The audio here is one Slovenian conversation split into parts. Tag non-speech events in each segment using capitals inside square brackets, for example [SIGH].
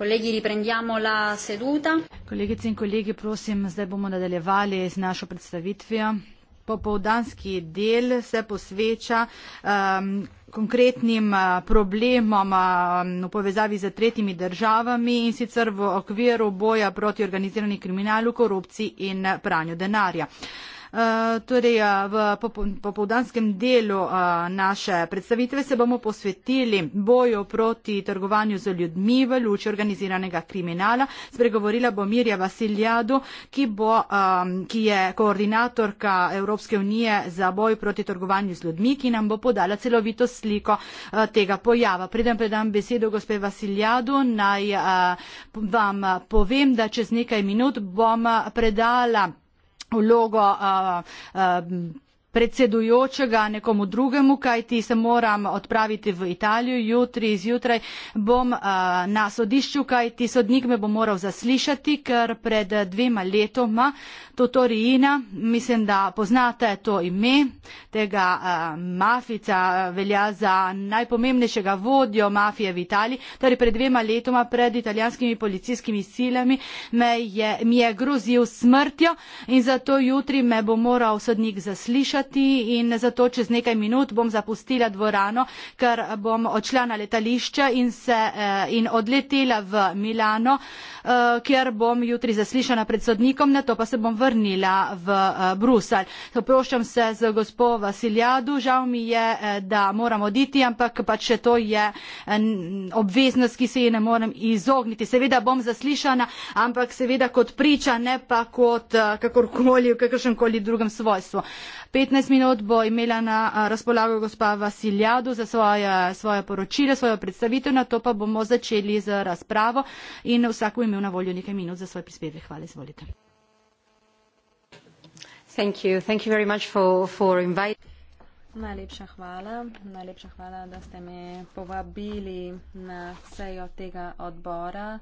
Colleghi, riprendiamo la seduta. Kolegice in kolegi, prosim, zdaj bomo nadaljevali z našo predstavitvijo. Popovdanski del se posveča um, konkretnim uh, problemom um, v povezavi z tretjimi državami in sicer v okviru boja proti organiziranih kriminalu, korupciji in pranju denarja. Uh, Eh, torej, eh, v popovdanskem delu eh, naše predstavitve se bomo posvetili boju proti trgovanju z ljudmi v luči organiziranega kriminala. Spregovorila bo Mirja Vasiljadu, ki, bo, ehm, ki je koordinatorka Evropske unije za boj proti trgovanju z ljudmi, ki nam bo podala celovito sliko tega pojava. Predem predam besedo gospe Vasiljadu, naj vam povem, da čez nekaj minut bom predala vlogo uh, uh, predsedujočega nekomu drugemu, kajti se moram odpraviti v Italijo jutri izjutraj, bom eh, na sodišču, kajti sodnik me bo moral zaslišati, ker pred dvema letoma Totorijina, mislim, da poznate to ime, tega eh, mafica eh, velja za najpomembnejšega vodjo mafije v Italiji, torej pred dvema letoma pred italijanskimi policijskimi silami me je, mi je grozil smrtjo in zato jutri me bo moral sodnik zaslišati poslušati in zato čez nekaj minut bom zapustila dvorano, ker bom odšla na letališče in, se, eh, in odletela v Milano, eh, kjer bom jutri zaslišana pred sodnikom, na to pa se bom vrnila v eh, Brusel. Poprošam se z gospo Vasiljadu, žal mi je, da moram oditi, ampak pač to je obveznost, ki se ji ne morem izogniti. Seveda bom zaslišana, ampak seveda kot priča, ne pa kot kakorkoli v kakršnem koli drugem svojstvu. Uh, 15 minut bo imela na eh, razpolago gospa Vasiljado za svoje, svoje poročilo, svojo predstavitev, na to pa bomo začeli z razpravo in vsak bo imel na voljo nekaj minut za svoj prispevek. Hvala, izvolite. Thank you. Thank you very much for, for inviting. Najlepša hvala. Najlepša hvala, da ste me povabili na sejo tega odbora.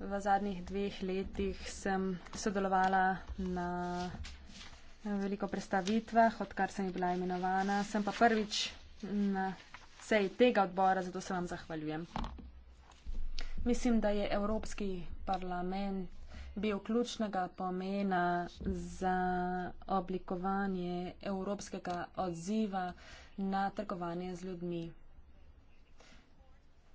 V zadnjih dveh letih sem sodelovala na veliko predstavitvah, odkar sem bila imenovana. Sem pa prvič na seji tega odbora, zato se vam zahvaljujem. Mislim, da je Evropski parlament bil ključnega pomena za oblikovanje evropskega odziva na trgovanje z ljudmi.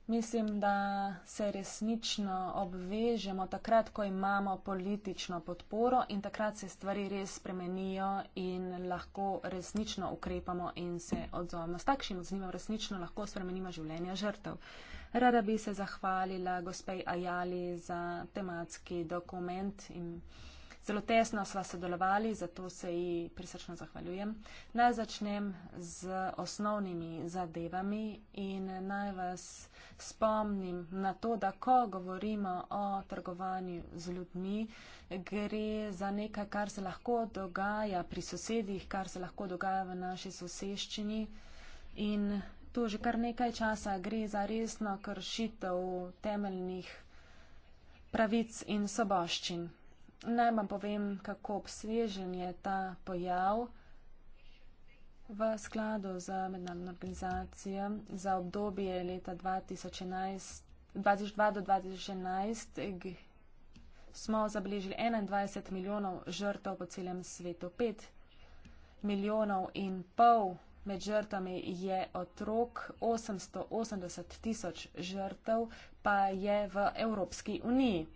Mislim, da se resnično obvežemo takrat, ko imamo politično podporo in takrat se stvari res spremenijo in lahko resnično ukrepamo in se odzovemo. S takšnim odzivom resnično lahko spremenimo življenja žrtev. Rada bi se zahvalila gospej Ajali za tematski dokument in Zelo tesno sva sodelovali, zato se ji prisrčno zahvaljujem. Naj začnem z osnovnimi zadevami in naj vas spomnim na to, da ko govorimo o trgovanju z ljudmi, gre za nekaj, kar se lahko dogaja pri sosedih, kar se lahko dogaja v naši soseščini. In tu že kar nekaj časa gre za resno kršitev temeljnih pravic in soboščin naj vam povem, kako obsvežen je ta pojav v skladu za mednarodno organizacijo za obdobje leta 2011, 2002 do 2011 smo zabeležili 21 milijonov žrtev po celem svetu. 5 milijonov in pol med žrtvami je otrok, 880 tisoč žrtev pa je v Evropski uniji.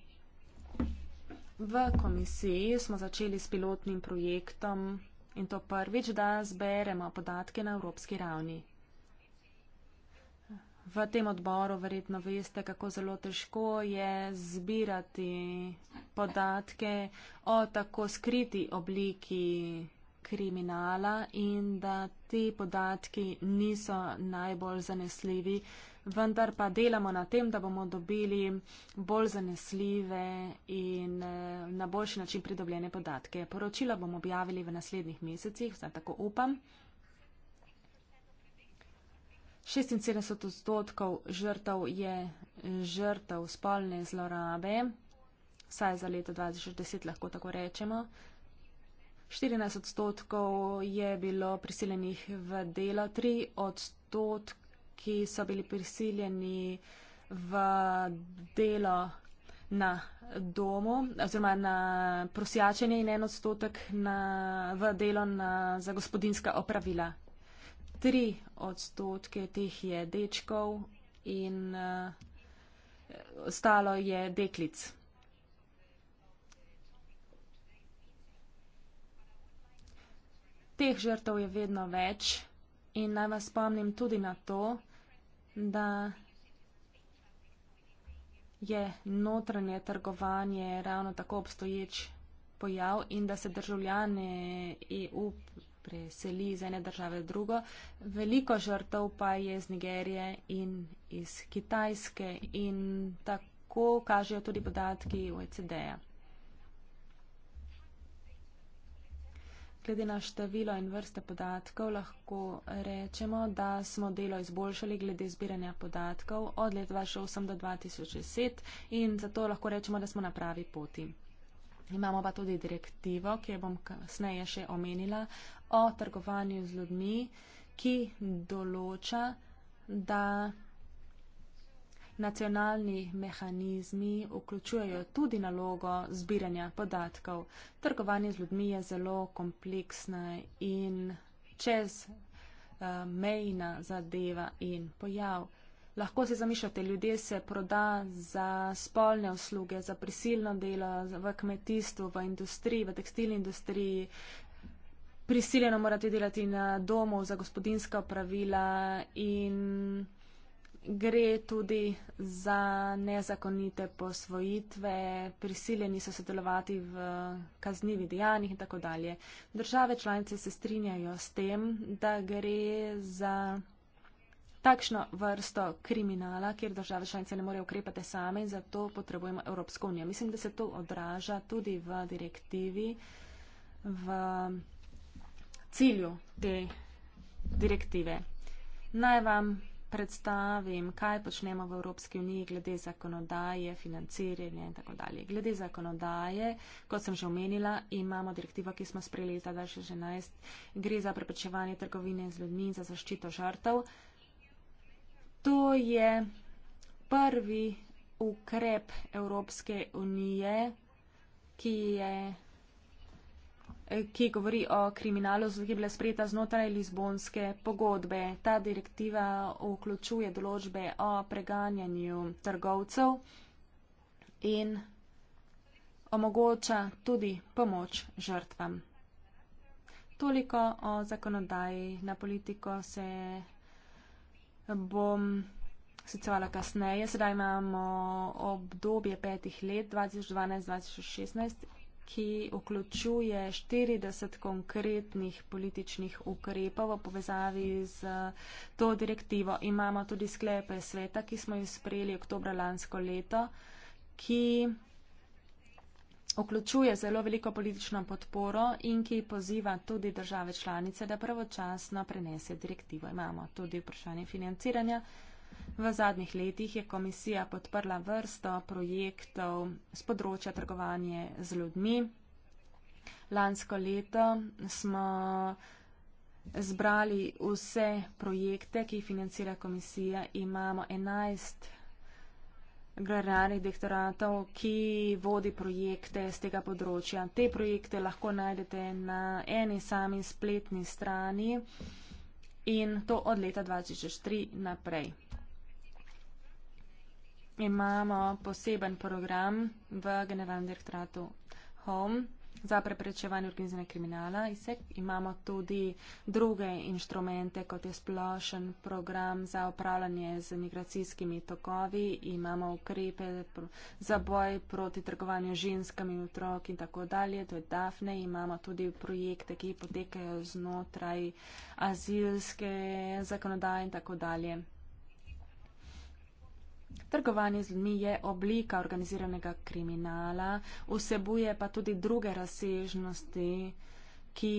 V komisiji smo začeli s pilotnim projektom in to prvič, da zberemo podatke na evropski ravni. V tem odboru verjetno veste, kako zelo težko je zbirati podatke o tako skriti obliki kriminala in da ti podatki niso najbolj zanesljivi vendar pa delamo na tem, da bomo dobili bolj zanesljive in eh, na boljši način pridobljene podatke. Poročila bomo objavili v naslednjih mesecih, vsaj tako upam. 76 odstotkov žrtev je žrtev spolne zlorabe, vsaj za leto 2010 lahko tako rečemo. 14 odstotkov je bilo prisilenih v delo, 3 odstotkov ki so bili prisiljeni v delo na domu, oziroma na prosjačenje in en odstotek na, v delo na, za gospodinska opravila. Tri odstotke teh je dečkov in uh, ostalo je deklic. Teh žrtev je vedno več. In naj vas spomnim tudi na to, da je notranje trgovanje ravno tako obstoječ pojav in da se državljane EU preseli iz ene države v drugo. Veliko žrtev pa je iz Nigerije in iz Kitajske in tako kažejo tudi podatki OECD-ja. Glede na število in vrste podatkov lahko rečemo, da smo delo izboljšali glede zbiranja podatkov od leta 2008 do 2010 in zato lahko rečemo, da smo na pravi poti. Imamo pa tudi direktivo, ki jo bom kasneje še omenila, o trgovanju z ljudmi, ki določa, da Nacionalni mehanizmi vključujejo tudi nalogo zbiranja podatkov. Trgovanje z ljudmi je zelo kompleksna in čez eh, mejna zadeva in pojav. Lahko si zamišljate, ljudje se proda za spolne usluge, za prisilno delo v kmetijstvu, v industriji, v tekstilni industriji. Prisiljeno morate delati na domu za gospodinska pravila in gre tudi za nezakonite posvojitve, prisiljeni so sodelovati v kaznjivih dejanjih in tako dalje. Države članice se strinjajo s tem, da gre za takšno vrsto kriminala, kjer države članice ne morejo ukrepati same in zato potrebujemo Evropsko unijo. Mislim, da se to odraža tudi v direktivi, v cilju te direktive. Naj vam predstavim, kaj počnemo v Evropski uniji glede zakonodaje, financiranja in tako dalje. Glede zakonodaje, kot sem že omenila, imamo direktivo, ki smo sprejeli leta 2011, gre za preprečevanje trgovine z ljudmi in za zaščito žrtev. To je prvi ukrep Evropske unije, ki je ki govori o kriminalu, ki je bila sprejeta znotraj Lizbonske pogodbe. Ta direktiva vključuje določbe o preganjanju trgovcev in omogoča tudi pomoč žrtvam. Toliko o zakonodaji na politiko se bom sicevala kasneje. Sedaj imamo obdobje petih let 2012-2016 ki vključuje 40 konkretnih političnih ukrepov v povezavi z to direktivo. Imamo tudi sklepe sveta, ki smo jih sprejeli oktobra lansko leto, ki vključuje zelo veliko politično podporo in ki poziva tudi države članice, da pravočasno prenese direktivo. Imamo tudi vprašanje financiranja. V zadnjih letih je komisija podprla vrsto projektov z področja trgovanje z ljudmi. Lansko leto smo zbrali vse projekte, ki jih financira komisija. Imamo 11 granarnih dektoratov, ki vodi projekte z tega področja. Te projekte lahko najdete na eni sami spletni strani in to od leta 2003 naprej imamo poseben program v generalnem direktoratu HOME za preprečevanje organizirane kriminala. Isek. Imamo tudi druge inštrumente, kot je splošen program za upravljanje z migracijskimi tokovi, imamo ukrepe za boj proti trgovanju ženskami, otrok in tako dalje, to je DAFNE, imamo tudi projekte, ki potekajo znotraj azilske zakonodaje in tako dalje. Trgovanje z ljudmi je oblika organiziranega kriminala, vsebuje pa tudi druge razsežnosti, ki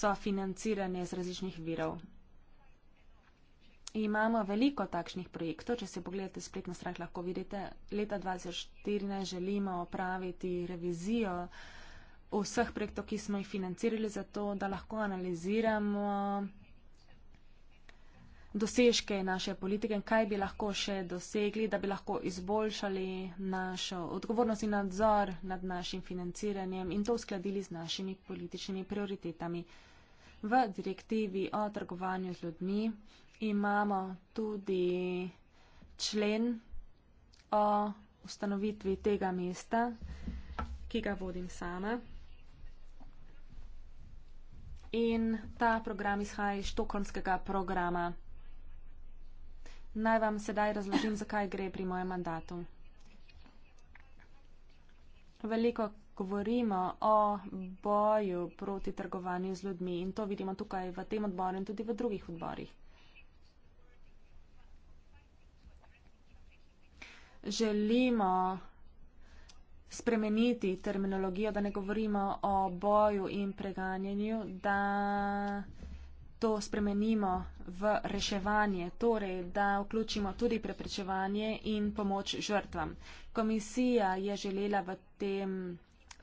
so financirane z različnih virov. Imamo veliko takšnih projektov, če se pogledate spletno stran, lahko vidite, leta 2014 želimo opraviti revizijo vseh projektov, ki smo jih financirali, zato da lahko analiziramo dosežke naše politike in kaj bi lahko še dosegli, da bi lahko izboljšali našo odgovornost in nadzor nad našim financiranjem in to uskladili z našimi političnimi prioritetami. V direktivi o trgovanju z ljudmi imamo tudi člen o ustanovitvi tega mesta, ki ga vodim sama. In ta program izhaja iz štokholmskega programa. Naj vam sedaj razložim, zakaj gre pri mojem mandatu. Veliko govorimo o boju proti trgovanju z ljudmi in to vidimo tukaj v tem odboru in tudi v drugih odborih. Želimo spremeniti terminologijo, da ne govorimo o boju in preganjanju, da to spremenimo v reševanje, torej da vključimo tudi preprečevanje in pomoč žrtvam. Komisija je želela v tem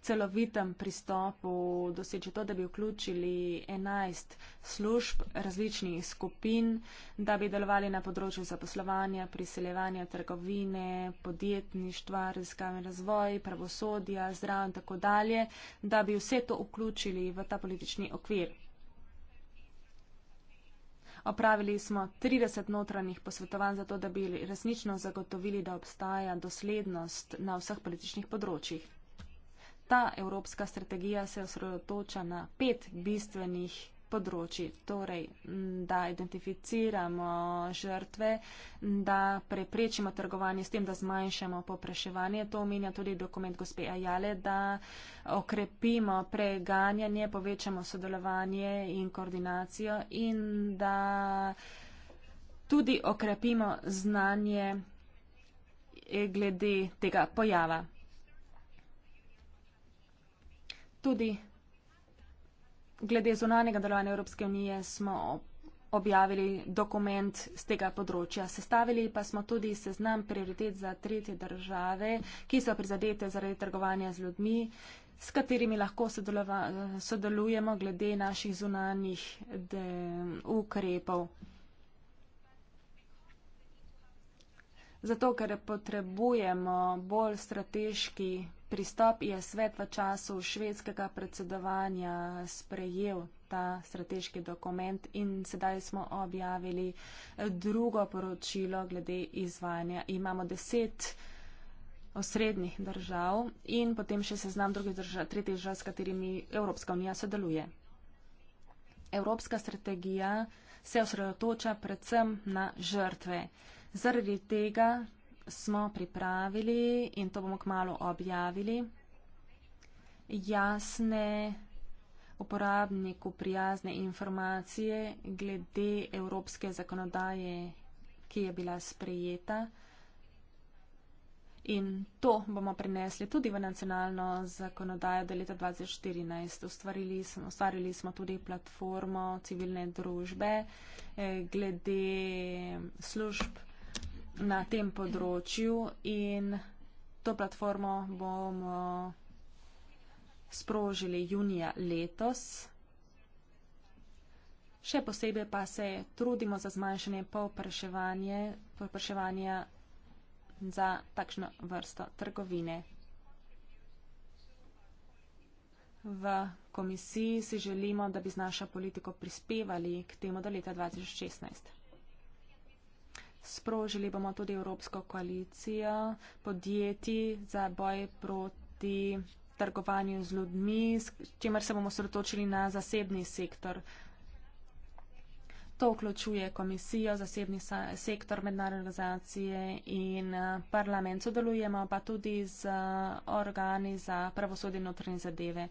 celovitem pristopu doseči to, da bi vključili 11 služb različnih skupin, da bi delovali na področju zaposlovanja, priseljevanja, trgovine, podjetništva, raziskave razvoj, pravosodja, zdrav in tako dalje, da bi vse to vključili v ta politični okvir. Opravili smo 30 notranjih posvetovanj za to, da bi resnično zagotovili, da obstaja doslednost na vseh političnih področjih. Ta evropska strategija se osredotoča na pet bistvenih področji. Torej, da identificiramo žrtve, da preprečimo trgovanje s tem, da zmanjšamo popraševanje. To omenja tudi dokument gospe Ajale, da okrepimo preganjanje, povečamo sodelovanje in koordinacijo in da tudi okrepimo znanje eh, glede tega pojava. Tudi glede zunanjega delovanja Evropske unije smo objavili dokument z tega področja. Sestavili pa smo tudi seznam prioritet za tretje države, ki so prizadete zaradi trgovanja z ljudmi, s katerimi lahko sodelova, sodelujemo glede naših zunanjih de, ukrepov. Zato, ker potrebujemo bolj strateški pristop je svet v času švedskega predsedovanja sprejel ta strateški dokument in sedaj smo objavili drugo poročilo glede izvajanja. Imamo deset osrednjih držav in potem še seznam drugih držav, tretjih držav, s katerimi Evropska unija sodeluje. Evropska strategija se osredotoča predvsem na žrtve. Zaradi tega smo pripravili in to bomo kmalo objavili. Jasne uporabniku prijazne informacije glede evropske zakonodaje, ki je bila sprejeta. In to bomo prinesli tudi v nacionalno zakonodajo do leta 2014. Ustvarili smo tudi platformo civilne družbe eh, glede služb na tem področju in to platformo bomo sprožili junija letos. Še posebej pa se trudimo za zmanjšanje povpraševanja za takšno vrsto trgovine. V komisiji si želimo, da bi z našo politiko prispevali k temu do leta 2016 sprožili bomo tudi Evropsko koalicijo podjetij za boj proti trgovanju z ljudmi, s čimer se bomo sredotočili na zasebni sektor. To vključuje komisijo, zasebni sektor, mednarodne organizacije in eh, parlament. Sodelujemo pa tudi z eh, organi za pravosodje in notranje zadeve.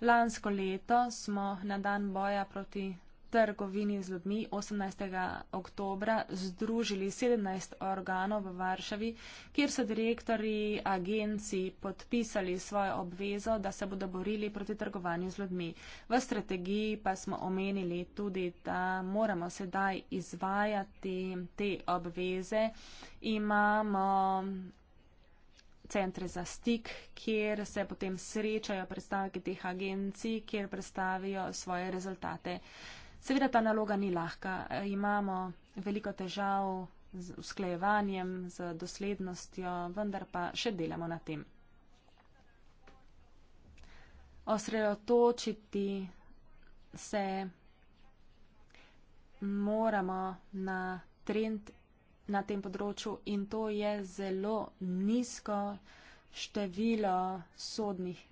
Lansko leto smo na dan boja proti trgovini z ljudmi 18. oktobra združili 17 organov v Varšavi, kjer so direktori agencij podpisali svojo obvezo, da se bodo borili proti trgovanju z ljudmi. V strategiji pa smo omenili tudi, da moramo sedaj izvajati te obveze. Imamo centre za stik, kjer se potem srečajo predstavniki teh agencij, kjer predstavijo svoje rezultate. Seveda ta naloga ni lahka. Eh, imamo veliko težav z usklejevanjem, z doslednostjo, vendar pa še delamo na tem. Osredotočiti se moramo na trend na tem področju in to je zelo nizko število sodnih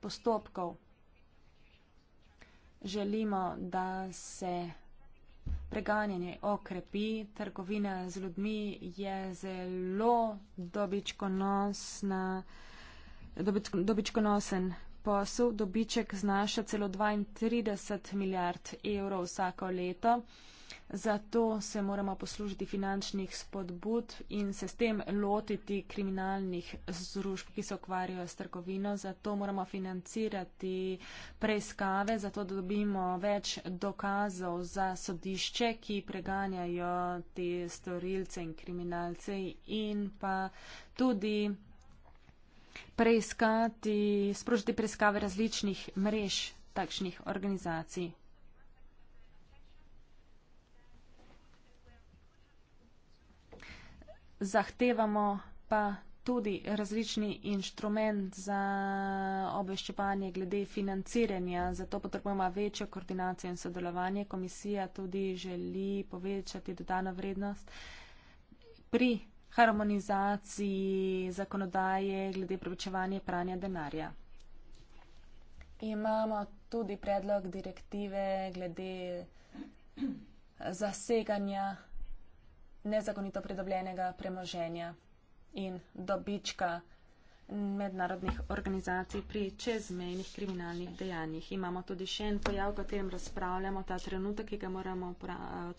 postopkov želimo, da se preganjanje okrepi, trgovina z ljudmi je zelo dobičkonosna, dobičkonosen posel, dobiček znaša celo 32 milijard evrov vsako leto. Zato se moramo poslužiti finančnih spodbud in se s tem lotiti kriminalnih združb, ki se ukvarjajo s trgovino. Zato moramo financirati preiskave, zato da dobimo več dokazov za sodišče, ki preganjajo te storilce in kriminalce in pa tudi preiskati, sprožiti preiskave različnih mrež takšnih organizacij. zahtevamo pa tudi različni inštrument za obveščevanje glede financiranja. Zato potrebujemo večjo koordinacijo in sodelovanje. Komisija tudi želi povečati dodano vrednost pri harmonizaciji zakonodaje glede preprečevanja pranja denarja. Imamo tudi predlog direktive glede zaseganja nezakonito pridobljenega premoženja in dobička mednarodnih organizacij pri čezmejnih kriminalnih dejanjih. Imamo tudi še en pojav, o katerem razpravljamo ta trenutek, ki ga moramo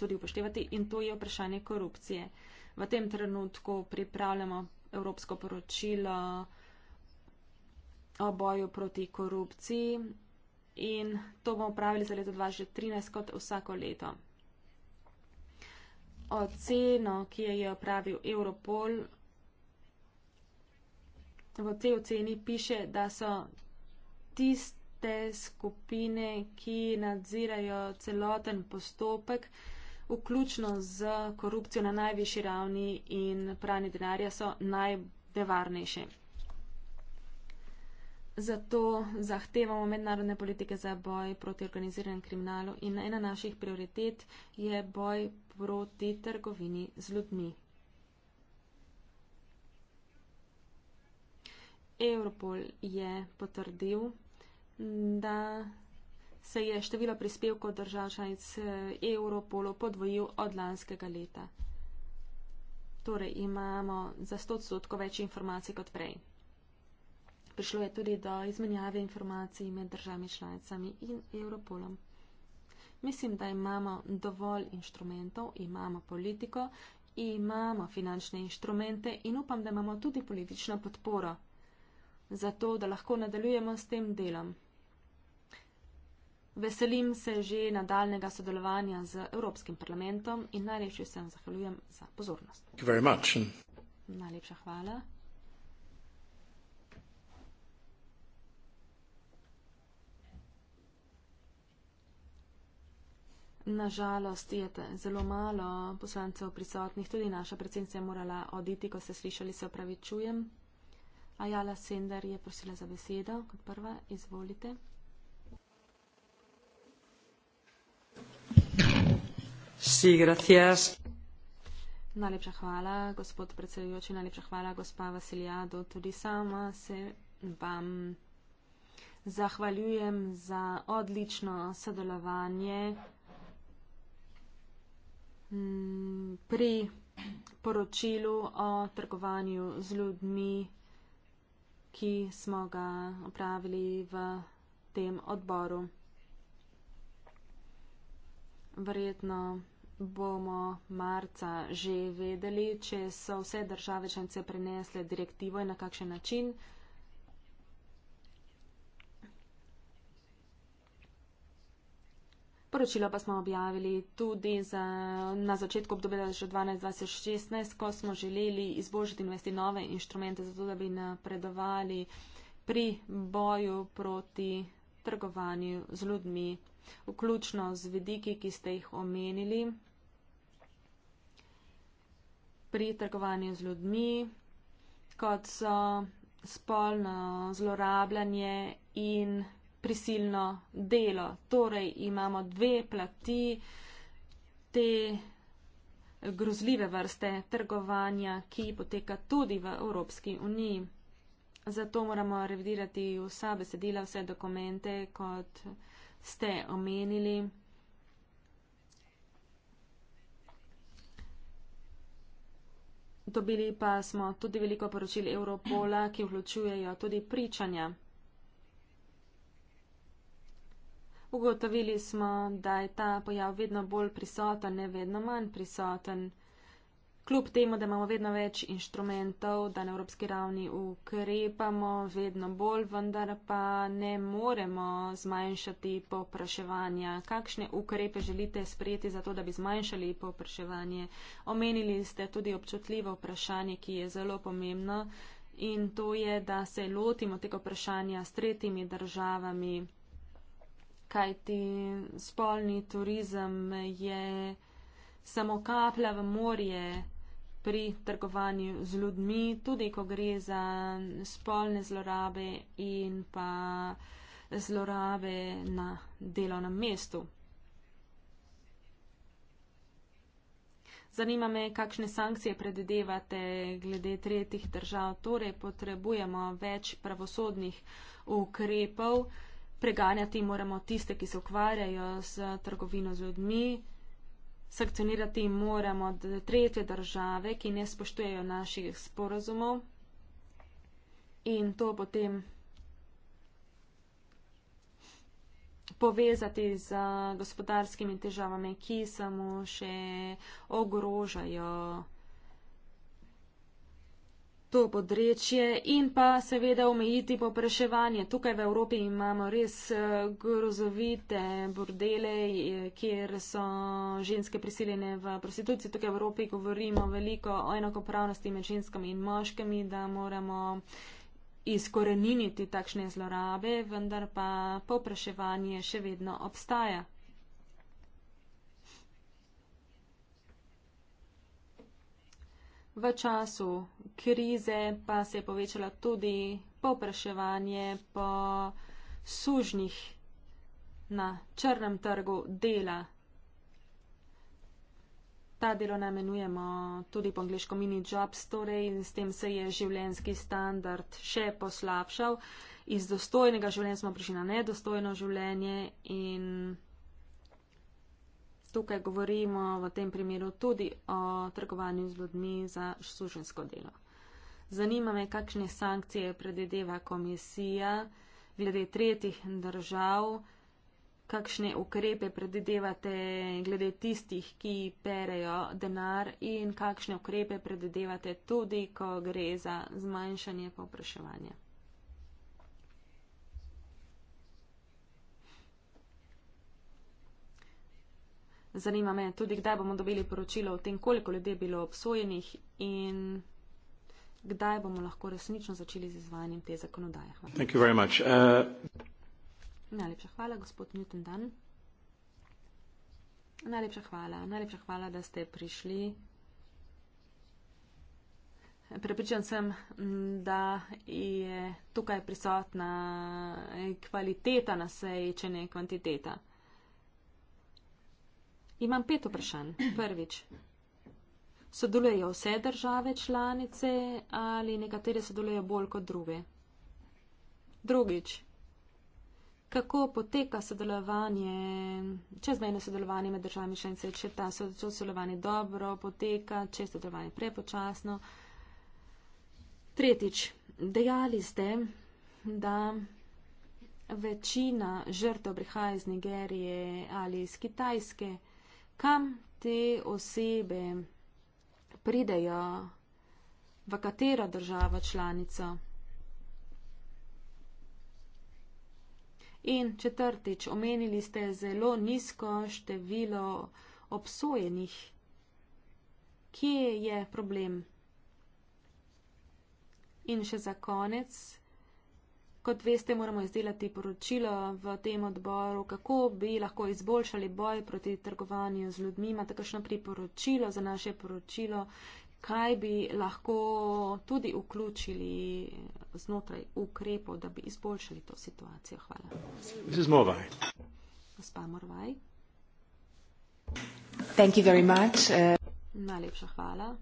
tudi upoštevati in to je vprašanje korupcije. V tem trenutku pripravljamo Evropsko poročilo o boju proti korupciji in to bomo upravili za leto 2013 kot vsako leto oceno, ki jo je opravil Europol. V tej oceni piše, da so tiste skupine, ki nadzirajo celoten postopek, vključno z korupcijo na najvišji ravni in pranje denarja, so najnevarnejše. Zato zahtevamo mednarodne politike za boj proti organiziranem kriminalu in ena naših prioritet je boj proti trgovini z ljudmi. Europol je potrdil, da se je število prispevkov držav članic eh, Europolu podvojil od lanskega leta. Torej imamo za 100 odstotkov več informacij kot prej. Prišlo je tudi do izmenjave informacij med državami članicami in Europolom. Mislim, da imamo dovolj inštrumentov, imamo politiko, imamo finančne inštrumente in upam, da imamo tudi politično podporo za to, da lahko nadaljujemo s tem delom. Veselim se že nadaljnega sodelovanja z Evropskim parlamentom in najlepše vsem zahvaljujem za pozornost. Najlepša hvala. Nažalost je zelo malo poslancev prisotnih, tudi naša predsednica je morala oditi, ko ste slišali, se opravičujem. Ajala Sender je prosila za besedo, kot prva, izvolite. Si, gracias. Najlepša hvala, gospod predsedujoči, najlepša hvala, gospa Vasiljado, tudi sama se vam zahvaljujem za odlično sodelovanje pri poročilu o trgovanju z ljudmi, ki smo ga opravili v tem odboru. Verjetno bomo marca že vedeli, če so vse države članice prenesle direktivo in na kakšen način. Poročilo pa smo objavili tudi za, na začetku obdobja 2012-2016, ko smo želeli izboljšati in uvesti nove inštrumente, zato da bi napredovali pri boju proti trgovanju z ljudmi, vključno z vidiki, ki ste jih omenili, pri trgovanju z ljudmi, kot so spolno zlorabljanje in prisilno delo. Torej imamo dve plati te grozljive vrste trgovanja, ki poteka tudi v Evropski uniji. Zato moramo revidirati vsa besedila, vse dokumente, kot ste omenili. Dobili pa smo tudi veliko poročil Evropola, ki vključujejo tudi pričanja. Ugotovili smo, da je ta pojav vedno bolj prisoten, ne vedno manj prisoten. Kljub temu, da imamo vedno več inštrumentov, da na evropski ravni ukrepamo vedno bolj, vendar pa ne moremo zmanjšati popraševanja. Kakšne ukrepe želite sprejeti za to, da bi zmanjšali popraševanje? Omenili ste tudi občutljivo vprašanje, ki je zelo pomembno in to je, da se lotimo tega vprašanja s tretjimi državami kajti spolni turizem je samo kaplja v morje pri trgovanju z ljudmi, tudi ko gre za spolne zlorabe in pa zlorabe na delovnem mestu. Zanima me, kakšne sankcije predvidevate glede tretjih držav. Torej, potrebujemo več pravosodnih ukrepov preganjati moramo tiste, ki se ukvarjajo z trgovino z ljudmi, sankcionirati moramo tretje države, ki ne spoštujejo naših sporozumov in to potem povezati z gospodarskimi težavami, ki samo še ogrožajo to podrečje in pa seveda omejiti popraševanje. Tukaj v Evropi imamo res eh, grozovite bordele, eh, kjer so ženske prisiljene v prostituciji. Tukaj v Evropi govorimo veliko o enakopravnosti med ženskami in moškami, da moramo izkoreniniti takšne zlorabe, vendar pa popraševanje še vedno obstaja. V času krize pa se je povečala tudi popraševanje po sužnjih na črnem trgu dela. Ta delo namenujemo tudi po angliško mini jobs, torej s tem se je življenski standard še poslabšal. Iz dostojnega življenja smo prišli na nedostojno življenje in Tukaj govorimo v tem primeru tudi o trgovanju z ljudmi za služensko delo. Zanima me, kakšne sankcije predvideva komisija glede tretjih držav, kakšne ukrepe predvidevate glede tistih, ki perejo denar in kakšne ukrepe predvidevate tudi, ko gre za zmanjšanje povpraševanja. Zanima me tudi, kdaj bomo dobili poročilo o tem, koliko ljudi je bilo obsojenih in kdaj bomo lahko resnično začeli z izvajanjem te zakonodaje. Uh... Najlepša hvala, gospod Newton Dan. Najlepša hvala. Najlepša hvala, da ste prišli. Prepričan sem, da je tukaj prisotna kvaliteta na seji, če ne kvantiteta. Imam pet vprašanj. Prvič. Sodelujejo vse države članice ali nekatere sodelujejo bolj kot druge? Drugič. Kako poteka sodelovanje, čezmejno sodelovanje med državami članice, če ta sodelovanje dobro poteka, če sodelovanje prepočasno? Tretjič. Dejali ste, da večina žrtev prihaja iz Nigerije ali iz Kitajske kam te osebe pridejo, v katero državo članico. In četrtič, omenili ste zelo nizko število obsojenih. Kje je problem? In še za konec, Kot veste, moramo izdelati poročilo v tem odboru, kako bi lahko izboljšali boj proti trgovanju z ljudmi. Imate kakšno priporočilo za naše poročilo, kaj bi lahko tudi vključili znotraj ukrepov, da bi izboljšali to situacijo? Hvala. Gospa Morvaj. Thank you very much. Uh... Najlepša hvala.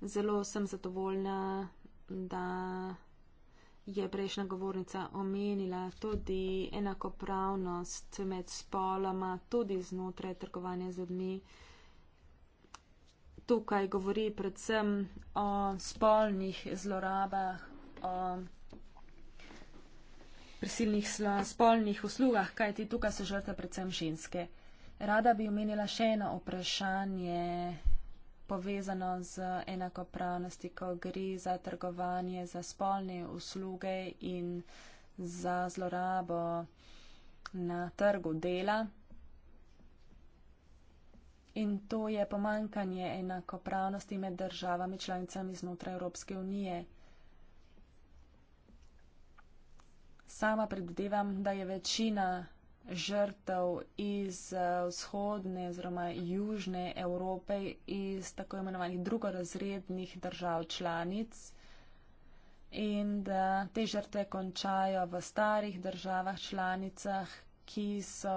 Zelo sem zadovoljna da je prejšnja govornica omenila tudi enakopravnost med spoloma, tudi znotraj trgovanja z ljudmi. Tukaj govori predvsem o spolnih zlorabah, o prisilnih spolnih uslugah, kajti tukaj so žrtve predvsem ženske. Rada bi omenila še eno vprašanje povezano z enakopravnosti, ko gre za trgovanje, za spolne usluge in za zlorabo na trgu dela. In to je pomankanje enakopravnosti med državami članicami znotraj Evropske unije. Sama predvidevam, da je večina žrtev iz eh, vzhodne oziroma južne Evrope, iz tako imenovanih drugorazrednih držav članic in da eh, te žrtve končajo v starih državah članicah, ki so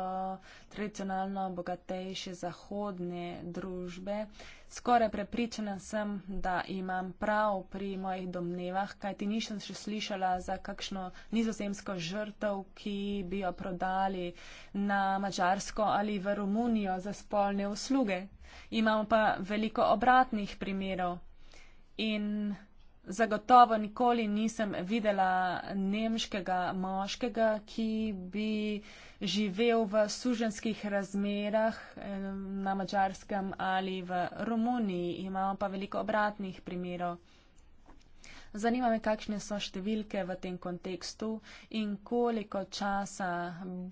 tradicionalno bogatejše zahodne družbe. Skoraj prepričana sem, da imam prav pri mojih domnevah, kaj ti nisem še slišala za kakšno nizozemsko žrtev, ki bi jo prodali na Mačarsko ali v Romunijo za spolne usluge. Imamo pa veliko obratnih primerov. In Zagotovo nikoli nisem videla nemškega moškega, ki bi živel v suženskih razmerah na Mačarskem ali v Romuniji. Imamo pa veliko obratnih primerov. Zanima me, kakšne so številke v tem kontekstu in koliko časa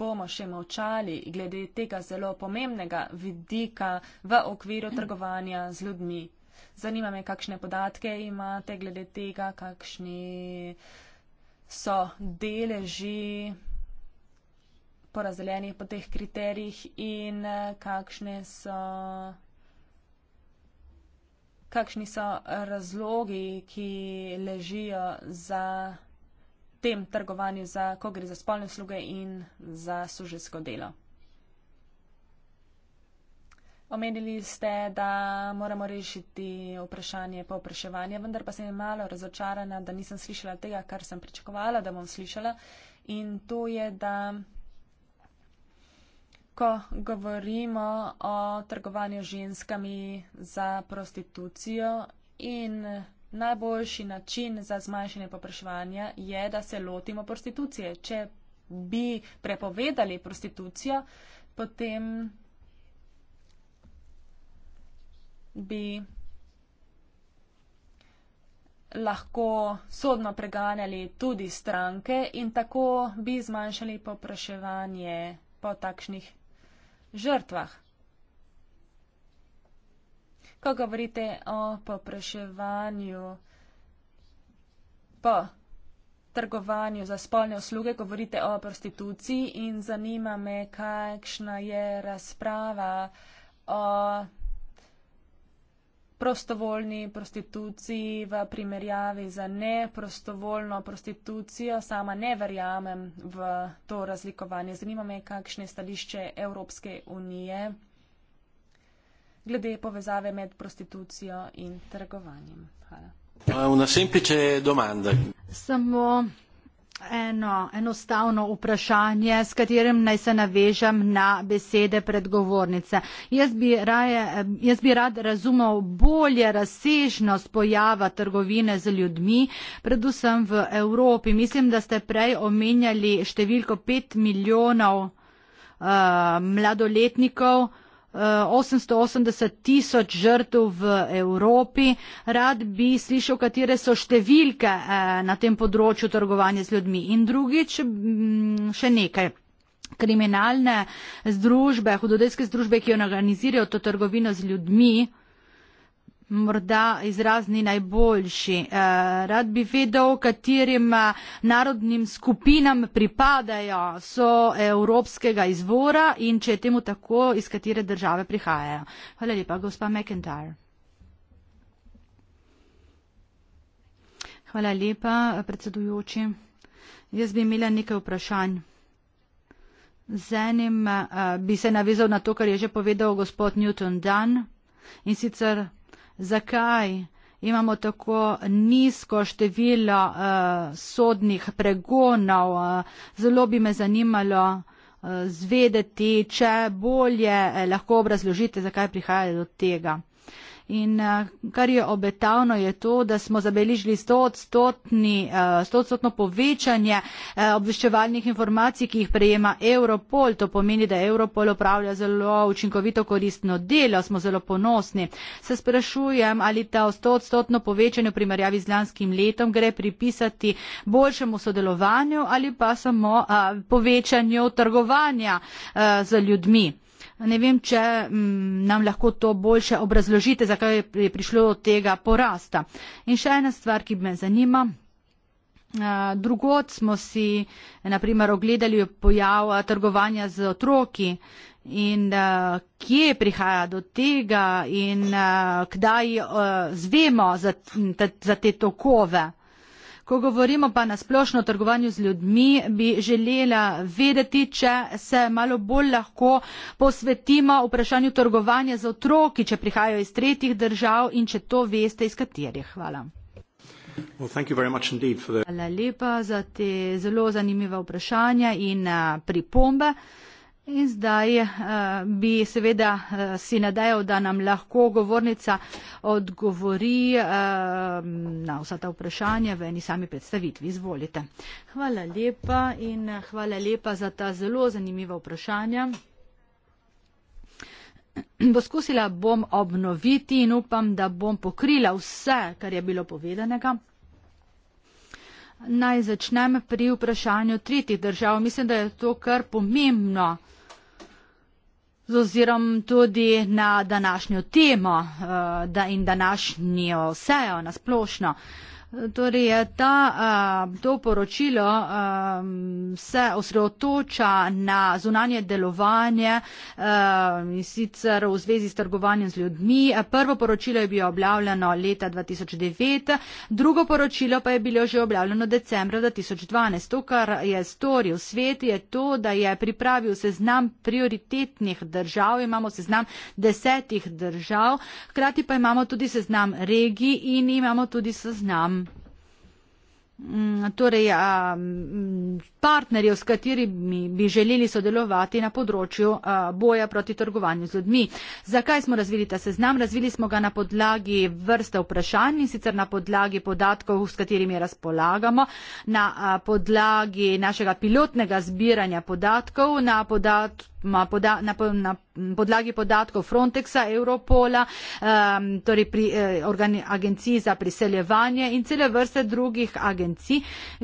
bomo še močali glede tega zelo pomembnega vidika v okviru trgovanja z ljudmi. Zanima me, kakšne podatke imate glede tega, kakšni so deleži porazdeljeni po teh kriterijih in eh, kakšne so. Kakšni so razlogi, ki ležijo za tem trgovanju, za, ko gre za spolne sluge in za služesko delo? Omenili ste, da moramo rešiti vprašanje povpraševanja, vendar pa sem malo razočarana, da nisem slišala tega, kar sem pričakovala, da bom slišala. In to je, da ko govorimo o trgovanju ženskami za prostitucijo in najboljši način za zmanjšanje povpraševanja je, da se lotimo prostitucije. Če bi prepovedali prostitucijo, potem bi lahko sodno preganjali tudi stranke in tako bi zmanjšali popraševanje po takšnih žrtvah. Ko govorite o popraševanju, po trgovanju za spolne usluge, govorite o prostituciji in zanima me, kakšna je razprava o prostovoljni prostituciji v primerjavi z neprostovoljno prostitucijo. Sama ne verjamem v to razlikovanje. Zanima me, kakšne stališče Evropske unije glede povezave med prostitucijo in trgovanjem. Hvala. Una semplice domanda. Samo eno enostavno vprašanje, s katerim naj se navežem na besede predgovornice. Jaz bi, raje, jaz bi rad razumel bolje razsežnost pojava trgovine z ljudmi, predvsem v Evropi. Mislim, da ste prej omenjali številko pet milijonov uh, mladoletnikov. 880 tisoč žrtv v Evropi. Rad bi slišal, katere so številke eh, na tem področju trgovanja z ljudmi. In drugič, mm, še nekaj kriminalne združbe, hudodelske združbe, ki organizirajo to trgovino z ljudmi, morda izraz ni najboljši. Eh, rad bi vedel, katerim eh, narodnim skupinam pripadajo, so evropskega izvora in če je temu tako, iz katere države prihajajo. Hvala lepa, gospa McIntyre. Hvala lepa, predsedujoči. Jaz bi imela nekaj vprašanj. Z enim eh, bi se navezal na to, kar je že povedal gospod Newton Dunn in sicer zakaj imamo tako nizko število uh, sodnih pregonov. Uh, zelo bi me zanimalo uh, zvedeti, če bolje eh, lahko obrazložite, zakaj prihaja do tega. In eh, kar je obetavno je to, da smo zabeležili 100-odstotno eh, povečanje eh, obveščevalnih informacij, ki jih prejema Europol. To pomeni, da Europol opravlja zelo učinkovito koristno delo, smo zelo ponosni. Se sprašujem, ali ta 100-odstotno povečanje v primerjavi z lanskim letom gre pripisati boljšemu sodelovanju ali pa samo povečanju trgovanja z ljudmi. Ne vem, če mm, nam lahko to boljše obrazložite, zakaj je prišlo od tega porasta. In še ena stvar, ki me zanima. Drugod smo si, naprimer, ogledali pojav trgovanja z otroki in kje prihaja do tega in kdaj zvemo za te tokove. Ko govorimo pa na splošno o trgovanju z ljudmi, bi želela vedeti, če se malo bolj lahko posvetimo vprašanju trgovanja z otroki, če prihajajo iz tretjih držav in če to veste, iz katerih. Hvala. Hvala lepa za te zelo zanimive vprašanja in pripombe. In zdaj eh, bi seveda eh, si nadejal, da nam lahko govornica odgovori eh, na vsa ta vprašanja v eni sami predstavitvi. Izvolite. Hvala lepa in hvala lepa za ta zelo zanimiva vprašanja. Poskusila bom obnoviti in upam, da bom pokrila vse, kar je bilo povedanega. Naj začnem pri vprašanju tretjih držav. Mislim, da je to kar pomembno. Z ozirom tudi na današnjo temo uh, da in današnjo sejo nasplošno. Torej, eh, ta, eh, to poročilo eh, se osredotoča na zunanje delovanje in sicer v zvezi s trgovanjem z ljudmi. Prvo poročilo je bilo objavljeno leta 2009, drugo poročilo pa je bilo že objavljeno decembra 2012. To, kar je storil svet, je to, da je pripravil seznam prioritetnih držav. Imamo seznam desetih držav, hkrati pa imamo tudi seznam regij in imamo tudi seznam Mm, torej, a, mm, partnerjev, s katerimi bi želeli sodelovati na področju eh, boja proti trgovanju z ljudmi. Zakaj smo razvili ta seznam? Razvili smo ga na podlagi vrste vprašanj in sicer na podlagi podatkov, s katerimi razpolagamo, na eh, podlagi našega pilotnega zbiranja podatkov, na podatkov na podlagi podatkov Frontexa, Europola, torej pri eh, agenciji za priseljevanje in cele vrste drugih agencij.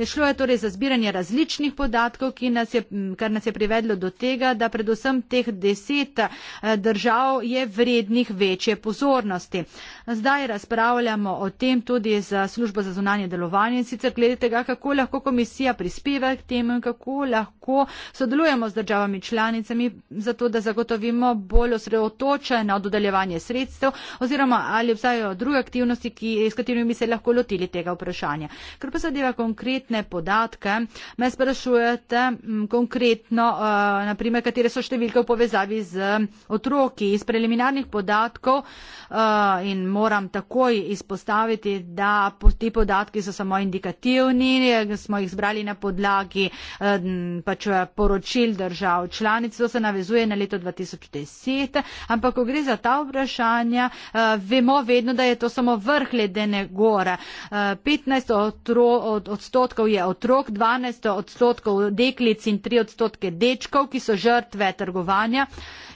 Šlo je torej za zbiranje različnih številnih podatkov, nas je, kar nas je privedlo do tega, da predvsem teh deset eh, držav je vrednih večje pozornosti. Zdaj razpravljamo o tem tudi z službo za zunanje delovanje in sicer glede tega, kako lahko komisija prispeva k temu in kako lahko sodelujemo z državami članicami, zato da zagotovimo bolj osredotočeno dodeljevanje sredstev oziroma ali obstajajo druge aktivnosti, ki, s katerimi bi se lahko lotili tega vprašanja. Ker pa zadeva konkretne podatke, me sprašujem, sprašujete m, mm, konkretno, uh, eh, naprimer, katere so številke v povezavi z eh, otroki. Iz preliminarnih podatkov uh, in moram takoj izpostaviti, da po, ti podatki so samo indikativni, smo jih zbrali na podlagi uh, pač poročil držav članic, to se navezuje na leto 2010, ampak ko gre za ta vprašanja, uh, vemo vedno, da je to samo vrh ledene gore. Uh, 15 otro, od, odstotkov je otrok, 12 odstotkov odstotkov deklic in tri odstotke dečkov, ki so žrtve trgovanja.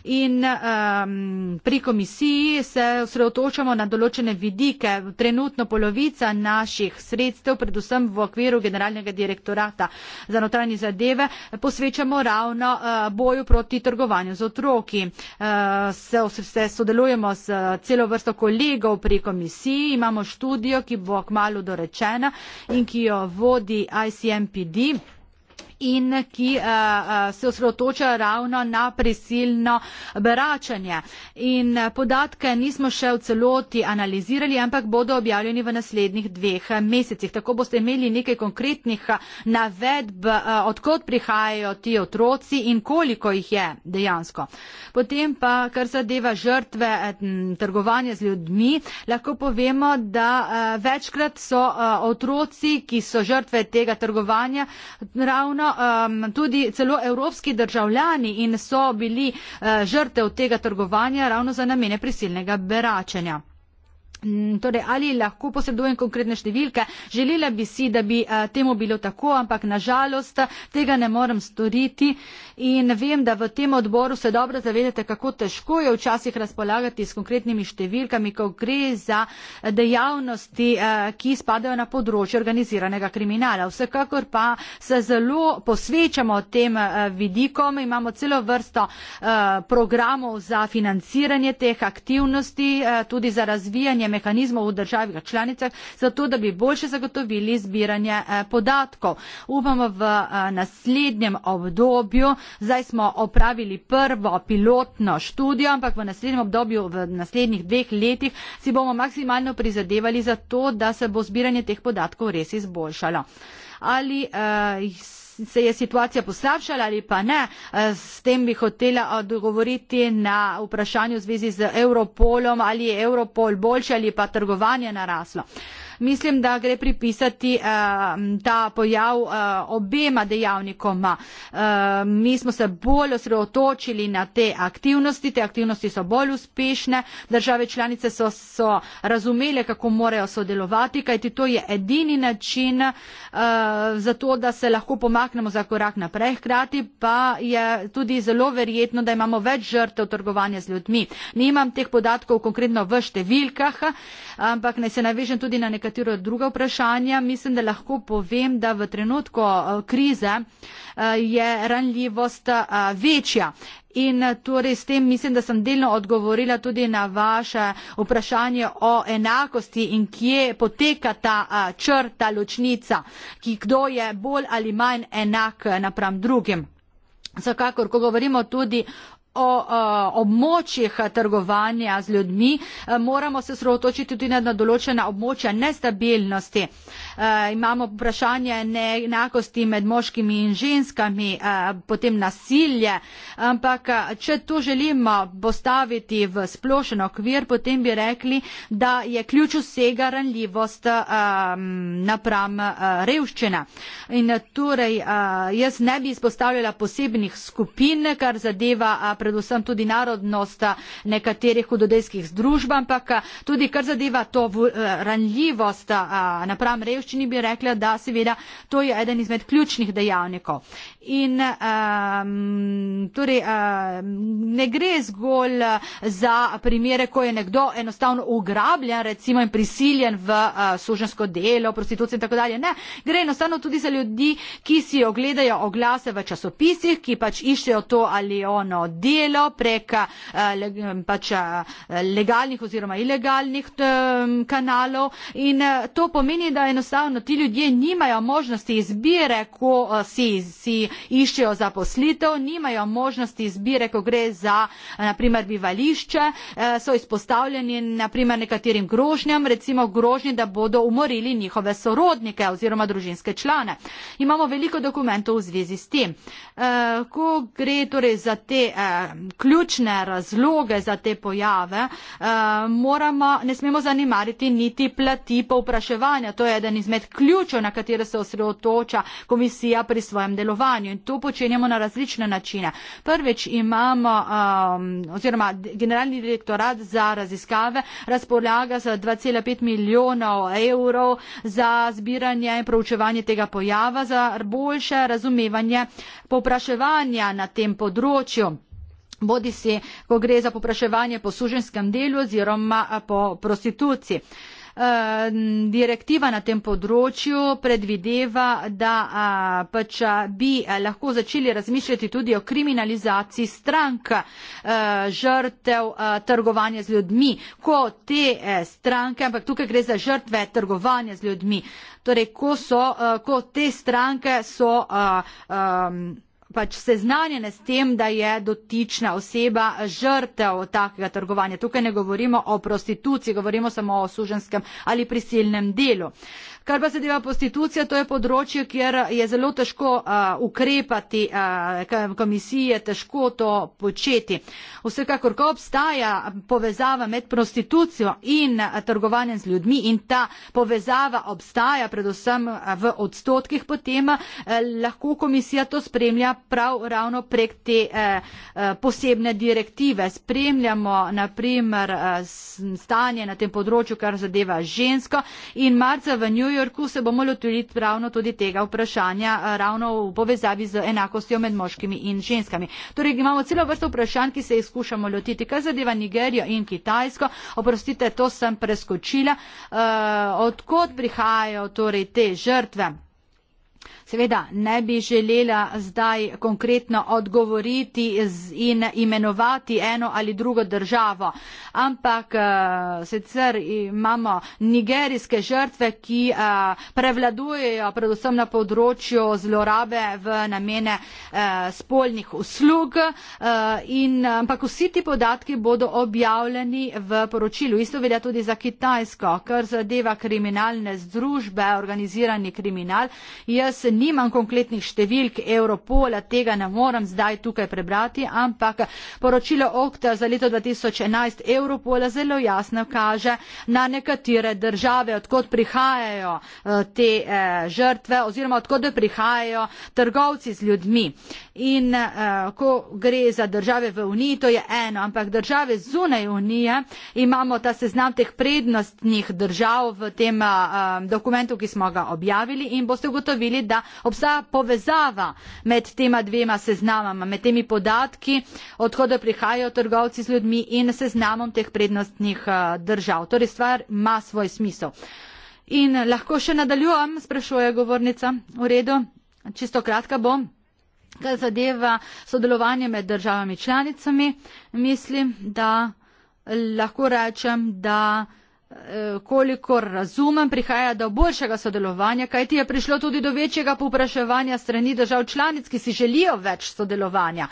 In um, pri komisiji se osredotočamo na določene vidike. Trenutno polovica naših sredstev, predvsem v okviru Generalnega direktorata za notranje zadeve, posvečamo ravno uh, boju proti trgovanju z otroki. Uh, se, se sodelujemo s celo vrsto kolegov pri komisiji, imamo študijo, ki bo kmalo dorečena in ki jo vodi ICMPD in ki eh, eh, se osredotoča ravno na prisilno beračanje. In eh, podatke nismo še v celoti analizirali, ampak bodo objavljeni v naslednjih dveh mesecih. Tako boste imeli nekaj konkretnih navedb, odkot prihajajo ti otroci in koliko jih je dejansko. Potem pa, kar zadeva žrtve trgovanja z ljudmi, lahko povemo, da večkrat so otroci, ki so žrtve tega trgovanja, ravno um, tudi celo evropski državljani in so bili uh, žrtev tega trgovanja ravno za namene prisilnega beračenja. Mm, torej, ali lahko posredujem konkretne številke? Želela bi si, da bi eh, temu bilo tako, ampak nažalost eh, tega ne morem storiti in vem, da v tem odboru se dobro zavedate, kako težko je včasih razpolagati s konkretnimi številkami, ko gre za eh, dejavnosti, ki spadajo na področje organiziranega kriminala. Vsekakor pa se zelo posvečamo tem vidikom, imamo celo vrsto programov za financiranje teh aktivnosti, tudi za razvijanje mehanizmov v državih članicah, zato da bi boljše zagotovili zbiranje eh, podatkov. Upamo v eh, naslednjem obdobju, zdaj smo opravili prvo pilotno študijo, ampak v naslednjem obdobju, v naslednjih dveh letih si bomo maksimalno prizadevali za to, da se bo zbiranje teh podatkov res izboljšalo. Ali uh, se je situacija poslabšala ali pa ne. Eh, s tem bi hotela odgovoriti na vprašanje v zvezi z Europolom, ali je Europol boljši ali pa trgovanje naraslo mislim, da gre pripisati uh, ta pojav uh, obema dejavnikoma. Uh, mi smo se bolj osredotočili na te aktivnosti, te aktivnosti so bolj uspešne, države članice so, so razumele, kako morajo sodelovati, kajti to je edini način uh, za to, da se lahko pomaknemo za korak naprej. Hkrati pa je tudi zelo verjetno, da imamo več žrtev trgovanja z ljudmi. Nimam teh podatkov konkretno v številkah, ampak naj se navežem tudi na nekatere nekatero druga vprašanja. Mislim, da lahko povem, da v trenutku eh, krize eh, je ranljivost eh, večja. In torej s tem mislim, da sem delno odgovorila tudi na vaše vprašanje o enakosti in kje poteka ta črta, ločnica, ki kdo je bolj ali manj enak napram drugim. Vsekakor, ko govorimo tudi o območjih trgovanja z ljudmi, eh, moramo se sredotočiti tudi na določena območja nestabilnosti. Eh, imamo vprašanje neenakosti med moškimi in ženskami, eh, potem nasilje, ampak če to želimo postaviti v splošen okvir, potem bi rekli, da je ključ vsega ranljivost napram revščina. In torej jaz ne bi izpostavljala posebnih skupin, kar zadeva predvsem tudi narodnost eh, nekaterih hudodejskih združb, ampak eh, tudi kar zadeva to eh, ranljivost napram revščini, bi rekla, da seveda to je eden izmed ključnih dejavnikov. In um, torej um, ne gre zgolj za primere, ko je nekdo enostavno ugrabljen, recimo in prisiljen v uh, služensko delo, prostitucijo in tako dalje. Ne, gre enostavno tudi za ljudi, ki si ogledajo oglase v časopisih, ki pač iščejo to ali ono di, delo prek uh, eh, le, eh, pač, uh, legalnih oziroma ilegalnih um, kanalov in uh, to pomeni, da enostavno ti ljudje nimajo možnosti izbire, ko uh, si, si iščejo zaposlitev, nimajo možnosti izbire, ko gre za naprimer bivališče, uh, so izpostavljeni naprimer nekaterim grožnjam, recimo grožnje, da bodo umorili njihove sorodnike oziroma družinske člane. Imamo veliko dokumentov v zvezi s tem. Uh, ko gre torej za te uh, ključne razloge za te pojave, eh, moramo, ne smemo zanimariti niti plati povpraševanja. To je eden izmed ključev, na katere se osredotoča komisija pri svojem delovanju. In to počenjamo na različne načine. Prvič imamo, ehm, oziroma generalni direktorat za raziskave razpolaga za 2,5 milijonov evrov za zbiranje in proučevanje tega pojava za boljše razumevanje povpraševanja na tem področju bodi si, ko gre za popraševanje po suženskem delu oziroma po prostituciji. E, direktiva na tem področju predvideva, da pač bi lahko začeli razmišljati tudi o kriminalizaciji strank e, žrtev trgovanja z ljudmi, ko te e, stranke, ampak tukaj gre za žrtve trgovanja z ljudmi, torej ko, so, ko te stranke so. Um, pač seznanjene s tem, da je dotična oseba žrtev takega trgovanja. Tukaj ne govorimo o prostituciji, govorimo samo o suženskem ali prisilnem delu. Uh, Kar pa zadeva prostitucijo, to je področje, kjer je zelo težko uh, ukrepati, uh, komisiji je težko to početi. Vsekakor, ko obstaja povezava med prostitucijo in trgovanjem z ljudmi in ta povezava obstaja predvsem v odstotkih, potem uh, lahko komisija to spremlja prav ravno prek te uh, uh, posebne direktive. Spremljamo naprimer uh, stanje na tem področju, kar zadeva žensko in marca v njo. Yorku se bomo lotili ravno tudi tega vprašanja, eh, ravno v povezavi z enakostjo med moškimi in ženskami. Torej imamo celo vrsto vprašanj, ki se jih skušamo lotiti. Kaj zadeva Nigerijo in Kitajsko? Oprostite, to sem preskočila. Uh, eh, odkot prihajajo torej te žrtve? Seveda ne bi želela zdaj konkretno odgovoriti in imenovati eno ali drugo državo, ampak eh, sicer imamo nigerijske žrtve, ki eh, prevladujejo predvsem na področju zlorabe v namene eh, spolnih uslug, in, ampak vsi ti podatki bodo objavljeni v poročilu. Isto velja tudi za Kitajsko, kar zadeva kriminalne združbe, organizirani kriminal. Jaz nimam konkretnih številk Europola, tega ne morem zdaj tukaj prebrati, ampak poročilo Okta za leto 2011 Europola zelo jasno kaže na nekatere države, odkot prihajajo eh, te eh, žrtve oziroma odkot prihajajo trgovci z ljudmi. In eh, ko gre za države v Uniji, to je eno, ampak države zunaj Unije imamo ta seznam teh prednostnih držav v tem dokumentu, ki smo ga objavili in boste ugotovili, da obstaja povezava med tema dvema seznamama, med temi podatki, odhodo prihajajo trgovci z ljudmi in seznamom teh prednostnih eh, držav. Torej stvar ima svoj smisel. In lahko še nadaljujem, sprašuje govornica, v redu, čisto kratka bom. Kar zadeva sodelovanje med državami članicami, mislim, da lahko rečem, da. Eh, kolikor razumem, prihaja do boljšega sodelovanja, kajti je prišlo tudi do večjega povpraševanja strani držav članic, ki si želijo več sodelovanja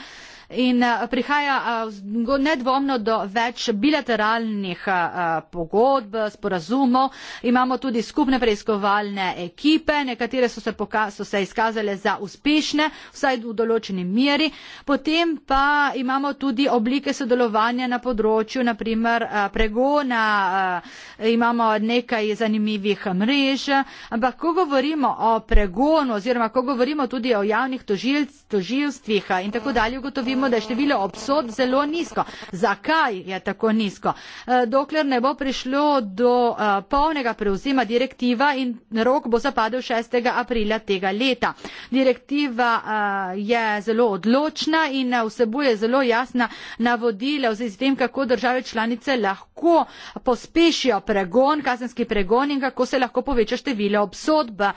in eh, prihaja eh, nedvomno do več bilateralnih eh, pogodb, sporazumov. Imamo tudi skupne preiskovalne ekipe, nekatere so se, so se izkazale za uspešne, vsaj v določeni meri. Potem pa imamo tudi oblike sodelovanja na področju, naprimer pregona, imamo nekaj zanimivih mrež, ampak ko govorimo o pregonu oziroma ko govorimo tudi o javnih tožilstvih in tako dalje, ugotovimo, vemo, da je število obsod zelo nizko. Zakaj je tako nizko? Eh, dokler ne bo prišlo do eh, polnega prevzema direktiva in rok bo zapadel 6. aprila tega leta. Direktiva eh, je zelo odločna in vsebuje zelo jasna navodila v zvezi s tem, kako države članice lahko pospešijo pregon, kazenski pregon in kako se lahko poveča število obsodba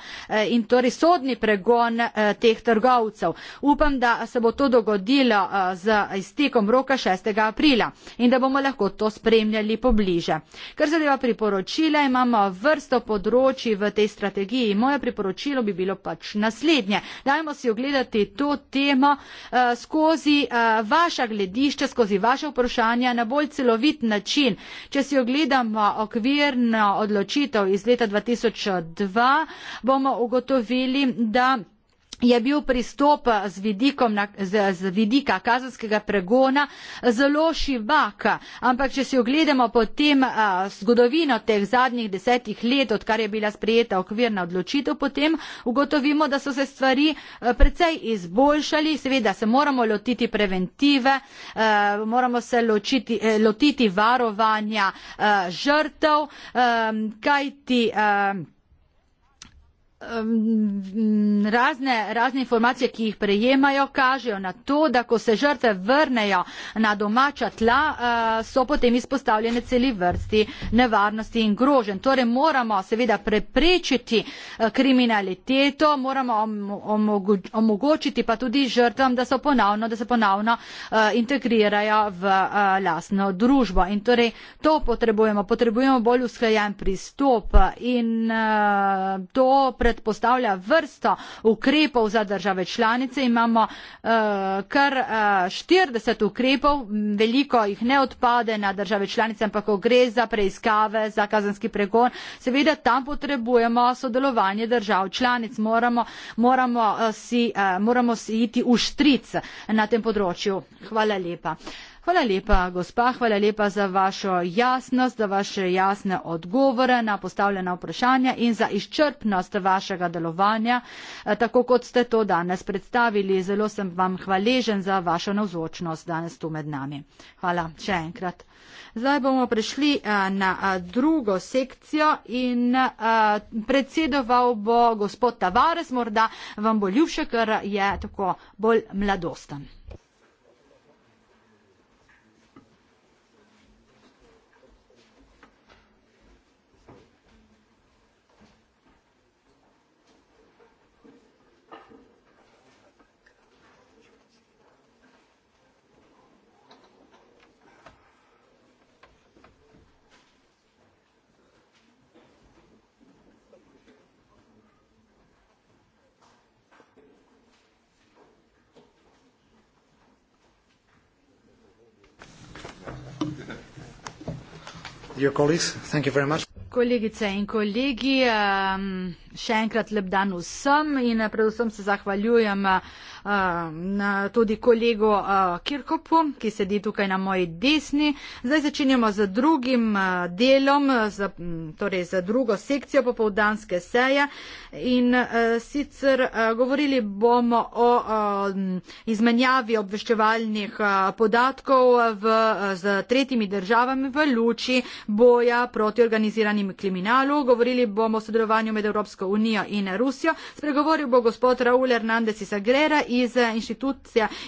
in torej sodni pregon teh trgovcev. Upam, da se bo to dogodilo Eh, z iztekom roka 6. aprila in da bomo lahko to spremljali pobliže. Ker zadeva priporočila, imamo vrsto področji v tej strategiji. Moje priporočilo bi bilo pač naslednje. Dajmo si ogledati to temo eh, skozi eh, vaša gledišča, skozi vaše vprašanja na bolj celovit način. Če si ogledamo okvirno odločitev iz leta 2002, bomo ugotovili, da je bil pristop eh, z, vidikom, z, z vidika kazenskega pregona eh, zelo šibak. Ampak, če si ogledamo potem a, eh, zgodovino teh zadnjih desetih let, odkar je bila sprejeta okvirna odločitev, potem ugotovimo, da so se stvari a, precej izboljšali. Seveda se moramo lotiti preventive, a, moramo se ločiti, a, lotiti varovanja a, žrtev, a, kajti. A, razne, razne informacije, ki jih prejemajo, kažejo na to, da ko se žrtve vrnejo na domača tla, eh, so potem izpostavljene celi vrsti nevarnosti in grožen. Torej moramo seveda preprečiti eh, kriminaliteto, moramo omogočiti pa tudi žrtvam, da, ponavno, da se ponavno eh, integrirajo v lasno družbo. In torej to potrebujemo, potrebujemo bolj usklajen pristop in to pred načrt postavlja vrsto ukrepov za države članice. Imamo uh, kar uh, eh, 40 ukrepov, veliko jih ne odpade na države članice, ampak ko gre za preiskave, za kazanski pregon, seveda tam potrebujemo sodelovanje držav članic. Moramo, moramo, uh, si, uh, moramo si iti uštric na tem področju. Hvala lepa. Hvala lepa, gospa, hvala lepa za vašo jasnost, za vaše jasne odgovore na postavljena vprašanja in za izčrpnost vašega delovanja, e, tako kot ste to danes predstavili. Zelo sem vam hvaležen za vašo navzočnost danes tu med nami. Hvala še enkrat. Zdaj bomo prišli e, na e, drugo sekcijo in predsedoval bo gospod Tavares, morda vam bo ljubše, ker je tako bolj mladosten. Kolegice in kolegi, um, še enkrat lep dan vsem in eh, predvsem se zahvaljujem eh, eh, tudi kolego Kirkopu, ki sedi tukaj na moji desni. Zdaj začenjamo z drugim delom, z, torej z drugo sekcijo popovdanske seje in sicer govorili bomo o izmenjavi obveščevalnih podatkov v, z tretjimi državami v luči boja proti organiziranim kriminalu. Govorili bomo o sodelovanju med Evropsko unijo in Rusijo. Spregovoril bo gospod Raul Hernandez iz Agrera iz,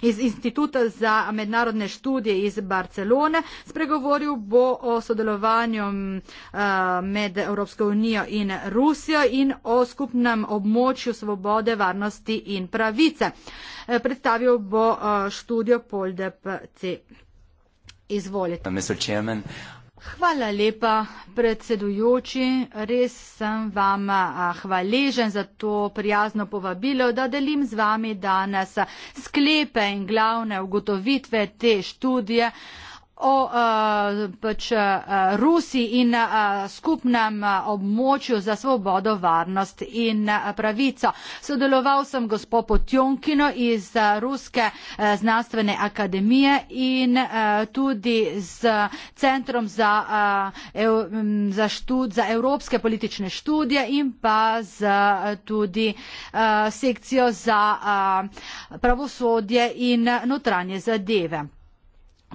iz Instituta za mednarodne študije iz Barcelone. Spregovoril bo o sodelovanju uh, med Evropsko unijo in Rusijo in o skupnem območju svobode, varnosti in pravice. E, predstavil bo študijo Poldep C. Izvolite. Hvala lepa, predsedujoči. Res sem vam hvaležen za to prijazno povabilo, da delim z vami danes sklepe in glavne ugotovitve te študije o uh, pač uh, Rusi in uh, skupnem uh, območju za svobodo, varnost in uh, pravico. Sodeloval sem gospod Potjonkino iz uh, Ruske uh, znanstvene akademije in uh, tudi z Centrom za, uh, ev, za, štud, za evropske politične študije in pa z, uh, tudi uh, sekcijo za uh, pravosodje in notranje zadeve.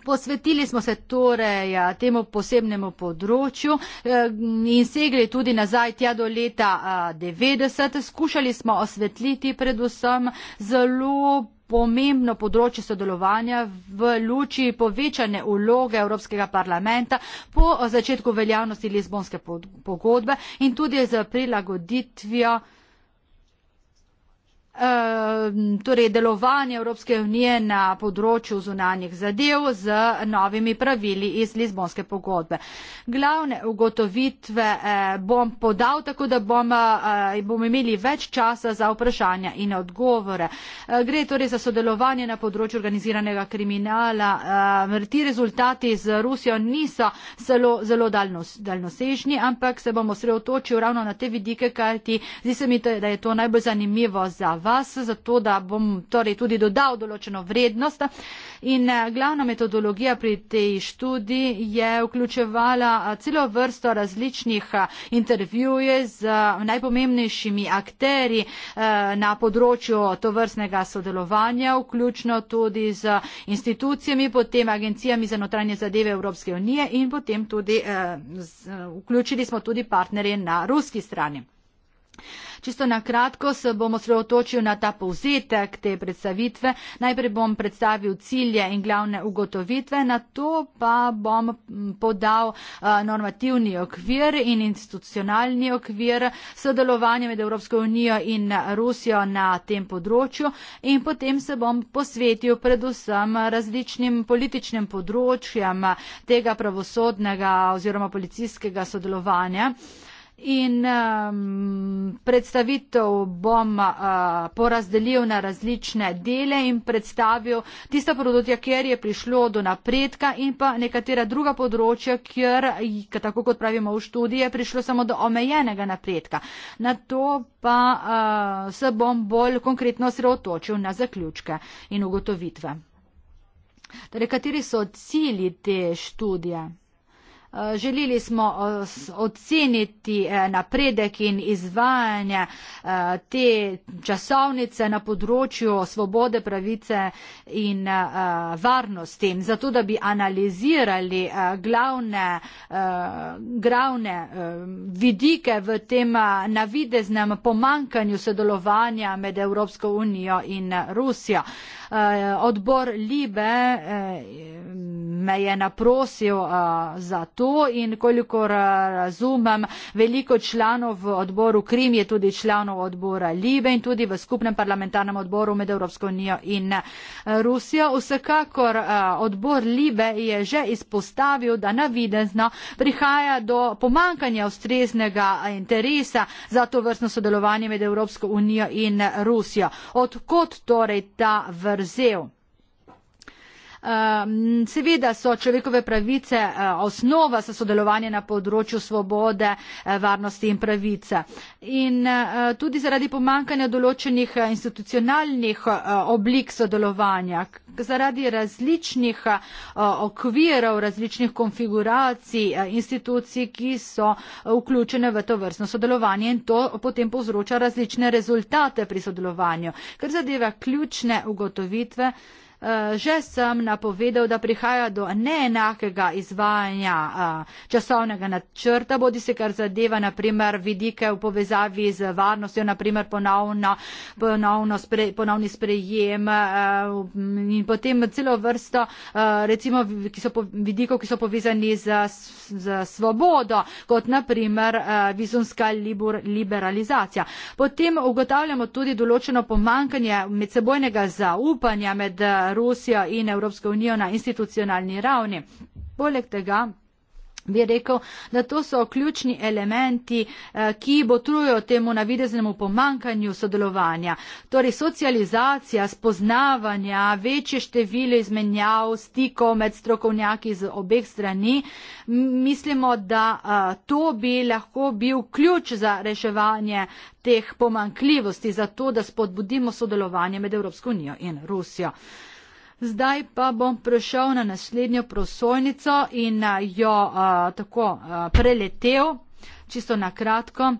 Posvetili smo se torej ja, temu posebnemu področju eh, in segli tudi nazaj tja do leta 90. Eh, Skušali smo osvetliti predvsem zelo pomembno področje sodelovanja v luči povečane uloge Evropskega parlamenta po začetku veljavnosti Lizbonske pogodbe in tudi z prilagoditvijo Ehm, torej delovanje Evropske unije na področju zunanjih zadev z novimi pravili iz Lizbonske pogodbe. Glavne ugotovitve eh, bom podal, tako da bom, eh, bom imeli več časa za vprašanja in odgovore. Eh, gre torej za sodelovanje na področju organiziranega kriminala. Ehm, ti rezultati z Rusijo niso zelo, zelo daljnosežni, ampak se bom osredotočil ravno na te vidike, kajti zdi se mi, da je to najbolj zanimivo za vas vas, zato da bom torej tudi dodal določeno vrednost. In eh, glavna metodologija pri tej študiji je vključevala eh, celo vrsto različnih eh, intervjuje z najpomembnejšimi akteri na področju tovrstnega sodelovanja, vključno tudi z institucijami, potem agencijami za notranje zadeve Evropske unije in potem tudi vključili smo tudi partnerje na ruski strani. Čisto na kratko se bom osredotočil na ta povzetek te predstavitve. Najprej bom predstavil cilje in glavne ugotovitve, na to pa bom podal normativni okvir in institucionalni okvir sodelovanja med Evropsko unijo in Rusijo na tem področju in potem se bom posvetil predvsem različnim političnim področjem tega pravosodnega oziroma policijskega sodelovanja. In um, predstavitev bom uh, porazdelil na različne dele in predstavil tista področja, kjer je prišlo do napredka in pa nekatera druga področja, kjer, tako kot pravimo v študiji, je prišlo samo do omejenega napredka. Na to pa uh, se bom bolj konkretno sreotočil na zaključke in ugotovitve. Torej, kateri so cilji te študije? Želeli smo eh, oceniti eh, napredek in izvajanje eh, te časovnice na področju svobode, pravice in varnosti. Zato, da bi analizirali glavne, glavne vidike v tem navideznem pomankanju sodelovanja med Evropsko unijo in Rusijo. Eh, odbor Libe eh, me je naprosil eh, za to in kolikor razumem, veliko članov v odboru Krim je tudi članov odbora Libe in tudi v skupnem parlamentarnem odboru med Evropsko unijo in Rusijo. Vsekakor odbor Libe je že izpostavil, da navidezno prihaja do pomankanja ustreznega interesa za to vrstno sodelovanje med Evropsko unijo in Rusijo. Odkot torej ta vrst? vrzel. Seveda so človekove pravice eh, osnova za sodelovanje na področju svobode, eh, varnosti in pravice. In eh, tudi zaradi pomankanja določenih institucionalnih oblik sodelovanja, zaradi različnih okvirov, različnih konfiguracij institucij, ki so vključene v to vrstno sodelovanje in to potem povzroča različne rezultate pri sodelovanju. Kar zadeva ključne ugotovitve, Eh, že sem napovedal, da prihaja do neenakega izvajanja eh, časovnega načrta, bodi se kar zadeva, naprimer, vidike v povezavi z varnostjo, naprimer, ponovno, ponovno spre, ponovni sprejem eh, in potem celo vrsto, recimo, ki so, vidikov, ki so povezani z, z svobodo, kot naprimer vizumska libur, liberalizacija. Potem ugotavljamo tudi določeno pomankanje medsebojnega zaupanja med Rusijo in Evropsko unijo na institucionalni ravni. Poleg tega bi rekel, da to so ključni elementi, eh, ki botrujo temu navideznemu pomankanju sodelovanja. Torej socializacija, spoznavanja, večje število izmenjav, stikov med strokovnjaki z obeh strani, mislimo, da eh, to bi lahko bil ključ za reševanje teh pomankljivosti, zato da spodbudimo sodelovanje med Evropsko unijo in Rusijo. Zdaj pa bom prišel na naslednjo prosojnico in eh, jo a, eh, tako a, eh, preletel, čisto na kratko.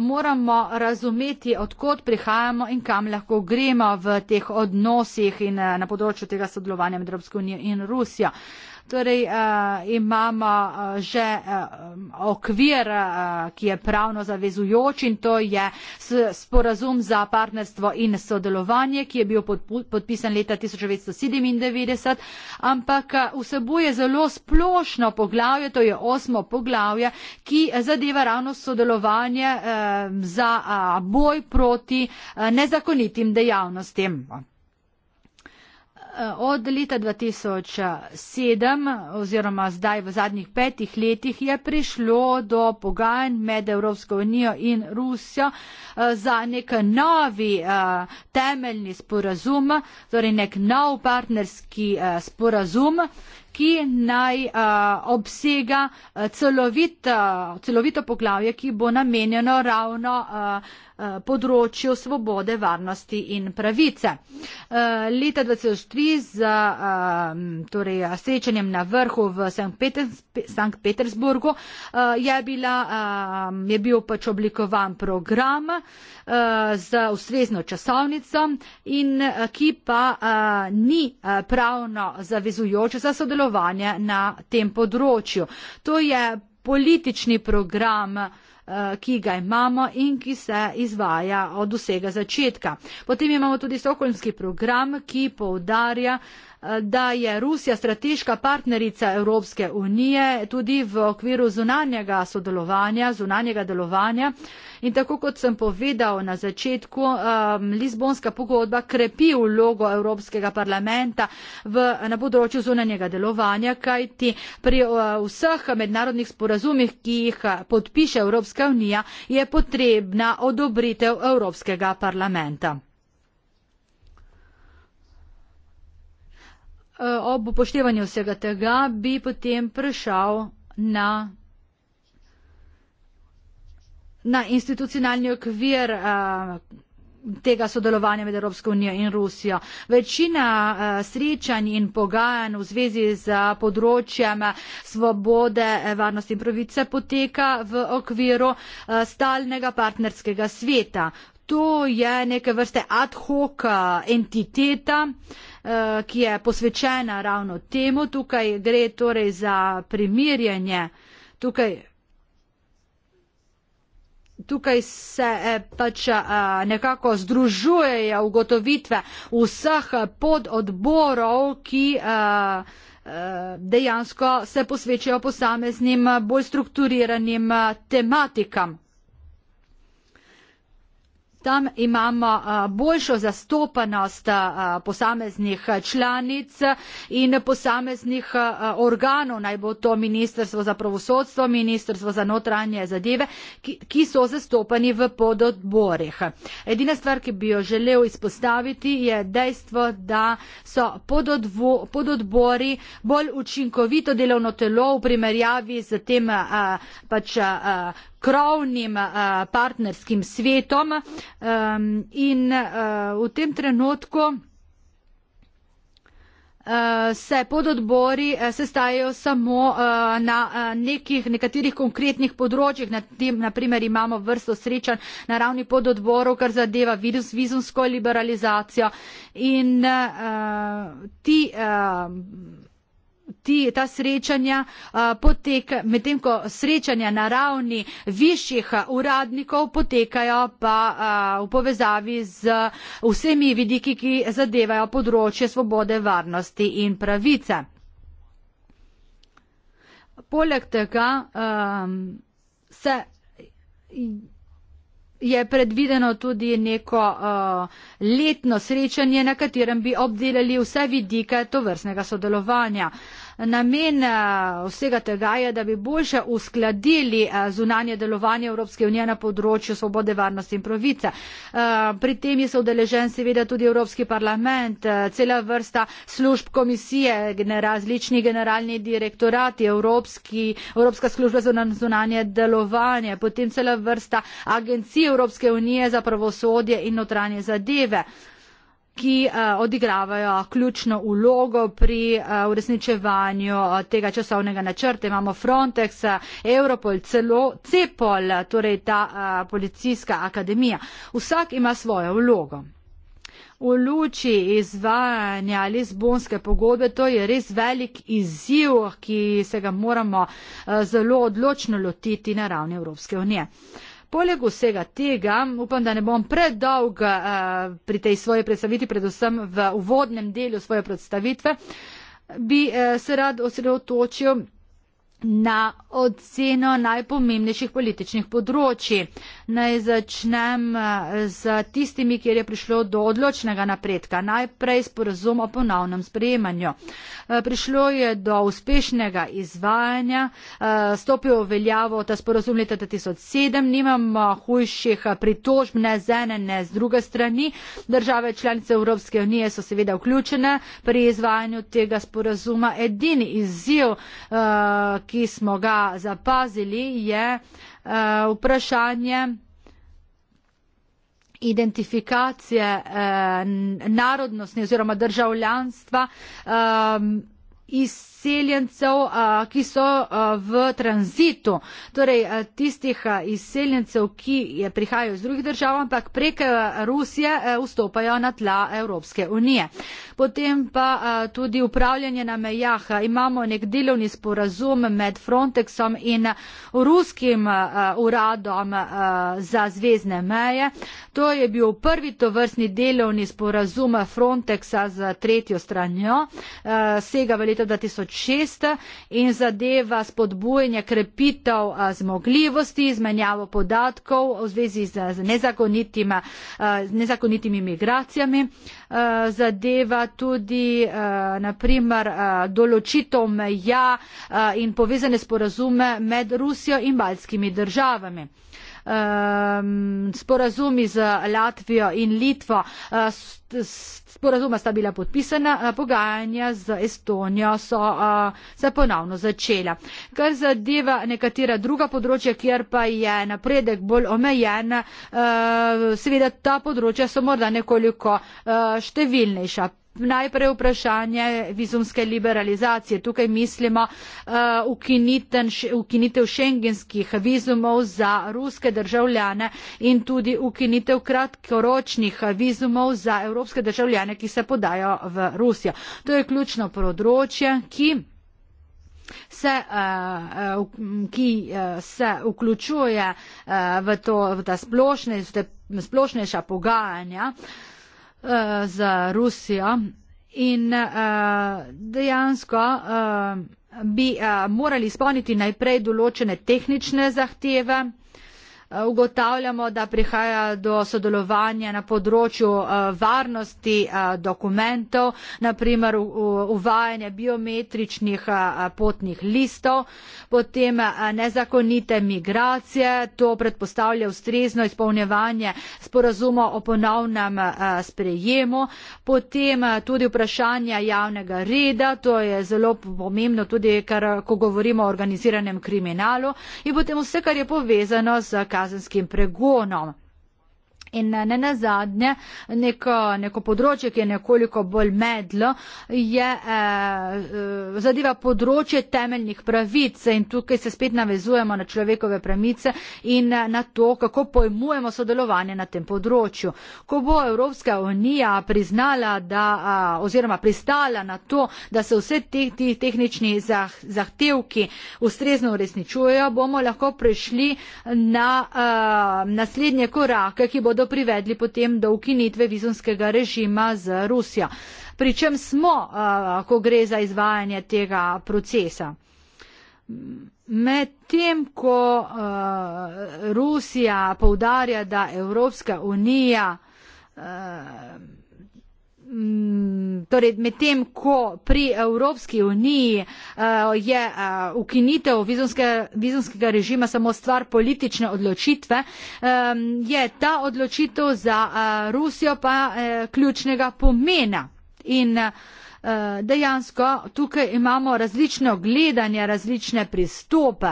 Moramo razumeti, odkot prihajamo in kam lahko gremo v teh odnosih in a, na področju tega sodelovanja med Evropsko unijo in Rusijo. Torej, uh, imamo uh, že um, okvir, uh, ki je pravno zavezujoč in to je sporazum za partnerstvo in sodelovanje, ki je bil podpisan leta 1997, ampak vsebuje zelo splošno poglavje, to je osmo poglavje, ki zadeva ravno sodelovanje uh, za uh, boj proti uh, nezakonitim dejavnostim. Eh, od leta 2007 oziroma zdaj v zadnjih petih letih je prišlo do pogajanj med Evropsko unijo in Rusijo eh, za nek novi eh, temeljni sporazum, torej nek nov partnerski sporazum, ki naj uh, obsega celovit, uh, celovito poglavje, ki bo namenjeno ravno uh, uh, področju svobode, varnosti in pravice. Uh, leta 2003 z uh, torej, srečanjem na vrhu v Sankt Petersburgu uh, je, bila, uh, je bil pač oblikovan program uh, z ustrezno časovnico, in, uh, ki pa uh, ni uh, pravno zavezujoč za sodelovanje delovanja na tem področju. To je politični program eh, ki ga imamo in ki se izvaja od vsega začetka. Potem imamo tudi stokholmski program, ki poudarja uh, da je Rusija strateška partnerica Evropske unije tudi v okviru zunanjega sodelovanja, zunanjega delovanja. In tako kot sem povedal na začetku, um, Lizbonska pogodba krepi vlogo Evropskega parlamenta v, na področju zunanjega delovanja, kajti pri uh, vseh mednarodnih sporazumih, ki jih podpiše Evropska unija, je potrebna odobritev Evropskega parlamenta. Eh, ob upoštevanju vsega tega bi potem prešal na, na institucionalni okvir eh, tega sodelovanja med Evropsko unijo in Rusijo. Večina eh, srečanj in pogajanj v zvezi z področjem svobode, varnosti in pravice poteka v okviru stalnega partnerskega sveta. To je neke vrste ad hoc entiteta, uh, Eh, ki je posvečena ravno temu. Tukaj gre torej za primirjanje. Tukaj, tukaj se eh, pač eh, nekako združujejo ugotovitve vseh pododborov, ki dejansko se posvečajo posameznim bolj strukturiranim tematikam. Tam imamo boljšo zastopanost posameznih članic in posameznih organov, naj bo to Ministrstvo za pravosodstvo, Ministrstvo za notranje zadeve, ki so zastopani v pododborih. Edina stvar, ki bi jo želel izpostaviti, je dejstvo, da so pododbori bolj učinkovito delovno telo v primerjavi z tem pač krovnim eh, partnerskim svetom ehm, in eh, v tem trenutku eh, se pododbori sestajajo samo na nekih, nekaterih konkretnih področjih. Na tem, naprimer, imamo vrsto srečan na ravni pododborov, kar zadeva virus, vizumsko liberalizacijo in ti ti, ta srečanja potek, medtem ko srečanja na ravni višjih uradnikov potekajo pa v povezavi z vsemi vidiki, ki zadevajo področje svobode, varnosti in pravice. Poleg tega se je predvideno tudi neko letno srečanje, na katerem bi obdelali vse vidike tovrstnega sodelovanja. Namen eh, vsega tega je, da bi boljše uskladili eh, zunanje delovanje Evropske unije na področju svobode, varnosti in pravice. Eh, pri tem je sodeležen seveda tudi Evropski parlament, cela vrsta služb komisije, različni generalni direktorati, Evropski, Evropska služba za zunanje delovanje, potem cela vrsta agencij Evropske unije za pravosodje in notranje zadeve ki eh, odigravajo ključno vlogo pri eh, uresničevanju eh, tega časovnega načrta. Imamo Frontex, Europol, celo Cepol, torej ta policijska akademija. Vsak ima svojo vlogo. V luči izvajanja Lizbonske pogodbe to je res velik izziv, ki se ga moramo zelo odločno lotiti na ravni Evropske unije. Poleg vsega tega, upam, da ne bom predolg uh, pri tej svoji predstavitvi, predvsem v uvodnem delu svoje predstavitve, bi uh, se rad osredotočil na oceno najpomembnejših političnih področij. Naj začnem z eh, tistimi, kjer je prišlo do odločnega napredka. Najprej sporozum o ponovnem sprejemanju. Eh, prišlo je do uspešnega izvajanja, eh, stopil v veljavo ta sporozum leta 2007, nimamo hujših pritožb ne z ene, ne z druge strani. Države članice Evropske unije so seveda vključene pri izvajanju tega sporozuma. Edini izziv, ki smo ga zapazili, je eh, vprašanje identifikacije eh, narodnostne oziroma državljanstva eh, iz izseljencev, ki so v tranzitu, torej tistih izseljencev, ki prihajajo iz drugih držav, ampak prek Rusije vstopajo na tla Evropske unije. Potem pa tudi upravljanje na mejah. Imamo nek delovni sporazum med Frontexom in ruskim uradom za zvezdne meje. To je bil prvi tovrstni delovni sporazum Frontexa z tretjo stranjo. Sega v leto 2000 tisoč šest in zadeva spodbujanje krepitev zmogljivosti, izmenjavo podatkov v zvezi z nezakonitima, nezakonitimi migracijami. Zadeva tudi naprimer določitev meja in povezane sporazume med Rusijo in baljskimi državami um, sporazumi z Latvijo in Litvo. Uh, sporazuma sta bila podpisana, uh, pogajanja z Estonijo so uh, se ponovno začela. Kar zadeva nekatera druga področja, kjer pa je napredek bolj omejen, seveda ta področja so morda nekoliko številnejša najprej vprašanje vizumske liberalizacije. Tukaj mislimo uh, ukinitev uh, šengenskih vizumov za ruske državljane in tudi ukinitev kratkoročnih vizumov za evropske državljane, ki se podajo v Rusijo. To je ključno področje, ki se, uh, uh, ki se vključuje v, to, v ta splošne, splošnejša pogajanja. Eh, z Rusijo in eh, dejansko eh, bi morali izpolniti najprej določene tehnične zahteve. Eh, ugotavljamo, da prihaja do sodelovanja na področju eh, varnosti eh, dokumentov, naprimer uvajanje biometričnih potnih listov, potem nezakonite migracije, to predpostavlja ustrezno izpolnjevanje sporazuma o ponovnem sprejemu, potem tudi vprašanje javnega reda, to je zelo pomembno tudi, ker, ko govorimo o organiziranem kriminalu in potem vse, kar je povezano z kazenskim kazenskim pregonom. In ne na zadnje, neko, neko področje, ki je nekoliko bolj medlo, je eh, eh, zadeva področje temeljnih pravic in tukaj se spet navezujemo na človekove pravice in eh, na to, kako pojmujemo sodelovanje na tem področju. Ko bo Evropska unija priznala da, eh, oziroma pristala na to, da se vse ti, ti tehnični zah, zahtevki ustrezno uresničujejo, bomo lahko prišli na eh, naslednje korake, ki bodo bodo privedli potem do ukinitve vizumskega režima z Rusijo. Pričem smo, ko gre za izvajanje tega procesa. Medtem, ko Rusija povdarja, da Evropska unija Mm, torej medtem ko pri Evropski uniji uh, je uh, ukinitev vizumske, vizumskega režima samo stvar politične odločitve, um, je ta odločitev za uh, Rusijo pa uh, ključnega pomena. In uh, dejansko tukaj imamo različno gledanje, različne pristope.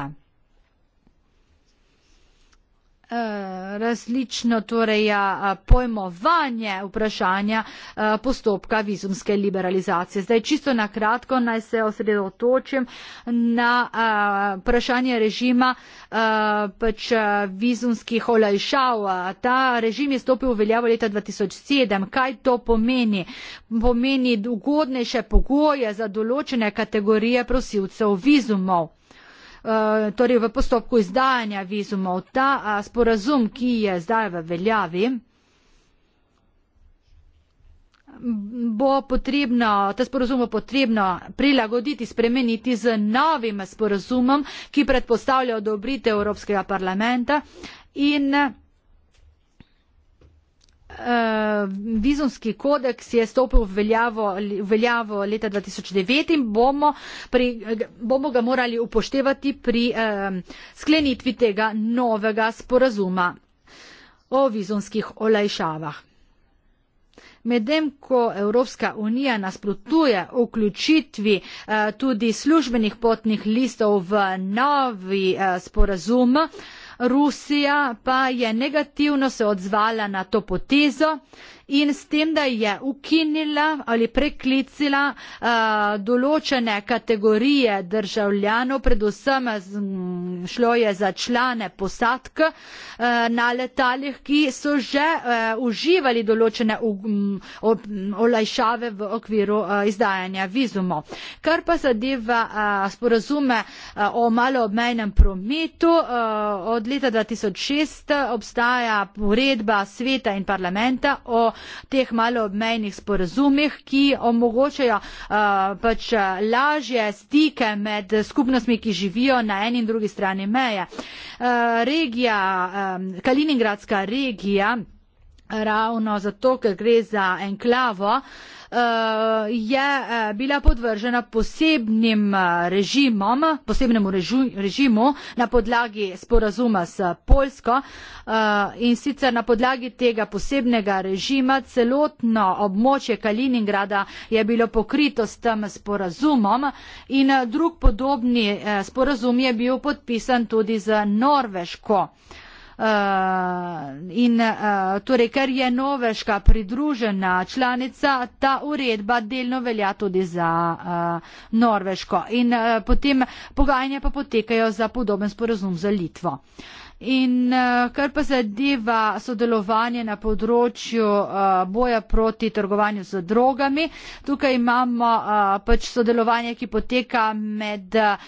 Eh, različno torej ja, eh, pojmovanje vprašanja eh, postopka vizumske liberalizacije. Zdaj čisto na kratko naj se osredotočim na vprašanje režima pač vizumskih olajšav. Ta režim je stopil v veljavo leta 2007. Kaj to pomeni? Pomeni ugodnejše pogoje za določene kategorije prosilcev vizumov. Eh, torej v postopku izdajanja vizumov. Ta eh, sporazum, ki je zdaj v veljavi, bo potrebno, ta sporozum bo potrebno prilagoditi, spremeniti z novim sporozumom, ki predpostavlja odobritev Evropskega parlamenta in uh, vizumski kodeks je stopil v veljavo, v veljavo leta 2009 in bomo, pri, bomo ga morali upoštevati pri uh, sklenitvi tega novega sporazuma o vizumskih olajšavah. Medtem ko Evropska unija nasprotuje vključitvi eh, tudi službenih potnih listov v novi eh, sporazum, eh, rusija pa je negativno se odzvala na to potezo in s tem, da je ukinila ali preklicila eh, določene kategorije državljanov, predvsem mm, šlo je za člane posadk eh, na letalih, ki so že eh, uživali določene olajšave v okviru izdajanja vizumov. Kar pa zadeva sporazume o maloobmejnem prometu, od leta 2006 obstaja uredba sveta in parlamenta o teh maloobmejnih sporazumih, ki omogočajo eh, pač lažje stike med skupnostmi, ki živijo na eni in drugi strani meje. Eh, regija, eh, Kaliningradska regija, ravno zato, ker gre za enklavo, je eh, bila podvržena posebnim eh, režimom, posebnemu režimu na podlagi sporazuma s Polsko eh, in sicer na podlagi tega posebnega režima celotno območje Kaliningrada je bilo pokrito s tem sporazumom in drug podobni sporazum je bil podpisan tudi z Norveško. Eh, in eh, torej, ker je Noveška pridružena članica, ta uredba delno velja tudi za eh, Norveško. In potem pogajanja pa potekajo za podoben sporozum za Litvo. In uh, kar pa zadeva sodelovanje na področju uh, boja proti trgovanju z drogami, tukaj imamo uh, pač sodelovanje, ki poteka med uh,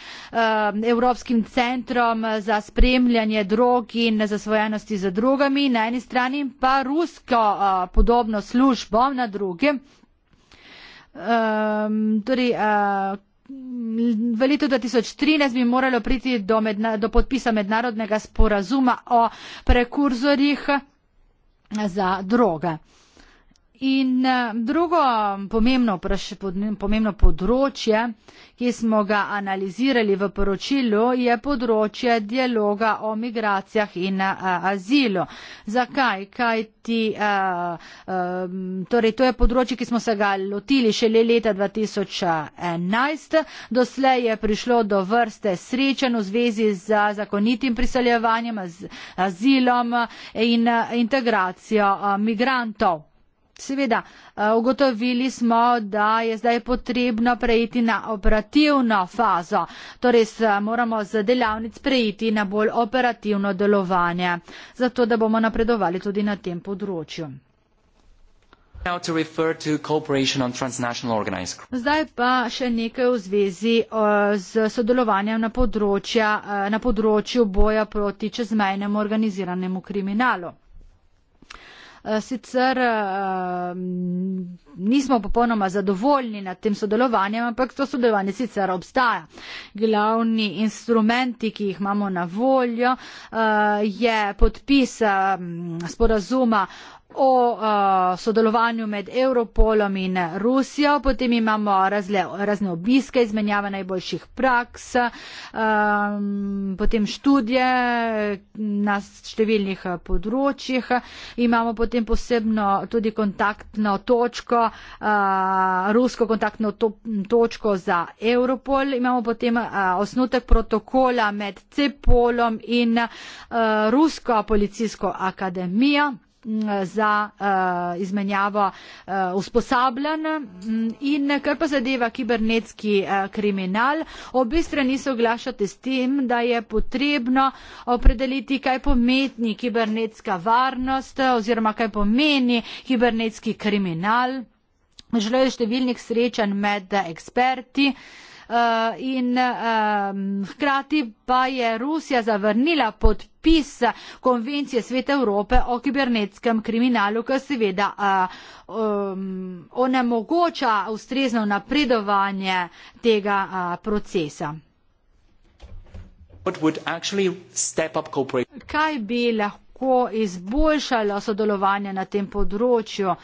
Evropskim centrom za spremljanje drog in zasvojenosti z drogami na eni strani in pa rusko uh, podobno službo na drugi. Um, torej, uh, v letu 2013 bi moralo priti do, medna, do podpisa mednarodnega sporazuma o prekurzorjih za droge. In eh, drugo pomembno, pomembno področje, ki smo ga analizirali v poročilu, je področje dialoga o migracijah in a, eh, azilu. Zakaj? Kaj ti, a, eh, a, torej, to je področje, ki smo se ga lotili šele leta 2011. Doslej je prišlo do vrste srečen v zvezi z zakonitim priseljevanjem, z azilom in integracijo migrantov. Seveda, eh, ugotovili smo, da je zdaj potrebno preiti na operativno fazo, torej moramo z delavnic preiti na bolj operativno delovanje, zato da bomo napredovali tudi na tem področju. Zdaj pa še nekaj v zvezi z sodelovanjem na, področja, eh, na področju boja proti čezmejnemu organiziranemu kriminalu. Eh, sicer eh, nismo popolnoma zadovoljni nad tem sodelovanjem, ampak to sodelovanje sicer obstaja. Glavni instrumenti, ki jih imamo na voljo, eh, je podpis sporazuma o uh, sodelovanju med Europolom in Rusijo, potem imamo razle, razne obiske, izmenjava najboljših praks, um, potem študije na številnih področjih, imamo potem posebno tudi kontaktno točko, uh, rusko kontaktno to, točko za Europol, imamo potem uh, osnutek protokola med Cepolom in uh, Rusko policijsko akademijo za uh, izmenjavo uh, usposabljanj mm, in kar pa zadeva kibernetski uh, kriminal. Obe strani se oglašate s tem, da je potrebno opredeliti, kaj pomeni kibernetska varnost oziroma kaj pomeni kibernetski kriminal. Želejo številnih srečanj med eksperti. Uh, Eh, in ehm, hkrati pa je Rusija zavrnila podpis konvencije Sveta Evrope o kibernetskem kriminalu, kar seveda eh, ehm, onemogoča ustrezno napredovanje tega eh, procesa. Kaj bi lahko izboljšalo sodelovanje na tem področju?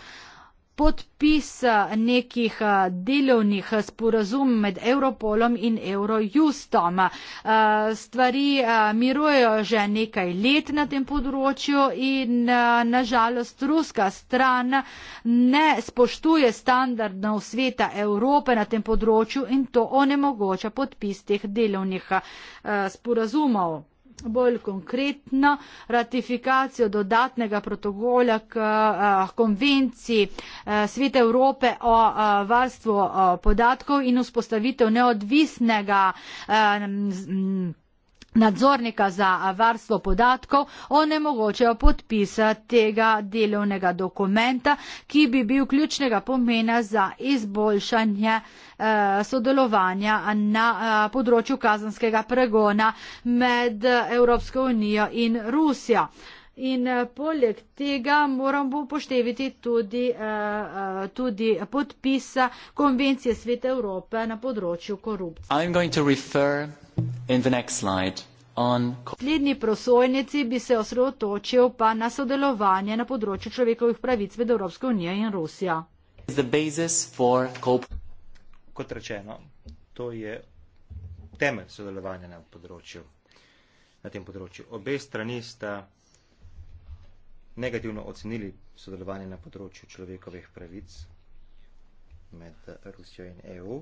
podpis eh, nekih eh, delovnih sporazum med Europolom in Eurojustom. Eh, stvari mirujejo že nekaj let na tem področju in nažalost ruska stran ne spoštuje standardov sveta Evrope na tem področju in to onemogoča podpis teh delovnih sporazumov bolj konkretno ratifikacijo dodatnega protokola k uh, konvenciji uh, Sveta Evrope o uh, varstvu uh, podatkov in vzpostavitev neodvisnega uh, m, m, nadzornika za varstvo podatkov onemogočajo podpisa tega delovnega dokumenta, ki bi bil ključnega pomena za izboljšanje e, sodelovanja na področju kazanskega pregona med Evropsko unijo in Rusijo. In eh, poleg tega moramo upoštevati tudi, eh, eh, tudi podpisa konvencije Sveta Evrope na področju korupcije. Slednji prosojnici bi se osredotočil pa na sodelovanje na področju človekovih pravic med Evropsko unijo in Rusijo. Kot rečeno, to je temelj sodelovanja na, področju, na tem področju. Obe strani sta negativno ocenili sodelovanje na področju človekovih pravic med Rusijo in EU.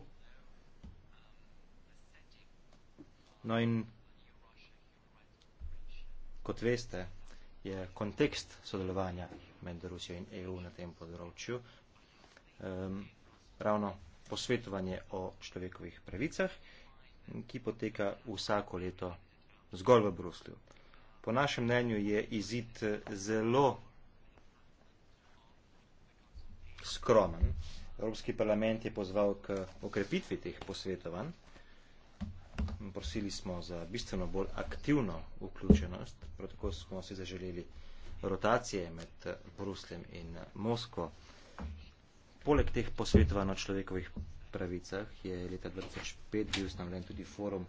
No in kot veste, je kontekst sodelovanja med Rusijo in EU na tem področju um, ravno posvetovanje o človekovih pravicah, ki poteka vsako leto zgolj v Bruslju. Po našem mnenju je izid eh, zelo skromen. Evropski parlament je pozval k okrepitvi teh posvetovanj. Prosili smo za bistveno bolj aktivno vključenost, protoko smo si zaželeli rotacije med eh, Brusljem in eh, Moskvo. Poleg teh posvetovanj o človekovih pravicah je leta 2005 bil ustanovljen tudi forum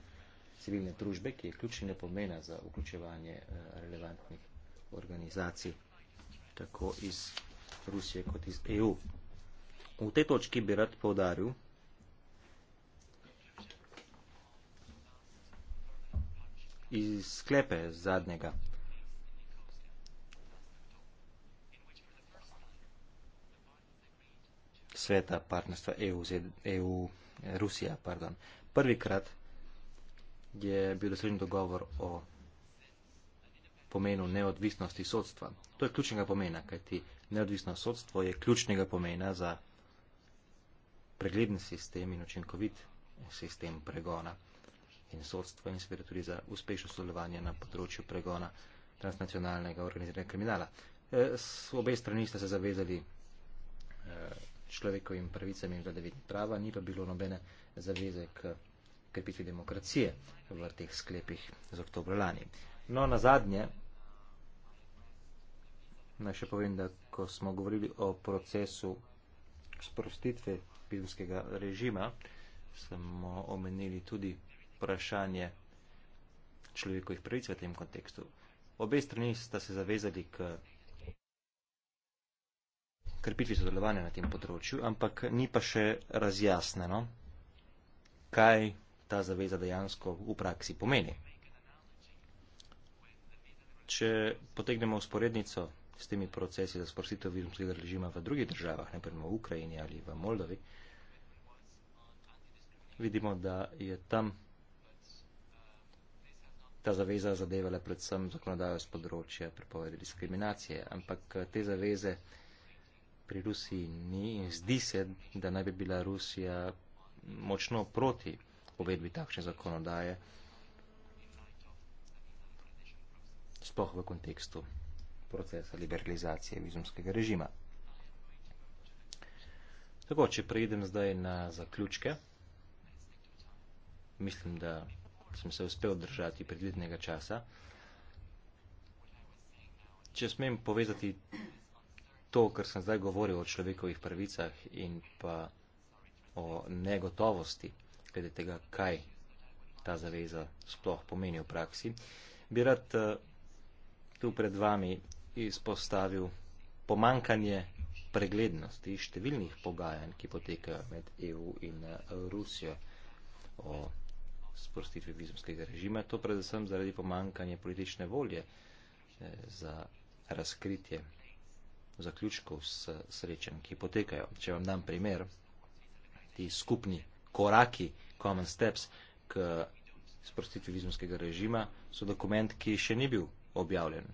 civilne družbe, ki je ključnega pomena za vključevanje eh, relevantnih organizacij, tako iz Rusije kot iz EU. V tej točki bi rad povdaril, iz sklepe zadnjega sveta partnerstva EU-Rusija. E eh, EU, Prvikrat je bil dosežen dogovor o pomenu neodvisnosti sodstva. To je ključnega pomena, kajti neodvisno sodstvo je ključnega pomena za pregleden sistem in učinkovit sistem pregona in sodstva in seveda tudi za uspešno sodelovanje na področju pregona transnacionalnega organiziranega kriminala. E, s obe strani ste se zavezali e, človekovim pravicam in vladavini prava, ni pa bilo nobene zaveze k krepitvi demokracije v teh sklepih z oktober lani. No, na zadnje, naj še povem, da ko smo govorili o procesu sprostitve bivskega režima, smo omenili tudi vprašanje človekovih pravic v tem kontekstu. Obe strani sta se zavezali k krepitvi sodelovanja na tem področju, ampak ni pa še razjasneno, kaj ta zaveza dejansko v praksi pomeni. Če potegnemo usporednico s temi procesi za sprostitev vizumskega režima v drugih državah, ne v Ukrajini ali v Moldovi, vidimo, da je tam ta zaveza zadevala predvsem zakonodajo z področja prepovedi diskriminacije, ampak eh, te zaveze pri Rusiji ni in zdi se, da naj bi bila Rusija močno proti uvedbi takšne zakonodaje, sploh v kontekstu procesa liberalizacije vizumskega režima. Tako, če preidem zdaj na zaključke, mislim, da sem se uspel držati predvidnega časa. Če smem povezati to, kar sem zdaj govoril o človekovih pravicah in pa o negotovosti glede tega, kaj ta zaveza sploh pomeni v praksi, bi rad eh, tu pred vami izpostavil pomankanje preglednosti številnih pogajanj, ki potekajo med EU in eh, Rusijo o sprostitvi vizumskega režima. To predvsem zaradi pomankanja politične volje eh, za razkritje zaključkov s srečen, ki potekajo. Če vam dam primer, ti skupni koraki, common steps, k sprostitvi vizumskega režima, so dokument, ki še ni bil objavljen.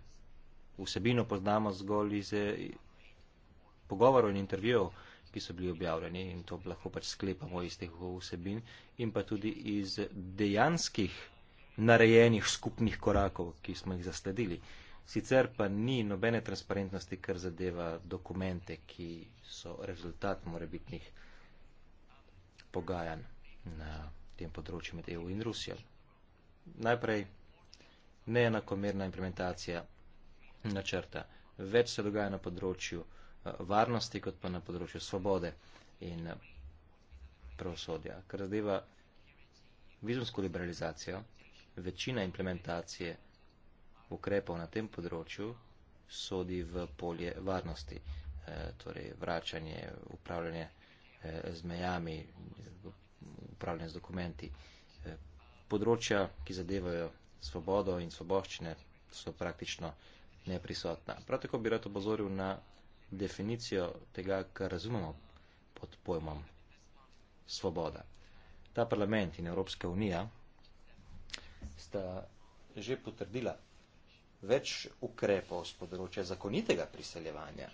Vsebino poznamo zgolj iz eh, pogovorov in intervjujev, ki so bili objavljeni in to lahko pač sklepamo iz teh vsebin in pa tudi iz dejanskih narejenih skupnih korakov, ki smo jih zasledili. Sicer pa ni nobene transparentnosti, kar zadeva dokumente, ki so rezultat morebitnih pogajanj na tem področju med EU in Rusijo. Najprej neenakomerna implementacija načrta. Več se dogaja na področju eh, varnosti, kot pa na področju svobode in eh, pravosodja. Kar zadeva vizumsko liberalizacijo, večina implementacije ukrepov na tem področju sodi v polje varnosti, eh, torej vračanje, upravljanje eh, zmejami, upravljanje z dokumenti. Področja, ki zadevajo svobodo in svoboščine, so praktično neprisotna. Prav tako bi rad obozoril na definicijo tega, kar razumemo pod pojmom svoboda. Ta parlament in Evropska unija sta že potrdila več ukrepov z področja zakonitega priseljevanja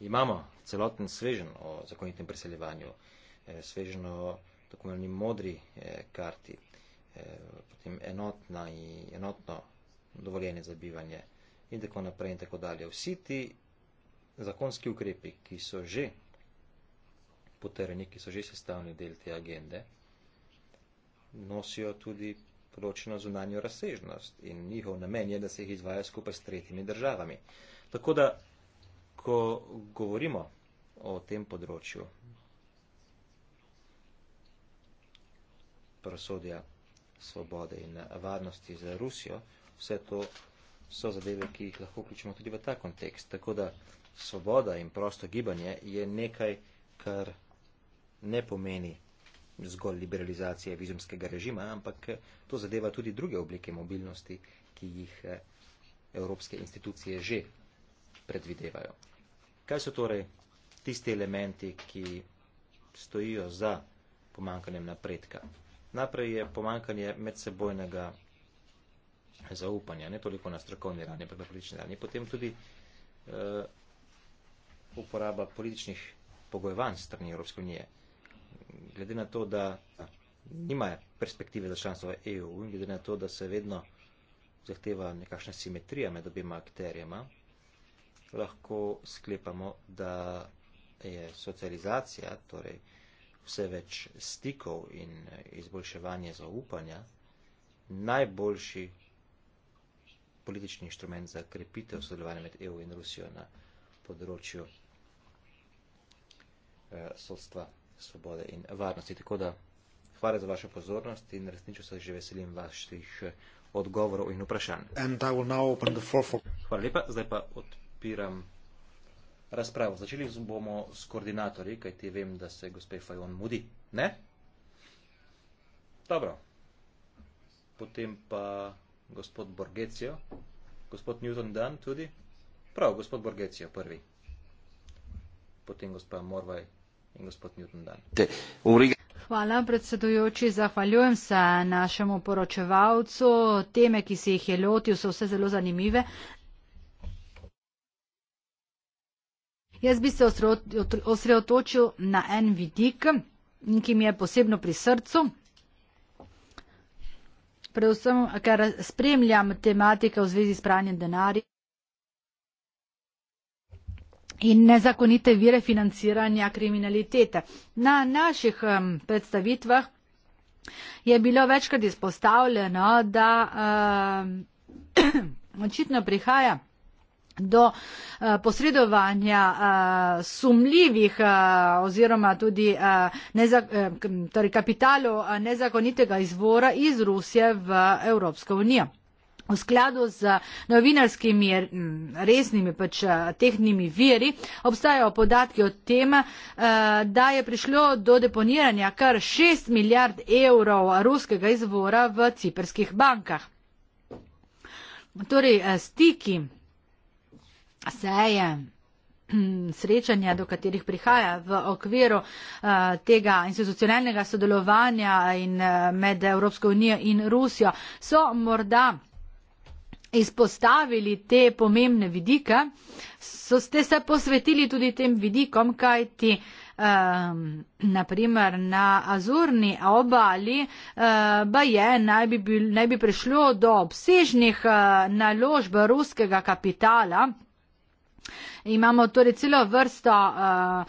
imamo celoten svežen o zakonitem preseljevanju, eh, svežen o tako imenovani modri eh, karti, eh, potem enotna in enotno dovoljenje za bivanje in tako naprej in tako dalje. Vsi ti zakonski ukrepi, ki so že potrjeni, ki so že sestavni del te agende, nosijo tudi določeno zunanjo razsežnost in njihov namen je, da se jih izvaja skupaj s tretjimi državami. Tako da ko govorimo o tem področju prosodja svobode in varnosti za Rusijo, vse to so zadeve, ki jih lahko vključimo tudi v ta kontekst. Tako da svoboda in prosto gibanje je nekaj, kar ne pomeni zgolj liberalizacije vizumskega režima, ampak to zadeva tudi druge oblike mobilnosti, ki jih eh, evropske institucije že predvidevajo. Kaj so torej tisti elementi, ki stojijo za pomankanjem napredka? Najprej je pomankanje medsebojnega zaupanja, ne toliko na strokovni ravni, ampak na politični ravni. Potem tudi uh, uporaba političnih pogojevanj strani Evropske unije. Glede na to, da nima perspektive za članstvo v EU in glede na to, da se vedno zahteva nekakšna simetrija med obima akterjema, lahko sklepamo, da je socializacija, torej vse več stikov in izboljševanje zaupanja, najboljši politični inštrument za krepitev sodelovanja med EU in Rusijo na področju eh, sodstva, svobode in varnosti. Tako da hvala za vašo pozornost in resnično se že veselim vaših eh, odgovorov in vprašanj. Hvala lepa, zdaj pa odprem odpiram razpravo. Začeli bomo s koordinatorji, kaj ti vem, da se gospe Fajon mudi, ne? Dobro. Potem pa gospod Borgecijo, gospod Newton Dan tudi. Prav, gospod Borgecijo prvi. Potem gospa Morvaj in gospod Newton Dan. Hvala predsedujoči, zahvaljujem se našemu poročevalcu. Teme, ki si jih je lotil, so vse zelo zanimive. Jaz bi se osredotočil na en vidik, ki mi je posebno pri srcu, predvsem, ker spremljam tematike v zvezi s pranjem denarja in nezakonite vire financiranja kriminalitete. Na naših predstavitvah je bilo večkrat izpostavljeno, da [CLEARS THROAT] očitno prihaja do eh, posredovanja eh, sumljivih eh, oziroma tudi torej kapitalov nezakonitega izvora iz Rusije v Evropsko unijo. V skladu z novinarskimi mm, resnimi pač tehnimi viri obstajajo podatki o tem, da je prišlo do deponiranja kar 6 milijard evrov ruskega izvora v ciperskih bankah. Torej, stiki seje, [CLEARS THROAT] srečanja, do katerih prihaja v okviru eh, tega institucionalnega sodelovanja in eh, med Evropsko unijo in Rusijo, so morda izpostavili te pomembne vidike, so ste se posvetili tudi tem vidikom, kaj ti um, eh, naprimer na azurni obali uh, ba je, naj bi, bil, naj bi prišlo do obsežnih uh, naložb ruskega kapitala. Imamo torej celo vrsto uh,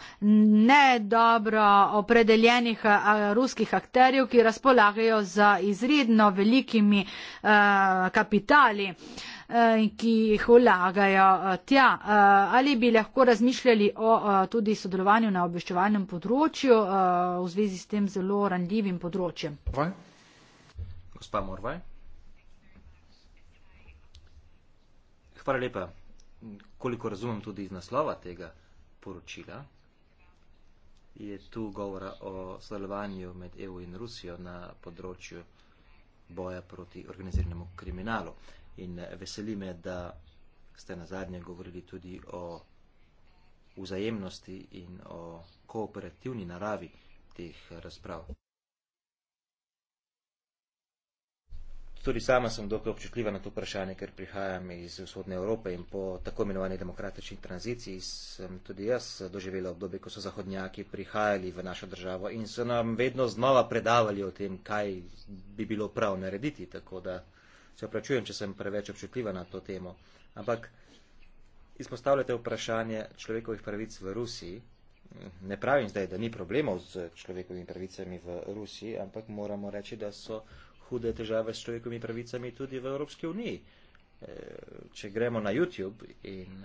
nedobro opredeljenih uh, ruskih akterjev, ki razpolagajo z izredno velikimi uh, kapitali, uh, ki jih vlagajo uh, tja. Uh, ali bi lahko razmišljali o uh, tudi sodelovanju na obveščevalnem področju uh, v zvezi s tem zelo randljivim področjem? Gospa Morvaj. Hvala lepa koliko razumem tudi iz naslova tega poročila, je tu govora o sodelovanju med EU in Rusijo na področju boja proti organiziranemu kriminalu. In eh, veseli me, da ste na zadnje govorili tudi o vzajemnosti in o kooperativni naravi teh eh, razprav. Tudi sama sem dokaj občutljiva na to vprašanje, ker prihajam iz vzhodne Evrope in po tako imenovani demokratični tranziciji sem tudi jaz doživela obdobje, ko so zahodnjaki prihajali v našo državo in so nam vedno znova predavali o tem, kaj bi bilo prav narediti. Tako da se vprašujem, če sem preveč občutljiva na to temo. Ampak izpostavljate vprašanje človekovih pravic v Rusiji. Ne pravim zdaj, da ni problemov z človekovimi pravicami v Rusiji, ampak moramo reči, da so hude težave s človekovimi pravicami tudi v Evropski uniji. Eh, če gremo na YouTube in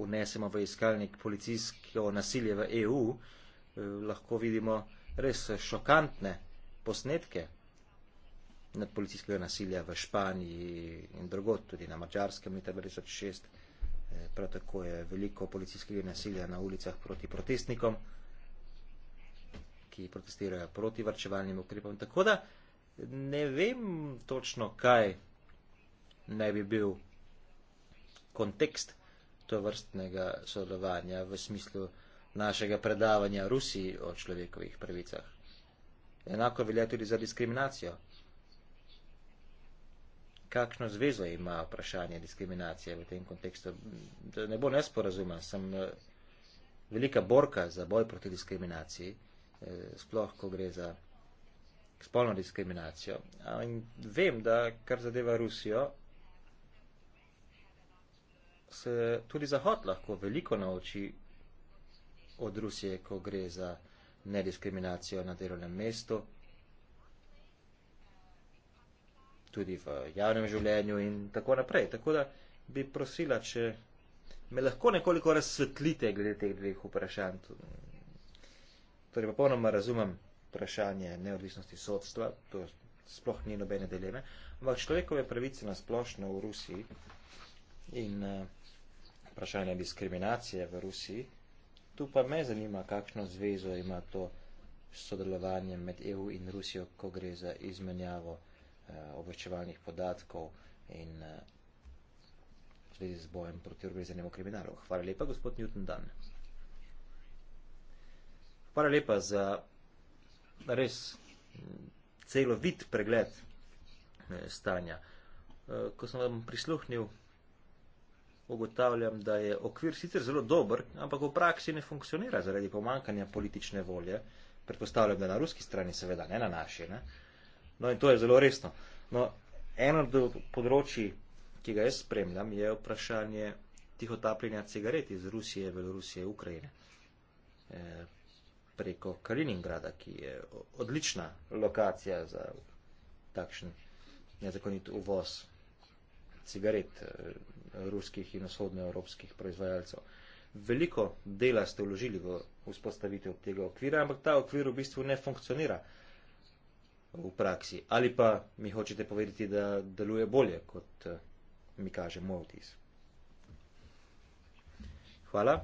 unesemo eh, v iskalnik policijsko nasilje v EU, eh, lahko vidimo res šokantne posnetke nad policijskega nasilja v Španiji in drugot, tudi na Mačarskem leta 2006. Prav tako je veliko policijskega nasilja na ulicah proti protestnikom, ki protestirajo proti varčevalnim ukrepom. Tako da, ne vem točno, kaj naj bi bil kontekst to vrstnega sodelovanja v smislu našega predavanja Rusiji o človekovih pravicah. Enako velja tudi za diskriminacijo. Kakšno zvezo ima vprašanje diskriminacije v tem kontekstu? Da ne bo nesporazuma, sem eh, velika borka za boj proti diskriminaciji, eh, sploh ko gre za spolno diskriminacijo. In vem, da kar zadeva Rusijo, se tudi Zahod lahko veliko nauči od Rusije, ko gre za nediskriminacijo na delovnem mestu, tudi v javnem življenju in tako naprej. Tako da bi prosila, če me lahko nekoliko razsvetlite glede teh dveh vprašanj. Torej, popolnoma razumem vprašanje neodvisnosti sodstva, to sploh ni nobene dileme, ampak človekove pravice na splošno v Rusiji in eh, vprašanje diskriminacije v Rusiji, tu pa me zanima, kakšno zvezo ima to sodelovanje med EU in Rusijo, ko gre za izmenjavo eh, obveščevalnih podatkov in eh, z bojem proti organiziranemu kriminalu. Hvala lepa, gospod Newton Dan. Hvala lepa za res celovit pregled eh, stanja. Eh, ko sem vam prisluhnil, ugotavljam, da je okvir sicer zelo dober, ampak v praksi ne funkcionira zaradi pomankanja politične volje. Predpostavljam, da na ruski strani seveda, ne na naši. Ne? No in to je zelo resno. No, eno od področji, ki ga jaz spremljam, je vprašanje tihotapljenja cigaret iz Rusije, Belorusije, Ukrajine. E, preko Kaliningrada, ki je odlična lokacija za takšen nezakonit uvoz cigaret eh, ruskih in vzhodnoevropskih proizvajalcev. Veliko dela ste vložili v vzpostavitev tega okvira, ampak ta okvir v bistvu ne funkcionira v praksi. Ali pa mi hočete povedati, da deluje bolje, kot eh, mi kaže moj vtis. Hvala.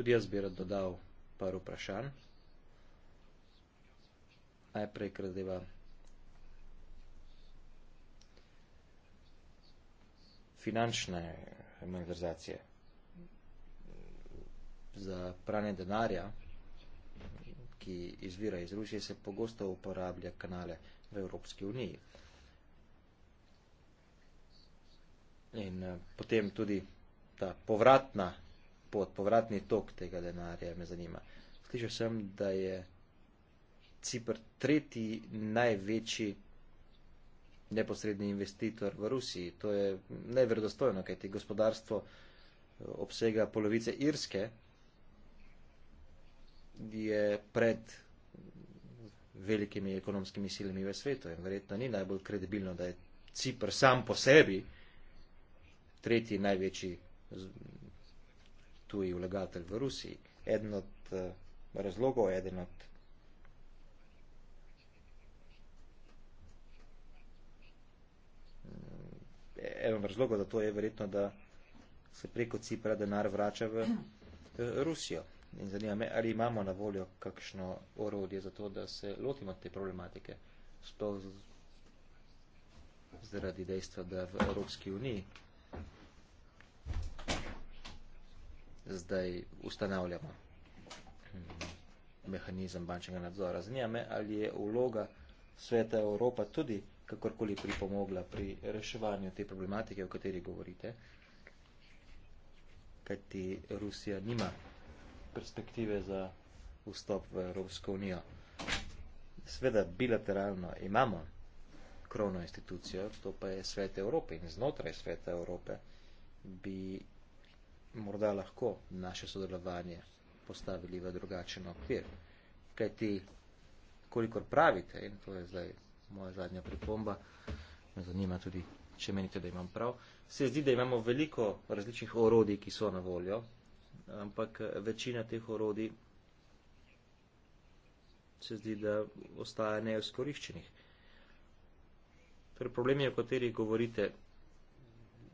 Tudi jaz bi rad dodal par vprašanj. Najprej, ker zdaj finančne monetizacije za pranje denarja, ki izvira iz Rusije, se pogosto uporablja kanale v Evropski uniji. In eh, potem tudi ta povratna pot, povratni tok tega denarja me zanima. Slišal sem, da je Cipr tretji največji neposredni investitor v Rusiji. To je neverodostojno, kajti gospodarstvo eh, obsega polovice Irske, je pred velikimi ekonomskimi silami v svetu in verjetno ni najbolj kredibilno, da je Cipr sam po sebi tretji največji tuji vlagatelj v Rusiji. Eden od eh, razlogov, eden od eh, eden razlogov za to je verjetno, da se preko Cipra denar vrača v eh, Rusijo. In zanima me, ali imamo na voljo kakšno orodje za to, da se lotimo te problematike. Sto zaradi dejstva, da v Evropski uniji zdaj ustanavljamo mehanizem bančnega nadzora. Zanima me, ali je vloga Sveta Evropa tudi kakorkoli pripomogla pri reševanju te problematike, o kateri govorite, kajti Rusija nima perspektive za vstop v Evropsko unijo. Sveda bilateralno imamo krono institucijo, to pa je Svet Evrope in znotraj Sveta Evrope bi morda lahko naše sodelovanje postavili v drugačen okvir. Kaj ti, kolikor pravite, in to je zdaj moja zadnja pripomba, me zanima tudi, če menite, da imam prav, se zdi, da imamo veliko različnih orodij, ki so na voljo, ampak večina teh orodij se zdi, da ostaja neizkoriščenih. Torej, problemi, o katerih govorite,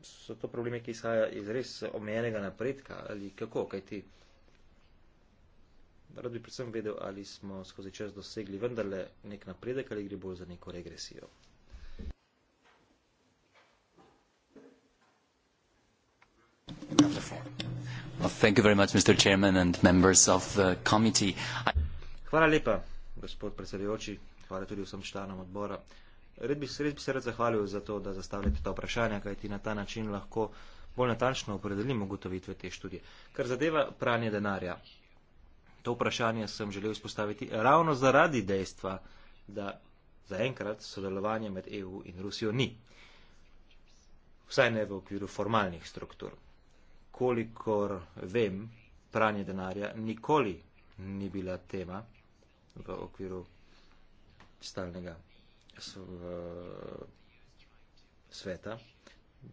so to probleme, ki izhaja iz res omejenega napredka ali kako, kaj ti. Rad bi predvsem vedel, ali smo skozi čas dosegli vendarle nek napredek ali gre bolj za neko regresijo. Hvala lepa, gospod predsedujoči, hvala tudi vsem članom odbora. Red bi, red bi se rad zahvalil za to, da zastavljate ta vprašanja, kaj ti na ta način lahko bolj natančno opredelimo gotovitve te študije. Kar zadeva pranje denarja, to vprašanje sem želel izpostaviti ravno zaradi dejstva, da zaenkrat sodelovanje med EU in Rusijo ni. Vsaj ne v okviru formalnih struktur. Kolikor vem, pranje denarja nikoli ni bila tema v okviru stalnega sveta,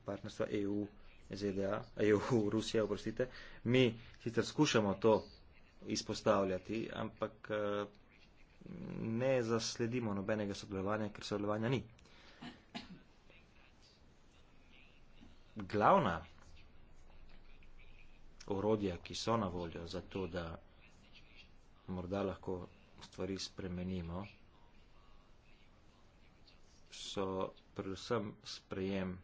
partnerstva EU, ZDA, EU, Rusija, oprostite. Mi sicer skušamo to izpostavljati, ampak ne zasledimo nobenega sodelovanja, ker sodelovanja ni. Glavna orodja, ki so na voljo za to, da morda lahko stvari spremenimo, so predvsem sprejem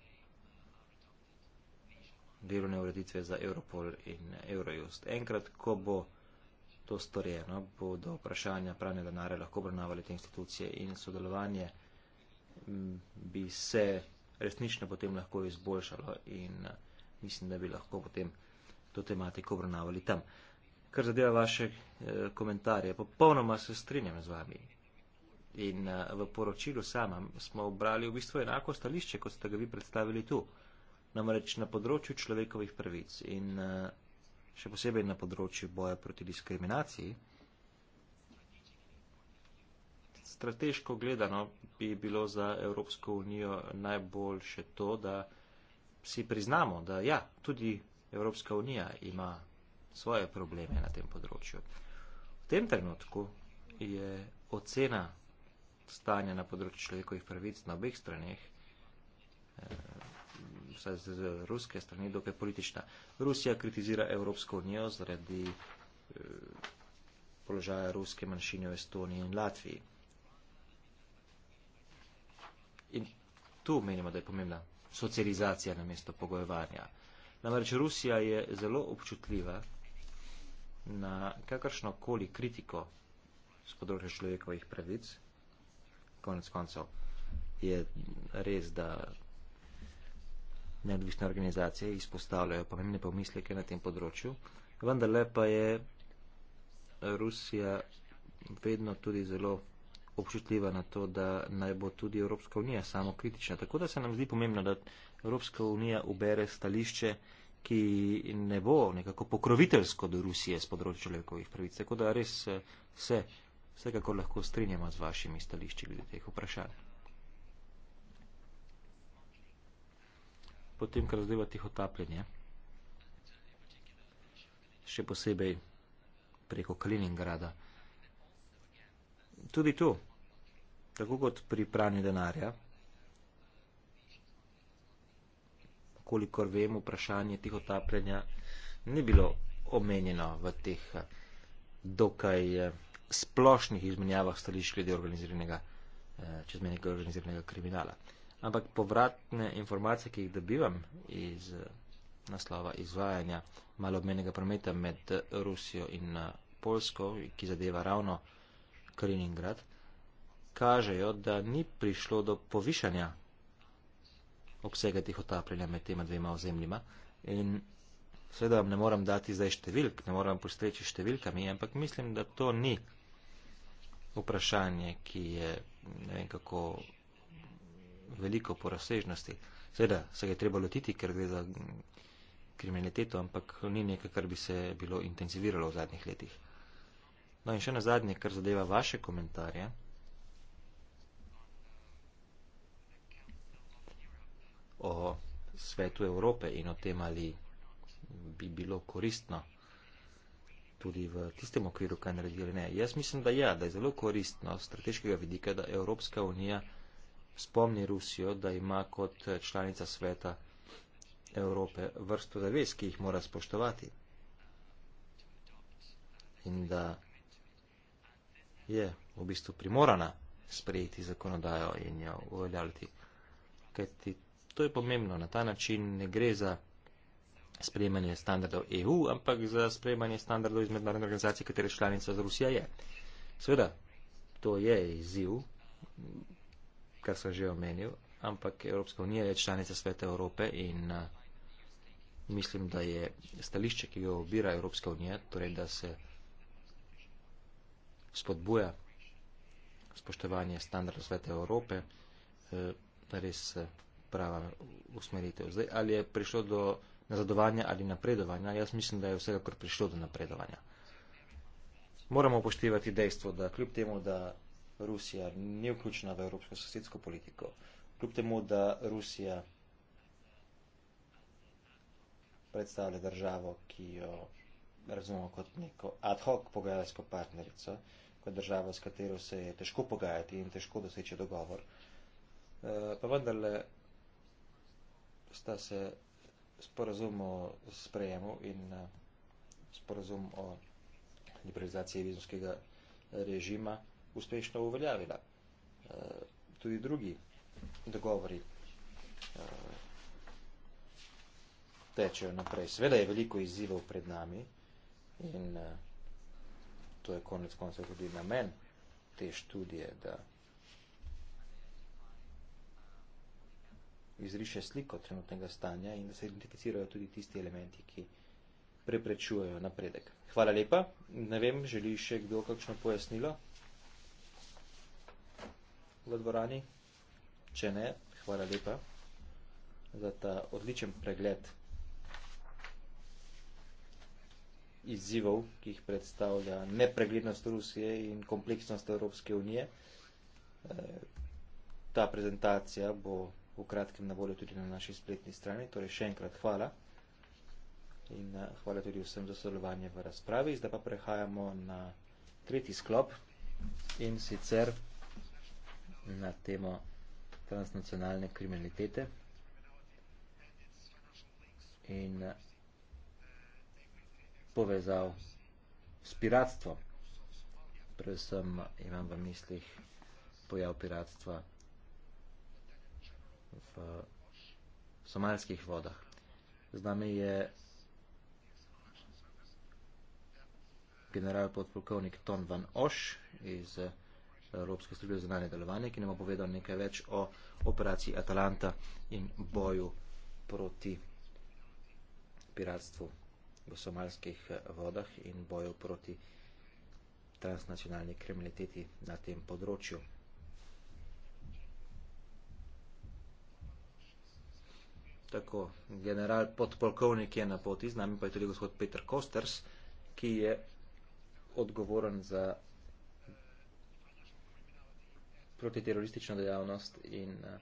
delovne ureditve za Europol in Eurojust. Enkrat, ko bo to storjeno, bodo vprašanja pravne denare lahko obravnavali te institucije in sodelovanje bi se resnično potem lahko izboljšalo in mislim, da bi lahko potem to tematiko obravnavali tam. Kar zadeva vaše eh, komentarje, popolnoma se strinjam z vami. In uh, v poročilu samem smo obrali v bistvu enako stališče, kot ste ga vi predstavili tu, namreč na področju človekovih pravic in uh, še posebej na področju boja proti diskriminaciji. Strateško gledano bi bilo za Evropsko unijo najboljše to, da si priznamo, da ja, tudi Evropska unija ima svoje probleme na tem področju. V tem trenutku je ocena stanja na področju človekovih pravic na obeh straneh, eh, vsaj z ruske strani, dokaj politična. Rusija kritizira Evropsko unijo zaradi eh, položaja ruske manjšine v Estoniji in Latviji. In tu menimo, da je pomembna socializacija na mesto pogojevanja. Namreč Rusija je zelo občutljiva na kakršno koli kritiko z področja človekovih pravic, konec koncev je res, da neodvisne organizacije izpostavljajo pomembne pomisleke na tem področju, vendarle pa je Rusija vedno tudi zelo občutljiva na to, da naj bo tudi Evropska unija samo kritična. Tako da se nam zdi pomembno, da Evropska unija ubere stališče, ki ne bo nekako pokroviteljsko do Rusije z področja človekovih pravic. Tako da res eh, se vsekakor lahko strinjamo z vašimi stališči glede teh vprašanj. Potem, kar zdaj v tihotapljenje, še posebej preko Kaliningrada, tudi tu, tako kot pri pranju denarja, kolikor vem, vprašanje tihotapljenja ni bilo omenjeno v teh dokaj. Eh, splošnih izmenjavah stališč glede organiziranega, eh, čezmenjega organiziranega kriminala. Ampak povratne informacije, ki jih dobivam iz eh, naslova izvajanja malobmenega prometa med eh, Rusijo in Polsko, ki zadeva ravno Kaliningrad, kažejo, da ni prišlo do povišanja obsega tih otapljanja med tema dvema ozemljima. In seveda vam ne moram dati zdaj številk, ne moram postreči številkami, ampak mislim, da to ni vprašanje, ki je ne vem kako veliko po razsežnosti. Seveda se ga je treba lotiti, ker gre za kriminaliteto, ampak ni nekaj, kar bi se bilo intenziviralo v zadnjih letih. No in še na zadnje, kar zadeva vaše komentarje. O svetu Evrope in o tem, ali bi bilo koristno tudi v tistem okviru, kaj naredijo ali ne. Jaz mislim, da ja, da je zelo koristno z strateškega vidika, da Evropska unija spomni Rusijo, da ima kot eh, članica sveta Evrope vrsto zavez, ki jih mora spoštovati. In da je v bistvu primorana sprejeti zakonodajo in jo uveljavljati. Kajti to je pomembno. Na ta način ne gre za sprejemanje standardov EU, ampak za sprejemanje standardov iz mednarodne organizacije, katere članica Rusija je. Sveda, to je izziv, kar sem že omenil, ampak Evropska unija je članica Sveta Evrope in eh, mislim, da je stališče, ki ga obira Evropska unija, torej da se spodbuja spoštovanje standardov Sveta Evrope, eh, res eh, prava usmeritev. Zdaj, ali je prišlo do nazadovanja ali napredovanja, jaz mislim, da je vsekakor prišlo do napredovanja. Moramo upoštevati dejstvo, da kljub temu, da Rusija ni vključena v evropsko sosedsko politiko, kljub temu, da Rusija predstavlja državo, ki jo razumemo kot neko ad hoc pogajalsko partnerico, kot državo, s katero se je težko pogajati in težko doseči dogovor, eh, pa vendarle sta se sporazum o sprejemu in eh, sporazum o liberalizaciji vizumskega režima uspešno uveljavila. Eh, tudi drugi dogovori eh, tečejo naprej. Sveda je veliko izzivov pred nami in to je konec koncev tudi namen te študije, da izriše sliko trenutnega stanja in da se identificirajo tudi tisti elementi, ki preprečujejo napredek. Hvala lepa. Ne vem, želi še kdo kakšno pojasnilo v dvorani? Če ne, hvala lepa za ta odličen pregled izzivov, ki jih predstavlja nepreglednost Rusije in kompleksnost Evropske unije. Eh, ta prezentacija bo v kratkem na voljo tudi na naši spletni strani. Torej še enkrat hvala in eh, hvala tudi vsem za sodelovanje v razpravi. Zdaj pa prehajamo na tretji sklop in sicer na temo transnacionalne kriminalitete. In eh, povezal s piratstvom. Predvsem eh, imam v mislih pojav piratstva v somalskih vodah. Z nami je general podpolkovnik Ton Van Oš iz Evropske službe za zunanje delovanje, ki nam bo povedal nekaj več o operaciji Atalanta in boju proti piratstvu v somalskih vodah in boju proti transnacionalni kriminaliteti na tem področju. tako, general podpolkovnik je na poti, z nami pa je tudi gospod Peter Kosters, ki je odgovoren za protiteroristično dejavnost in eh,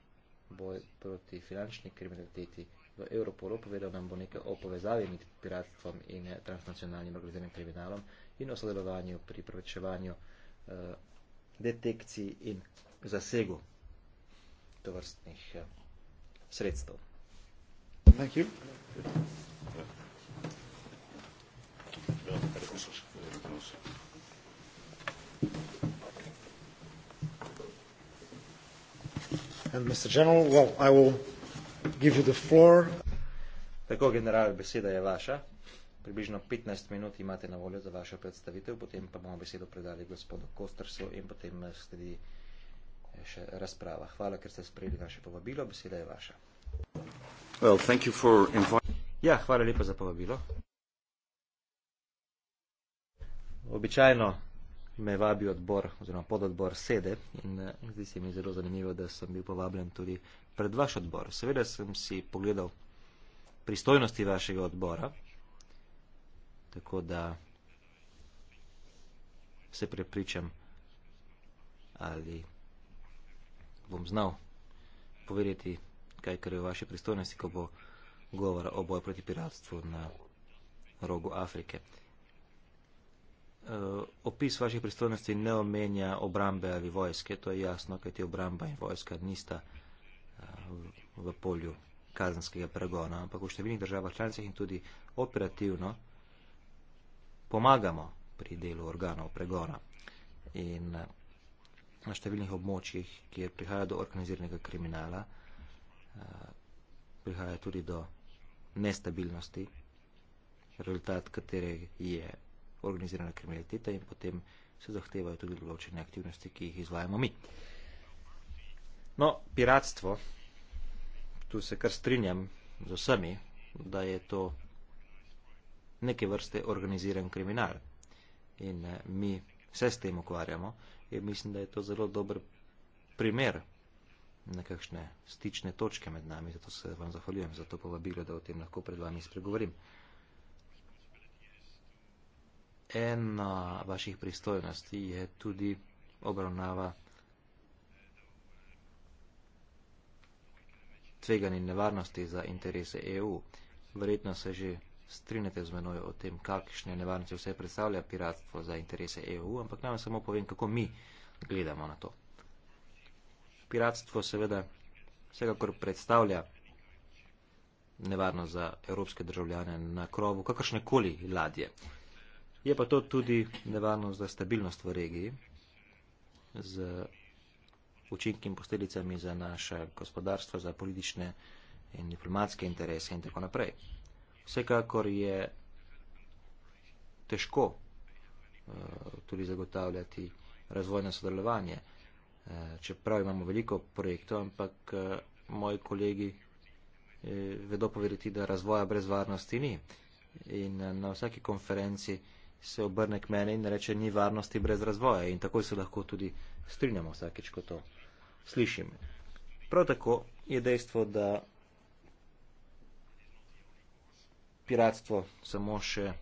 boj proti finančni kriminaliteti v Europolu. Povedal nam bo nekaj o povezavi med piratstvom in eh, transnacionalnim organiziranim kriminalom in o sodelovanju pri prevečevanju eh, detekciji in zasegu tovrstnih eh, sredstev. Thank you. And Mr. General, well, I will give you the floor. Tako, general, beseda je vaša. Približno 15 minut imate na voljo za vašo predstavitev, potem pa bomo besedo predali gospodu Kostrsu in potem eh, sledi eh, še razprava. Hvala, ker ste sprejeli naše povabilo. Beseda je vaša. Well, thank you for ja, hvala lepa za povabilo. Običajno me vabi odbor oziroma pododbor sede in eh, zdi se mi zelo zanimivo, da sem bil povabljen tudi pred vaš odbor. Seveda sem si pogledal pristojnosti vašega odbora, tako da se prepričam ali bom znal poveriti kaj kar je v vaši pristojnosti, ko bo govor o boju proti piratstvu na rogu Afrike. E, opis vaših pristojnosti ne omenja obrambe ali vojske, to je jasno, kaj ti obramba in vojska nista e, v polju kazanskega pregona, ampak v številnih državah članicah in tudi operativno pomagamo pri delu organov pregona in e, na številnih območjih, kjer prihaja do organiziranega kriminala, Eh, prihaja tudi do nestabilnosti, rezultat katere je organizirana kriminaliteta in potem se zahtevajo tudi določene aktivnosti, ki jih izvajamo mi. No, piratstvo, tu se kar strinjam z vsemi, da je to neke vrste organiziran kriminal in eh, mi se s tem ukvarjamo in mislim, da je to zelo dober primer nekakšne stične točke med nami, zato se vam zahvaljujem za to povabilo, da o tem lahko pred vami spregovorim. Ena vaših pristojnosti je tudi obravnava tvegan in nevarnosti za interese EU. Verjetno se že strinjate z menoj o tem, kakšne nevarnosti vse predstavlja piratstvo za interese EU, ampak naj vam samo povem, kako mi gledamo na to piratstvo seveda vsekakor predstavlja nevarno za evropske državljane na krovu kakršnekoli ladje. Je pa to tudi nevarno za stabilnost v regiji z učinkim posledicami za naše gospodarstvo, za politične in diplomatske interese in tako naprej. Vsekakor je težko uh, tudi zagotavljati razvojno sodelovanje. Uh, Eh, čeprav imamo veliko projektov, ampak eh, moji kolegi eh, vedo povedati, da razvoja brez varnosti ni. In na vsaki konferenci se obrne k meni in reče, ni varnosti brez razvoja. In tako se lahko tudi strinjamo vsakeč, ko to slišim. Prav tako je dejstvo, da piratstvo samo še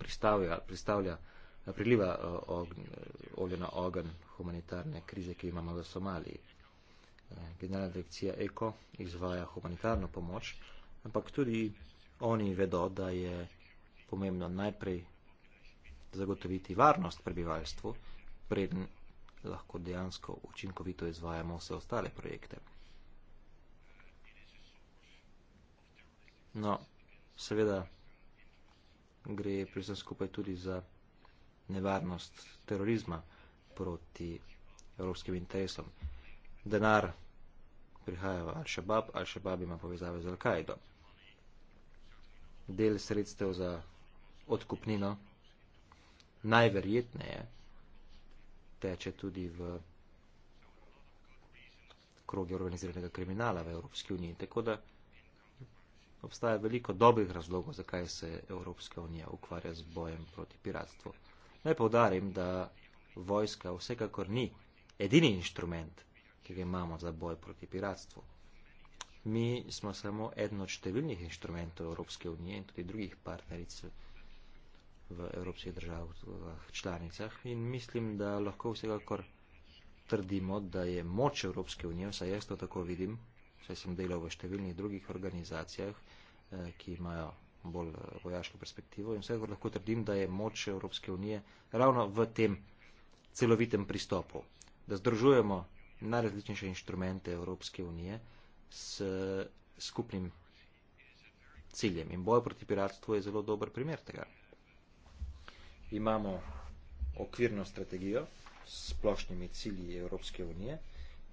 pristavlja, pristavlja priliva olje na ogen humanitarne krize, ki jo imamo v Somaliji. Eh, Generalna direkcija ECO izvaja humanitarno pomoč, ampak tudi oni vedo, da je pomembno najprej zagotoviti varnost prebivalstvu, preden lahko dejansko učinkovito izvajamo vse ostale projekte. No, seveda gre pri vsem skupaj tudi za nevarnost terorizma proti evropskim interesom. Denar prihaja v Al-Shabaab, Al-Shabaab ima povezave z Al-Kaido. Del sredstev za odkupnino najverjetneje teče tudi v kroge organiziranega kriminala v Evropski uniji. Tako da obstaja veliko dobrih razlogov, zakaj se Evropska unija ukvarja z bojem proti piratstvu. Naj povdarim, da vojska vsekakor ni edini inštrument, ki ga imamo za boj proti piratstvu. Mi smo samo eden od številnih inštrumentov Evropske unije in tudi drugih partneric v evropskih državah članicah in mislim, da lahko vsekakor trdimo, da je moč Evropske unije, vsaj jaz to tako vidim, saj sem delal v številnih drugih organizacijah, eh, ki imajo bolj eh, vojaško perspektivo in vsekakor lahko trdim, da je moč Evropske unije ravno v tem celovitem pristopu, da združujemo najrazličnejše inštrumente Evropske unije s skupnim ciljem. In boj proti piratstvu je zelo dober primer tega. Imamo okvirno strategijo s splošnimi cilji Evropske unije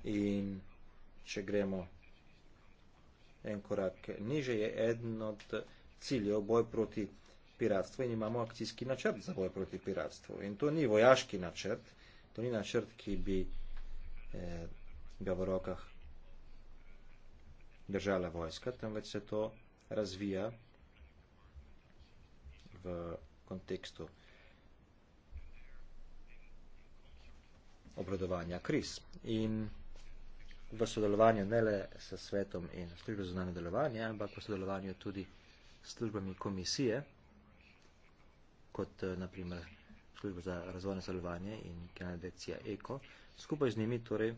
in če gremo en korak niže, je eden od ciljev boj proti piratstvu пиратство и имамо акцијски начрт за боја против пиратство. И то ни војашки начрт, то ни начрт ки би е, гавороках држала војска, там веќе се то развија в контексту обрадовања Крис. И во соделување не ле со светом и на служба за знане делование, ама во соделување туди службами комисија, комисије, kot eh, naprimer služba za razvojno sodelovanje in generacija Eko, skupaj z njimi torej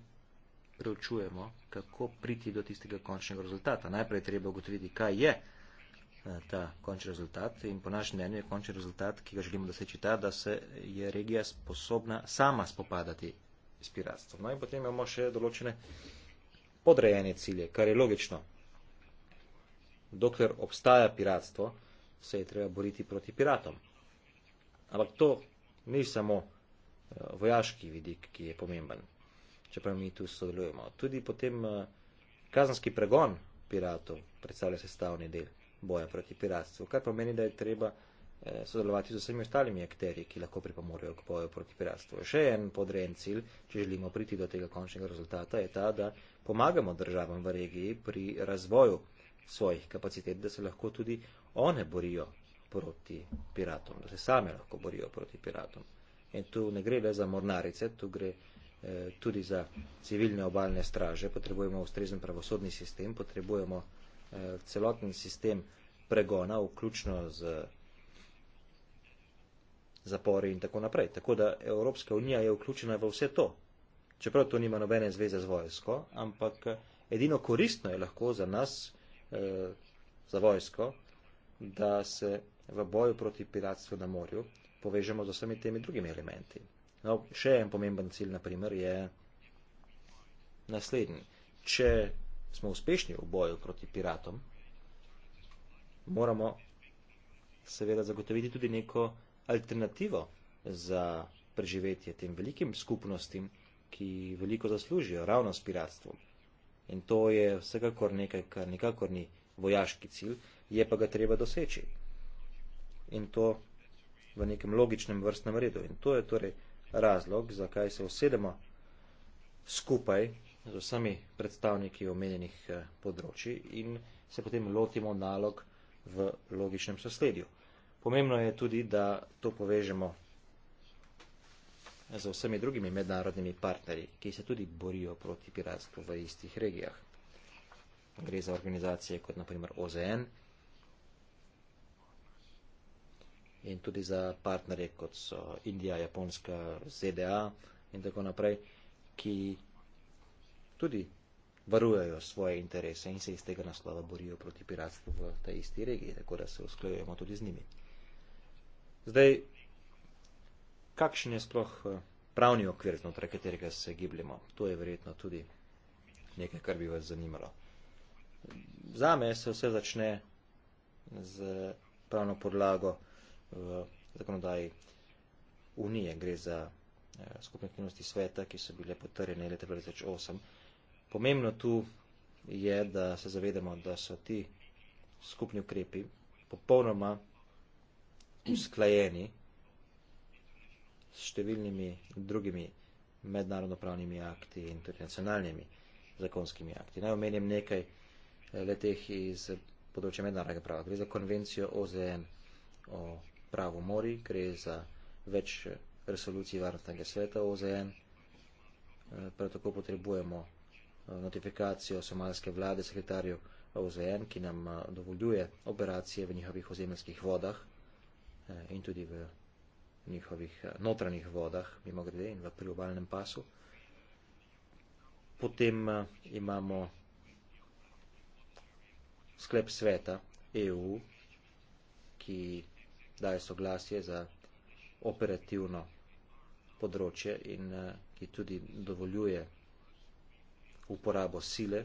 preučujemo, kako priti do tistega končnega rezultata. Najprej treba ugotoviti, kaj je eh, ta končni rezultat in po našem mnenju je končni rezultat, ki ga želimo doseči ta, da se je regija sposobna sama spopadati s piratstvom. No in potem imamo še določene podrejene cilje, kar je logično. Dokler obstaja piratstvo, se je treba boriti proti piratom. Ampak to ni samo eh, vojaški vidik, ki je pomemben, čeprav mi tu sodelujemo. Tudi potem eh, kazanski pregon piratov predstavlja sestavni del boja proti piratstvu, kar pomeni, da je treba eh, sodelovati z vsemi ostalimi akteri, ki lahko pripomorejo k boju proti piratstvu. Še en podrejen cilj, če želimo priti do tega končnega rezultata, je ta, da pomagamo državam v regiji pri razvoju svojih kapacitet, da se lahko tudi one borijo proti piratom, da se same lahko borijo proti piratom. In tu ne gre le za mornarice, tu gre eh, tudi za civilne obalne straže, potrebujemo ustrezen pravosodni sistem, potrebujemo eh, celoten sistem pregona, vključno z zapori in tako naprej. Tako da Evropska unija je vključena v vse to. Čeprav to nima nobene zveze z vojsko, ampak eh, edino koristno je lahko za nas, eh, za vojsko, da se v boju proti piratstvu na morju povežemo z vsemi temi drugimi elementi. No, še en pomemben cilj, naprimer, je naslednji. Če smo uspešni v boju proti piratom, moramo seveda zagotoviti tudi neko alternativo za preživetje tem velikim skupnostim, ki veliko zaslužijo ravno s piratstvom. In to je vsekakor nekaj, kar nikakor ni vojaški cilj, je pa ga treba doseči in to v nekem logičnem vrstnem redu. In to je torej razlog, zakaj se usedemo skupaj z vsemi predstavniki omenjenih eh, področji in se potem lotimo nalog v logičnem sosledju. Pomembno je tudi, da to povežemo z vsemi drugimi mednarodnimi partnerji, ki se tudi borijo proti piratstvu v istih regijah. Gre za organizacije kot naprimer OZN in tudi za partnerje, kot so Indija, Japonska, ZDA in tako naprej, ki tudi varujejo svoje interese in se iz tega naslova borijo proti piratstvu v tej isti regiji, tako da se usklajujemo tudi z njimi. Zdaj, kakšen je sploh eh, pravni okvir, znotraj katerega se gibljemo? To je verjetno tudi nekaj, kar bi vas zanimalo. Zame se vse začne z pravno podlago v zakonodaji Unije. Gre za eh, skupne aktivnosti sveta, ki so bile potrjene leta 2008. Pomembno tu je, da se zavedamo, da so ti skupni ukrepi popolnoma usklajeni s številnimi drugimi mednarodnopravnimi akti in tudi nacionalnimi zakonskimi akti. Naj omenjem nekaj eh, le teh iz področja mednarodnega prava. Gre za konvencijo OZN o pravo mori, gre za več resolucij Varnostnega sveta OZN. Eh, prav tako potrebujemo eh, notifikacijo somalske vlade sekretarju OZN, ki nam eh, dovoljuje operacije v njihovih ozemeljskih vodah in tudi v njihovih notranjih vodah, mimo grede in v priobalnem pasu. Potem imamo sklep sveta EU, ki daje soglasje za operativno področje in eh, ki tudi dovoljuje uporabo sile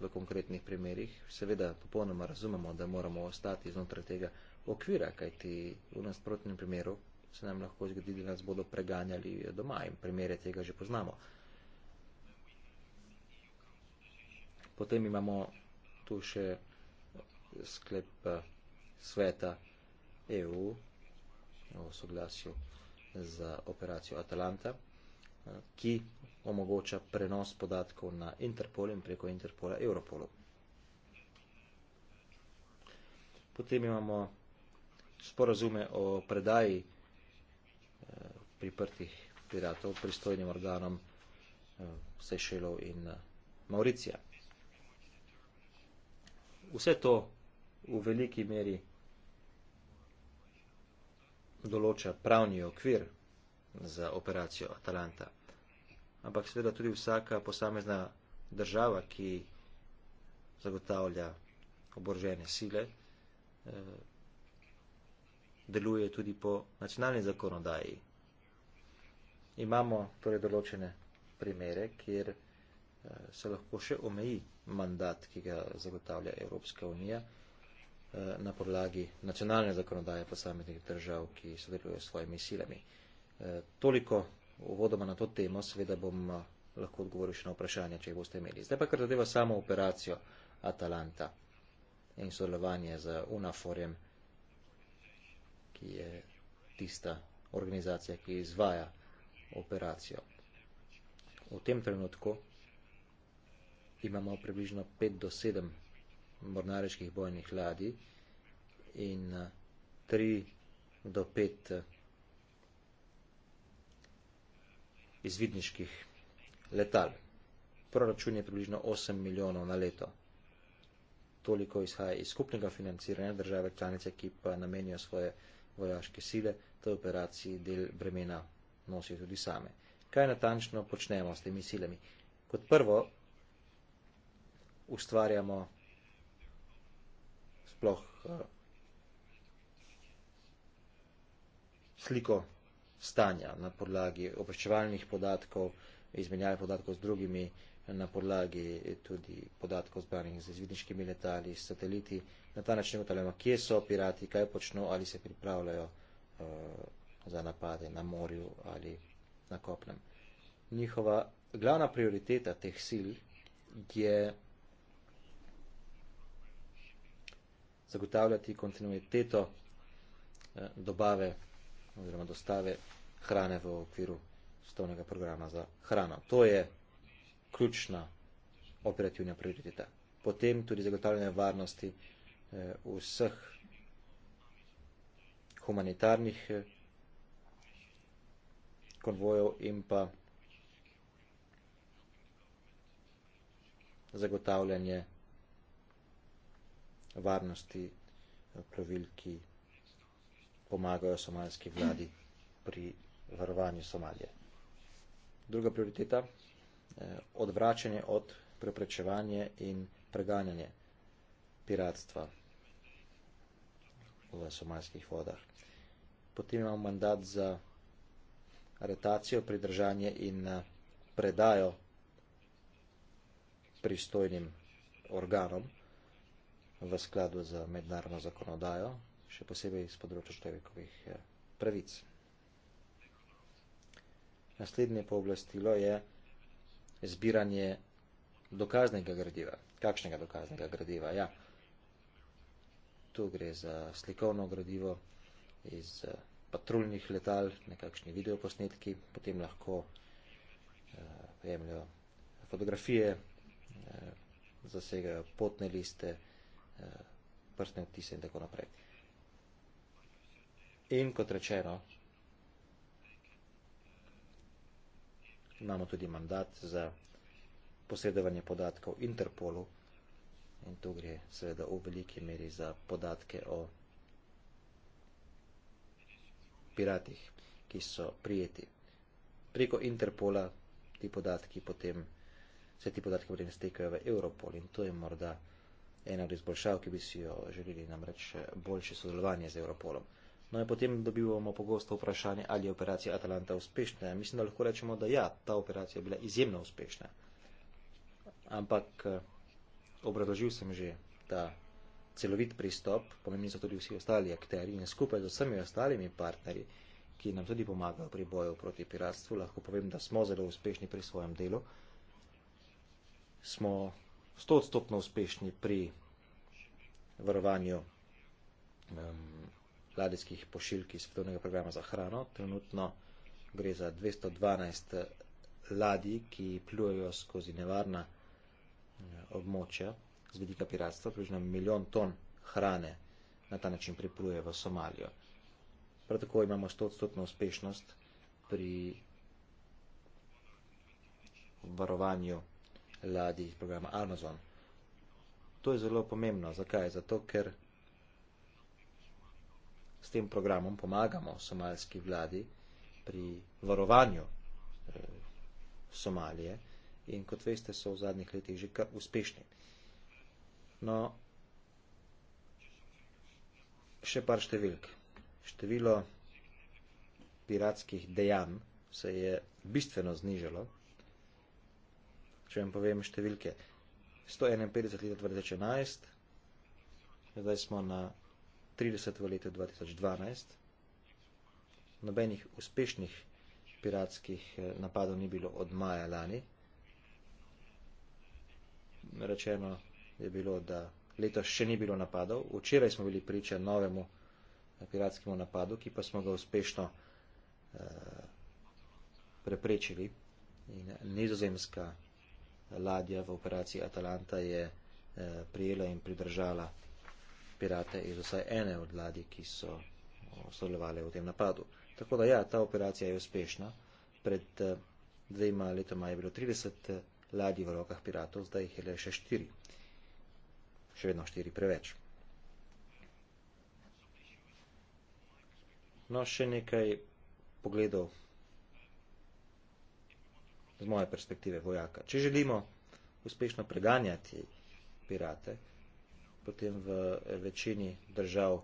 v konkretnih primerih. Seveda popolnoma razumemo, da moramo ostati znotraj tega okvira, kajti v nasprotnem primeru se nam lahko zgodi, da nas bodo preganjali doma in primere tega že poznamo. Potem imamo tu še sklep eh, sveta EU o soglasju za operacijo Atalanta, eh, ki omogoča prenos podatkov na Interpol in preko Interpola Europolu. Potem imamo sporazume o predaji eh, priprtih piratov pristojnim organom eh, Sejšelov in Mauricija. Vse to v veliki meri določa pravni okvir za operacijo Atalanta. Ampak seveda tudi vsaka posamezna država, ki zagotavlja oborožene sile, eh, deluje tudi po nacionalni zakonodaji. Imamo torej določene primere, kjer eh, se lahko še omeji mandat, ki ga zagotavlja Evropska unija. Eh, na podlagi nacionalne zakonodaje posameznih držav, ki sodelujejo s svojimi silami. Eh, toliko uvodoma na to temo, seveda bom eh, lahko odgovoril še na vprašanje, če jih boste imeli. Zdaj pa kar zadeva samo operacijo Atalanta in sodelovanje z UNAFOR-jem, ki je tista organizacija, ki izvaja operacijo. V tem trenutku imamo približno 5 do 7 mornariških bojnih ladij in eh, tri do pet eh, izvidniških letal. Proračun je približno 8 milijonov na leto. Toliko izhaja iz skupnega financiranja države članice, ki pa namenijo svoje vojaške sile, to operaciji del bremena nosijo tudi same. Kaj natančno počnemo s temi silami? Kot prvo, ustvarjamo sploh eh, sliko stanja na podlagi obveščevalnih podatkov, izmenjave podatkov z drugimi, na podlagi tudi podatkov zbranih z izvidniškimi letali, s sateliti, na ta način ugotavljamo, kje so pirati, kaj počno ali se pripravljajo eh, za napade na morju ali na kopnem. Njihova glavna prioriteta teh sil je zagotavljati kontinuiteto eh, dobave oziroma dostave hrane v okviru stovnega programa za hrano. To je ključna operativna prioriteta. Potem tudi zagotavljanje varnosti eh, vseh humanitarnih eh, konvojev in pa zagotavljanje varnosti eh, pravil, ki pomagajo somalski vladi pri varovanju Somalije. Druga prioriteta eh, – odvračanje od preprečevanje in preganjanje piratstva v somalskih vodah. Potem imamo mandat za aretacijo, pridržanje in eh, predajo pristojnim organom v skladu z mednarodno zakonodajo, še posebej z področja človekovih eh, pravic. Naslednje pooblastilo je zbiranje dokaznega gradiva. Kakšnega dokaznega gradiva? Ja, tu gre za slikovno gradivo iz eh, patruljnih letal, nekakšni videoposnetki, potem lahko eh, jemljajo fotografije, eh, zasegajo potne liste, Eh, prstne odtise in tako naprej. In kot rečeno, imamo tudi mandat za posredovanje podatkov Interpolu in tu gre seveda v veliki meri za podatke o piratih, ki so prijeti. Preko Interpola ti podatki potem, vse ti podatki potem stekajo v Europol in to je morda ena od izboljšav, ki bi si jo želeli, namreč boljše sodelovanje z Europolom. No in potem dobivamo pogosto vprašanje, ali je operacija Atalanta uspešna. Mislim, da lahko rečemo, da ja, ta operacija je bila izjemno uspešna. Ampak obradožil sem že, da celovit pristop, pomembni so tudi vsi ostali akteri in skupaj z vsemi ostalimi partnerji, ki nam tudi pomagajo pri boju proti piratstvu, lahko povem, da smo zelo uspešni pri svojem delu. Smo stotstopno uspešni pri varovanju um, ladijskih pošiljk iz svetovnega programa za hrano. Trenutno gre za 212 eh, ladij, ki plujejo skozi nevarna eh, območja z vidika piratstva. Približno milijon ton hrane na ta način pripluje v Somalijo. Prav tako imamo stotstopno uspešnost pri varovanju ladji programa Amazon. To je zelo pomembno. Zakaj? Zato, ker s tem programom pomagamo somalski vladi pri varovanju eh, Somalije in kot veste, so v zadnjih letih že kar uspešni. No, še par številk. Število piratskih dejanj se je bistveno znižalo Če vam povem številke. 151 leta 2011, zdaj smo na 30 v letu 2012. Nobenih uspešnih piratskih eh, napadov ni bilo od maja lani. Rečeno je bilo, da letos še ni bilo napadov. Včeraj smo bili priča novemu eh, piratskemu napadu, ki pa smo ga uspešno eh, preprečili. In eh, nizozemska ladja v operaciji Atalanta je eh, prijela in pridržala pirate iz vsaj ene od ladij, ki so eh, sodelovali v tem napadu. Tako da ja, ta operacija je uspešna. Pred eh, dvema letoma je bilo 30 ladij v rokah piratov, zdaj jih je le še 4. Še vedno 4 preveč. No, še nekaj pogledov z moje perspektive vojaka. Če želimo uspešno preganjati pirate, potem v večini držav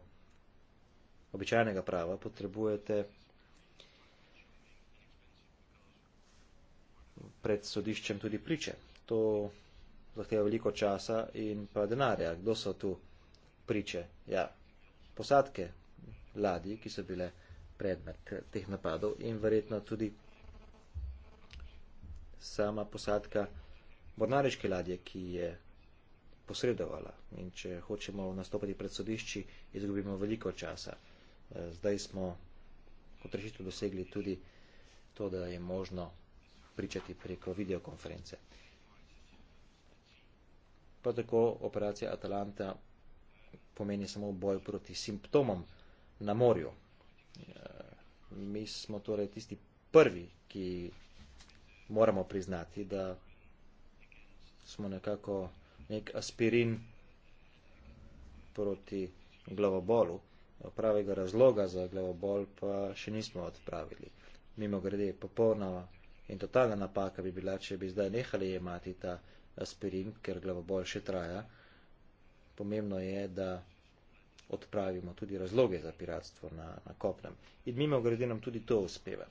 običajnega prava potrebujete pred sodiščem tudi priče. To zahteva veliko časa in pa denarja. Kdo so tu priče? Ja, posadke ladij, ki so bile predmet teh napadov in verjetno tudi sama posadka mornariške ladje, ki je posredovala. In če hočemo nastopiti pred sodišči, izgubimo veliko časa. E, zdaj smo kot rešitev dosegli tudi to, da je možno pričati preko videokonference. Pa tako operacija Atalanta pomeni samo boj proti simptomom na morju. E, mi smo torej tisti prvi, ki moramo priznati, da smo nekako nek aspirin proti glavobolu. Pravega razloga za glavobol pa še nismo odpravili. Mimo grede, popolna in totalna napaka bi bila, če bi zdaj nehali jemati ta aspirin, ker glavobol še traja. Pomembno je, da odpravimo tudi razloge za piratstvo na, na kopnem. In mimo grede nam tudi to uspeva.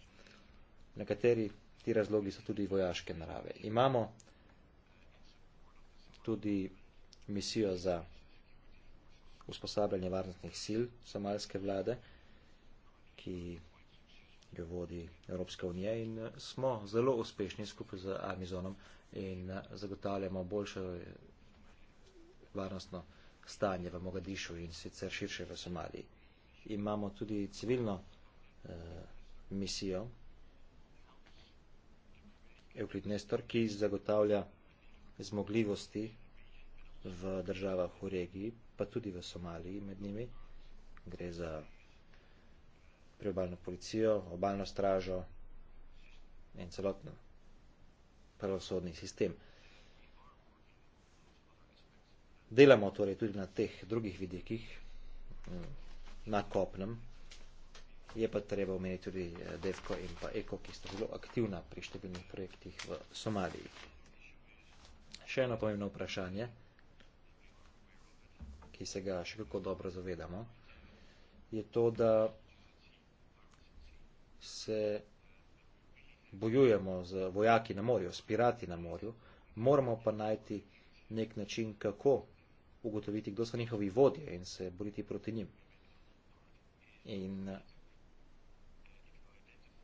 Nekateri ti razlogi so tudi vojaške narave. Imamo tudi misijo za usposabljanje varnostnih sil somalske vlade, ki jo vodi Evropska unija in eh, smo zelo uspešni skupaj z Amazonom in eh, zagotavljamo boljše eh, varnostno stanje v Mogadišu in sicer širše v Somaliji. Imamo tudi civilno eh, misijo, Euclid Nestor, ki zagotavlja zmogljivosti v državah v regiji, pa tudi v Somaliji med njimi. Gre za priobalno policijo, obalno stražo in celotno pravosodni sistem. Delamo torej tudi na teh drugih vidikih, na kopnem, je pa treba omeniti tudi eh, Devko in pa Eko, ki sta zelo aktivna pri številnih projektih v Somaliji. Še eno pomembno vprašanje, ki se ga še kako dobro zavedamo, je to, da se bojujemo z vojaki na morju, s pirati na morju, moramo pa najti nek način, kako ugotoviti, kdo so njihovi vodje in se boriti proti njim. In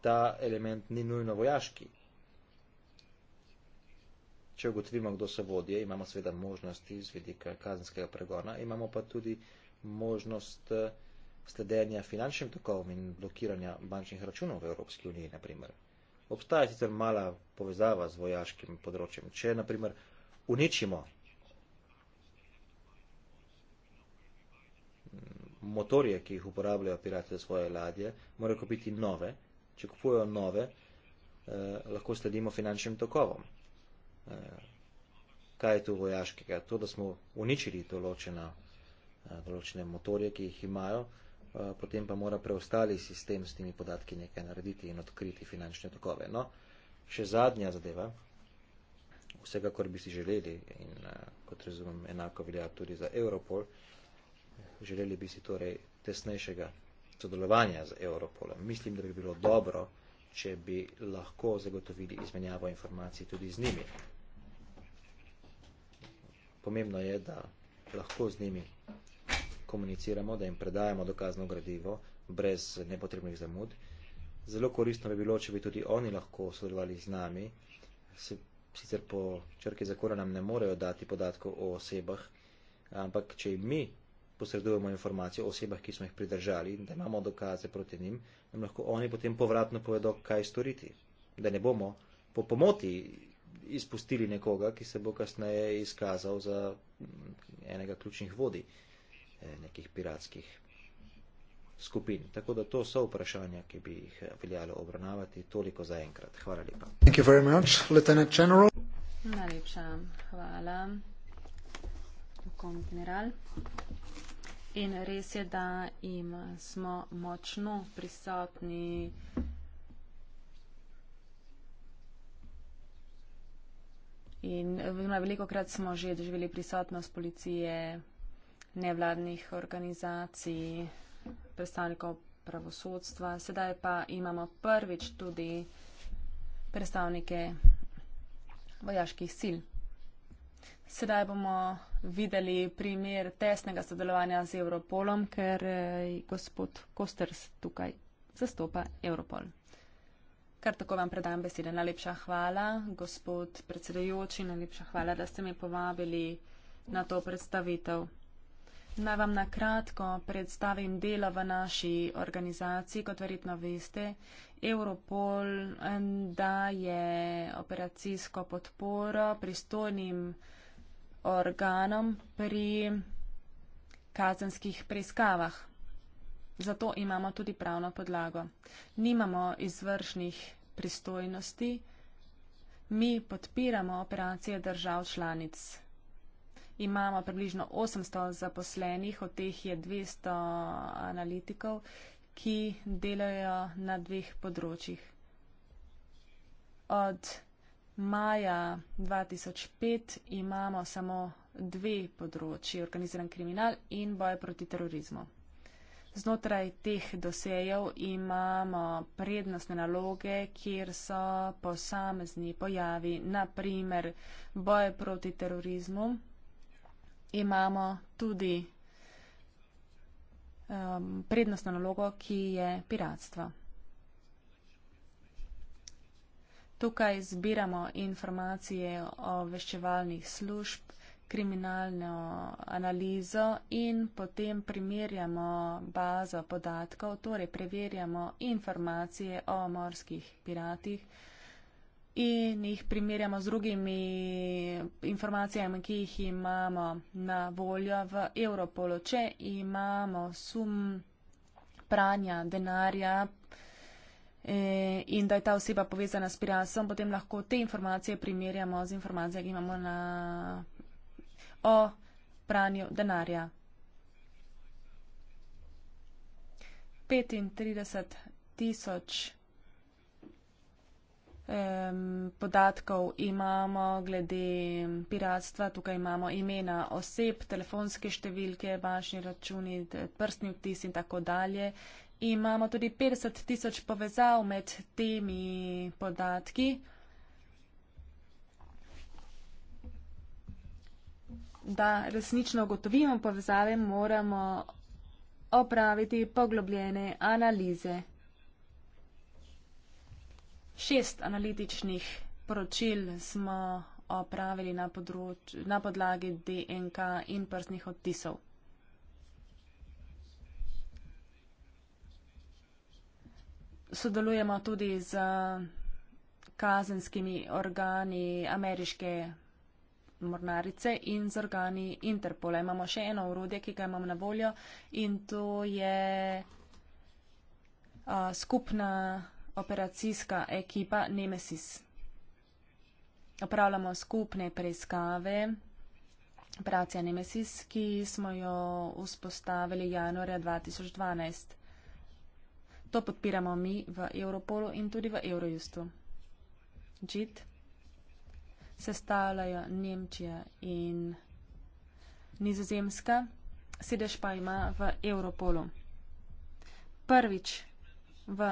ta element ni nujno vojaški. Če ugotovimo, kdo so vodje, imamo seveda možnosti z vidika kazenskega pregona, imamo pa tudi možnost eh, sledenja finančnim tokovom in blokiranja bančnih računov v Evropski uniji, naprimer. Obstaja sicer mala povezava z vojaškim področjem. Če, naprimer, uničimo motorje, ki jih uporabljajo pirati za svoje ladje, morajo kupiti nove, če kupujejo nove, eh, lahko sledimo finančnim tokovom. Eh, kaj je tu vojaškega? To, da smo uničili določena, eh, določene motorje, ki jih imajo, eh, potem pa mora preostali sistem s temi podatki nekaj narediti in odkriti finančne tokove. No, še zadnja zadeva, vsega, kar bi si želeli in eh, kot razumem, enako velja tudi za Europol. Eh, želeli bi si torej tesnejšega sodelovanja z Europolom. Mislim, da bi bilo dobro, če bi lahko zagotovili izmenjavo informacij tudi z njimi. Pomembno je, da lahko z njimi komuniciramo, da jim predajamo dokazno gradivo brez nepotrebnih zamud. Zelo koristno bi bilo, če bi tudi oni lahko sodelovali z nami. Se, sicer po črki zakona nam ne morejo dati podatkov o osebah, ampak če jim mi posredujemo informacije o osebah, ki smo jih pridržali, da imamo dokaze proti njim, nam lahko oni potem povratno povedo, kaj storiti. Da ne bomo po pomoti izpustili nekoga, ki se bo kasneje izkazal za mm, enega ključnih vodij eh, nekih piratskih skupin. Tako da to so vprašanja, ki bi jih eh, veljalo obravnavati. Toliko za enkrat. Hvala lepa. Thank you very much, Lieutenant General. Najlepša hvala, pokon general. In res je, da jim smo močno prisotni. In veliko krat smo že doživeli prisotnost policije, nevladnih organizacij, predstavnikov pravosodstva. Sedaj pa imamo prvič tudi predstavnike vojaških sil. Sedaj bomo videli primer tesnega sodelovanja z Europolom, ker eh, gospod Kosters tukaj zastopa Europol. Kar tako vam predam besede. Najlepša hvala, gospod predsedujoči, najlepša hvala, da ste me povabili na to predstavitev. Naj vam na kratko predstavim delo v naši organizaciji, kot verjetno veste. Europol eh, daje operacijsko podporo pristojnim organom pri kazenskih preiskavah. Zato imamo tudi pravno podlago. Nimamo izvršnih pristojnosti, mi podpiramo operacije držav članic. Imamo približno 800 zaposlenih, od teh je 200 analitikov, ki delajo na dveh področjih. Od maja 2005 imamo samo dve področji, organiziran kriminal in boj proti terorizmu. Znotraj teh dosejev imamo prednostne naloge, kjer so posamezni pojavi, naprimer boj proti terorizmu. Imamo tudi um, prednostno nalogo, ki je piratstvo. Tukaj zbiramo informacije o veščevalnih služb, kriminalno analizo in potem primerjamo bazo podatkov, torej preverjamo informacije o morskih piratih in jih primerjamo z drugimi informacijami, ki jih imamo na voljo v Europolu. Če imamo sum pranja denarja, Eh, in da je ta oseba povezana s pirasom, potem lahko te informacije primerjamo z informacijami, ki imamo na, o pranju denarja. 35 tisoč um, podatkov imamo glede piratstva. Tukaj imamo imena oseb, telefonske številke, bančni računi, prstni vtis in tako dalje imamo tudi 50 tisoč povezav med temi podatki. Da resnično ugotovimo povezave, moramo opraviti poglobljene analize. Šest analitičnih poročil smo opravili na, področ, na podlagi DNK in prstnih odtisov. sodelujemo tudi z kazenskimi organi ameriške mornarice in z organi Interpola. Imamo še eno urodje, ki ga imam na voljo in to je a, skupna operacijska ekipa Nemesis. Opravljamo skupne preiskave operacija Nemesis, ki smo jo vzpostavili januarja 2012. To podpiramo mi v Europolu in tudi v Eurojustu. Džit sestavljajo Nemčija in Nizozemska, sedež pa ima v Europolu. Prvič v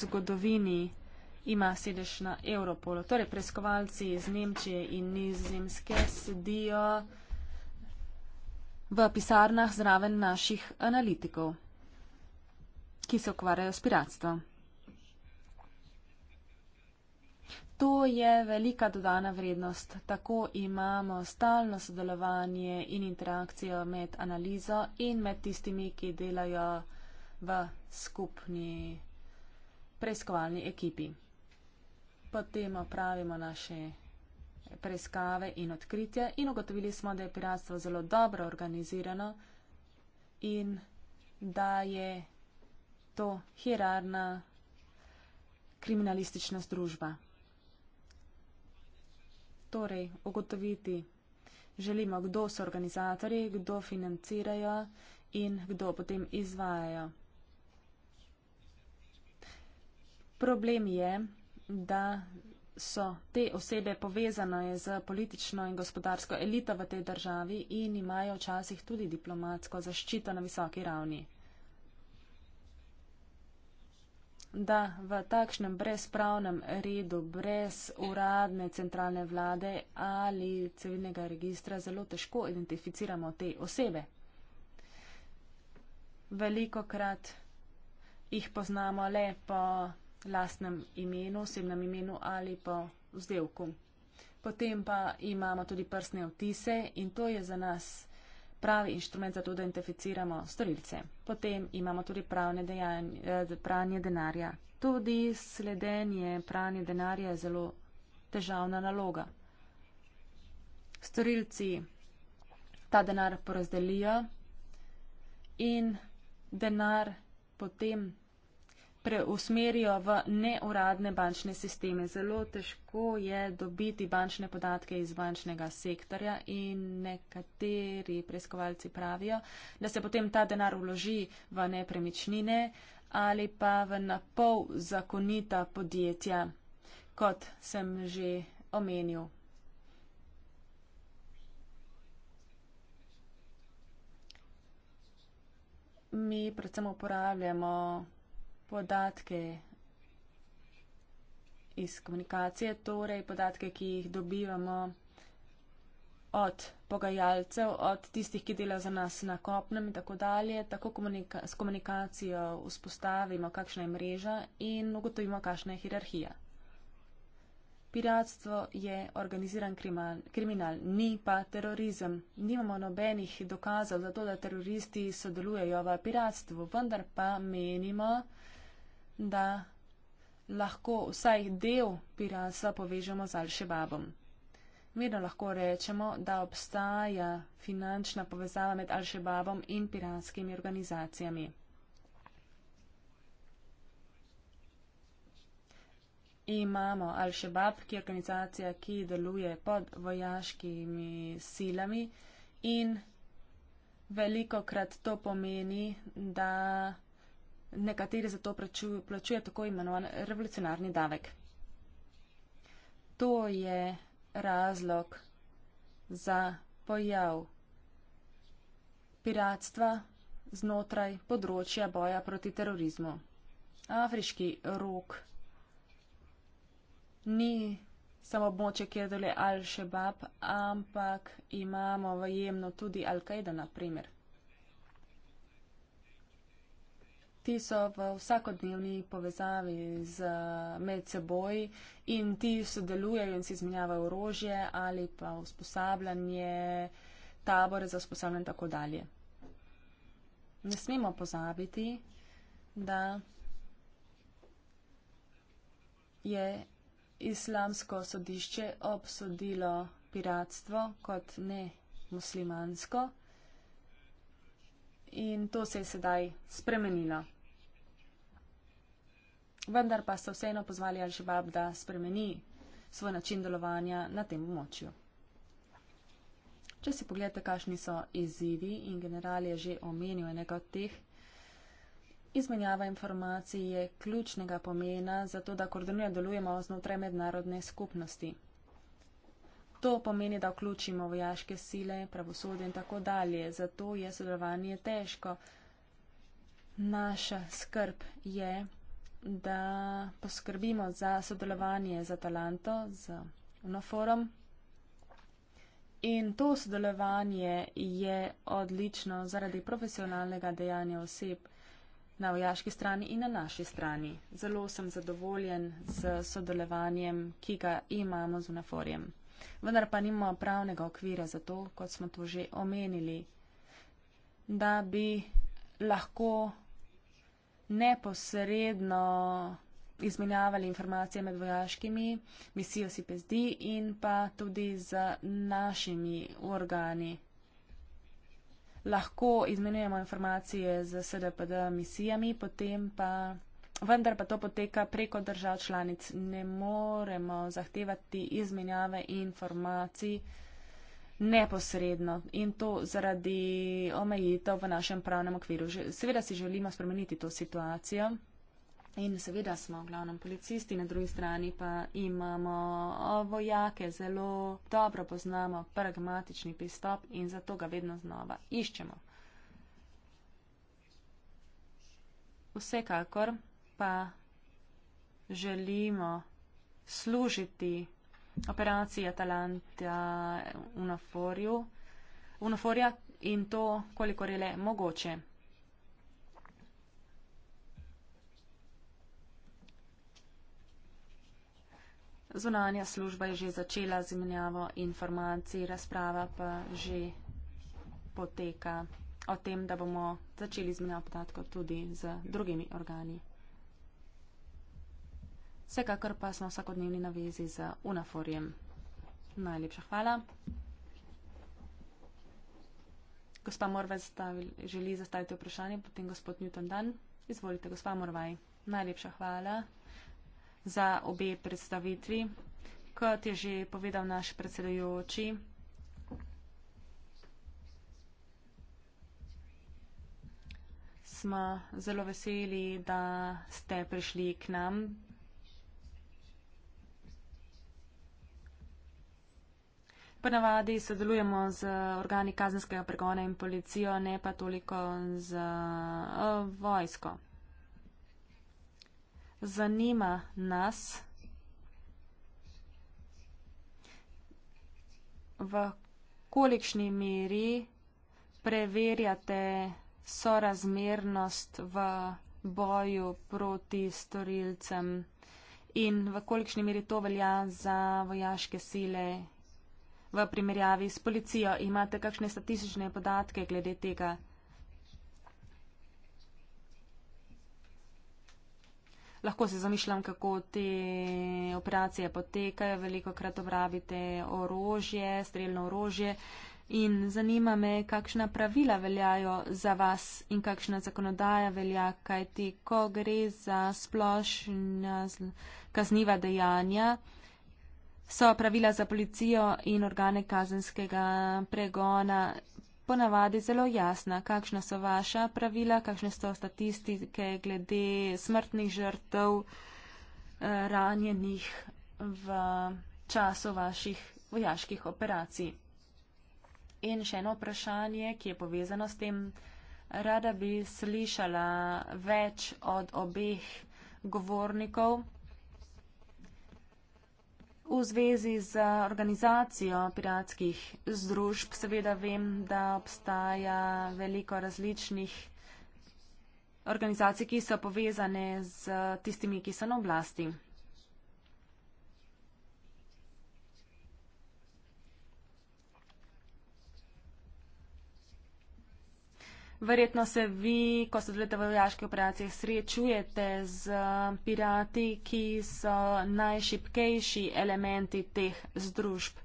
zgodovini ima sedež na Europolu. Torej, preiskovalci iz Nemčije in Nizozemske sedijo v pisarnah zraven naših analitikov ki se ukvarjajo s piratstvom. To je velika dodana vrednost. Tako imamo stalno sodelovanje in interakcijo med analizo in med tistimi, ki delajo v skupni preiskovalni ekipi. Potem opravimo naše preiskave in odkritje in ugotovili smo, da je piratstvo zelo dobro organizirano in da je to hierarna kriminalistična združba. Torej, ugotoviti želimo, kdo so organizatori, kdo financirajo in kdo potem izvajajo. Problem je, da so te osebe povezane z politično in gospodarsko elito v tej državi in imajo včasih tudi diplomatsko zaščito na visoki ravni. da v takšnem brezpravnem redu, brez uradne centralne vlade ali civilnega registra, zelo težko identificiramo te osebe. Veliko krat jih poznamo le po lastnem imenu, osebnem imenu ali po vzdevku. Potem pa imamo tudi prsne otise in to je za nas pravi inštrument za to, da identificiramo storilce. Potem imamo tudi dejanje, eh, pranje denarja. Tudi sledenje pranje denarja je zelo težavna naloga. Storilci ta denar porazdelijo in denar potem preusmerijo v neuradne bančne sisteme. Zelo težko je dobiti bančne podatke iz bančnega sektorja in nekateri preiskovalci pravijo, da se potem ta denar vloži v nepremičnine ali pa v napol zakonita podjetja, kot sem že omenil. Mi predvsem uporabljamo podatke iz komunikacije, torej podatke, ki jih dobivamo od pogajalcev, od tistih, ki delajo za nas na kopnem in tako dalje. Tako komunika s komunikacijo vzpostavimo, kakšna je mreža in ugotovimo, kakšna je hierarhija. Piratstvo je organiziran kriminal, kriminal, ni pa terorizem. Nimamo nobenih dokazov za to, da teroristi sodelujejo v piratstvu, vendar pa menimo, da lahko vsaj del piratstva povežemo z Al-Shebabom. Vedno lahko rečemo, da obstaja finančna povezava med Al-Shebabom in piratskimi organizacijami. Imamo Al-Shebab, ki je organizacija, ki deluje pod vojaškimi silami in veliko krat to pomeni, da nekateri za to plačujejo plačuje tako imenovan revolucionarni davek. To je razlog za pojav piratstva znotraj področja boja proti terorizmu. Afriški rok ni samo območje, kjer dole Al-Shabaab, ampak imamo vajemno tudi Al-Qaeda, naprimer. ti so v vsakodnevni povezavi z medseboj in ti sodelujejo in si izmenjavajo orožje ali pa usposabljanje, tabore za usposabljanje in tako dalje. Ne smemo pozabiti, da je islamsko sodišče obsodilo piratstvo kot ne muslimansko in to se je sedaj spremenilo vendar pa so vseeno pozvali Al-Shabaab, da spremeni svoj način delovanja na tem območju. Če si pogledate, kakšni so izzivi in general je že omenil enega od teh, izmenjava informacij je ključnega pomena za to, da koordinirano delujemo znotraj mednarodne skupnosti. To pomeni, da vključimo vojaške sile, pravosodje in tako dalje, zato je sodelovanje težko. Naša skrb je, da poskrbimo za sodelovanje za talento, za UNOFORM. In to sodelovanje je odlično zaradi profesionalnega dejanja oseb na vojaški strani in na naši strani. Zelo sem zadovoljen z sodelovanjem, ki ga imamo z UNOFORM. Vendar pa nimamo pravnega okvira za to, kot smo to že omenili, da bi lahko neposredno izmenjavali informacije med vojaškimi misijo SPSD in pa tudi z našimi organi. Lahko izmenjujemo informacije z SDPD misijami, potem pa, vendar pa to poteka preko držav članic. Ne moremo zahtevati izmenjave informacij neposredno in to zaradi omejitev v našem pravnem okviru. Seveda si želimo spremeniti to situacijo. In seveda smo v glavnem policisti, na drugi strani pa imamo vojake, zelo dobro poznamo pragmatični pristop in zato ga vedno znova iščemo. Vsekakor pa želimo služiti operaciji Atalanta Unaforja in to, kolikor je le mogoče. Zunanja služba je že začela zamenjavo informacij, razprava pa že poteka o tem, da bomo začeli zmenjavo podatkov tudi z drugimi organi. Vsekakor pa smo vsakodnevni na vezi z Unaforjem. Najlepša hvala. Gospa Morvaj želi zastaviti vprašanje, potem gospod Newton Dan. Izvolite, gospa Morvaj. Najlepša hvala za obe predstavitvi. Kot je že povedal naš predsedujoči, smo zelo veseli, da ste prišli k nam Ponavadi sodelujemo z organi kazenskega pregona in policijo, ne pa toliko z uh, vojsko. Zanima nas, v kolikšni meri preverjate sorazmernost v boju proti storilcem in v kolikšni meri to velja za vojaške sile v primerjavi s policijo. Imate kakšne statistične podatke glede tega? Lahko se zamišljam, kako te operacije potekajo, veliko krat obravite orožje, streljno orožje in zanima me, kakšna pravila veljajo za vas in kakšna zakonodaja velja, kaj ti, ko gre za splošna kazniva dejanja so pravila za policijo in organe kazenskega pregona ponavadi zelo jasna. Kakšna so vaša pravila, kakšne so statistike glede smrtnih žrtev, eh, ranjenih v času vaših vojaških operacij. In še eno vprašanje, ki je povezano s tem. Rada bi slišala več od obeh govornikov, v zvezi z organizacijo piratskih združb. Seveda vem, da obstaja veliko različnih organizacij, ki so povezane z tistimi, ki so na oblasti. Verjetno se vi, ko sodelujete v vojaški operaciji, srečujete z eh, pirati, ki so najšipkejši elementi teh združb.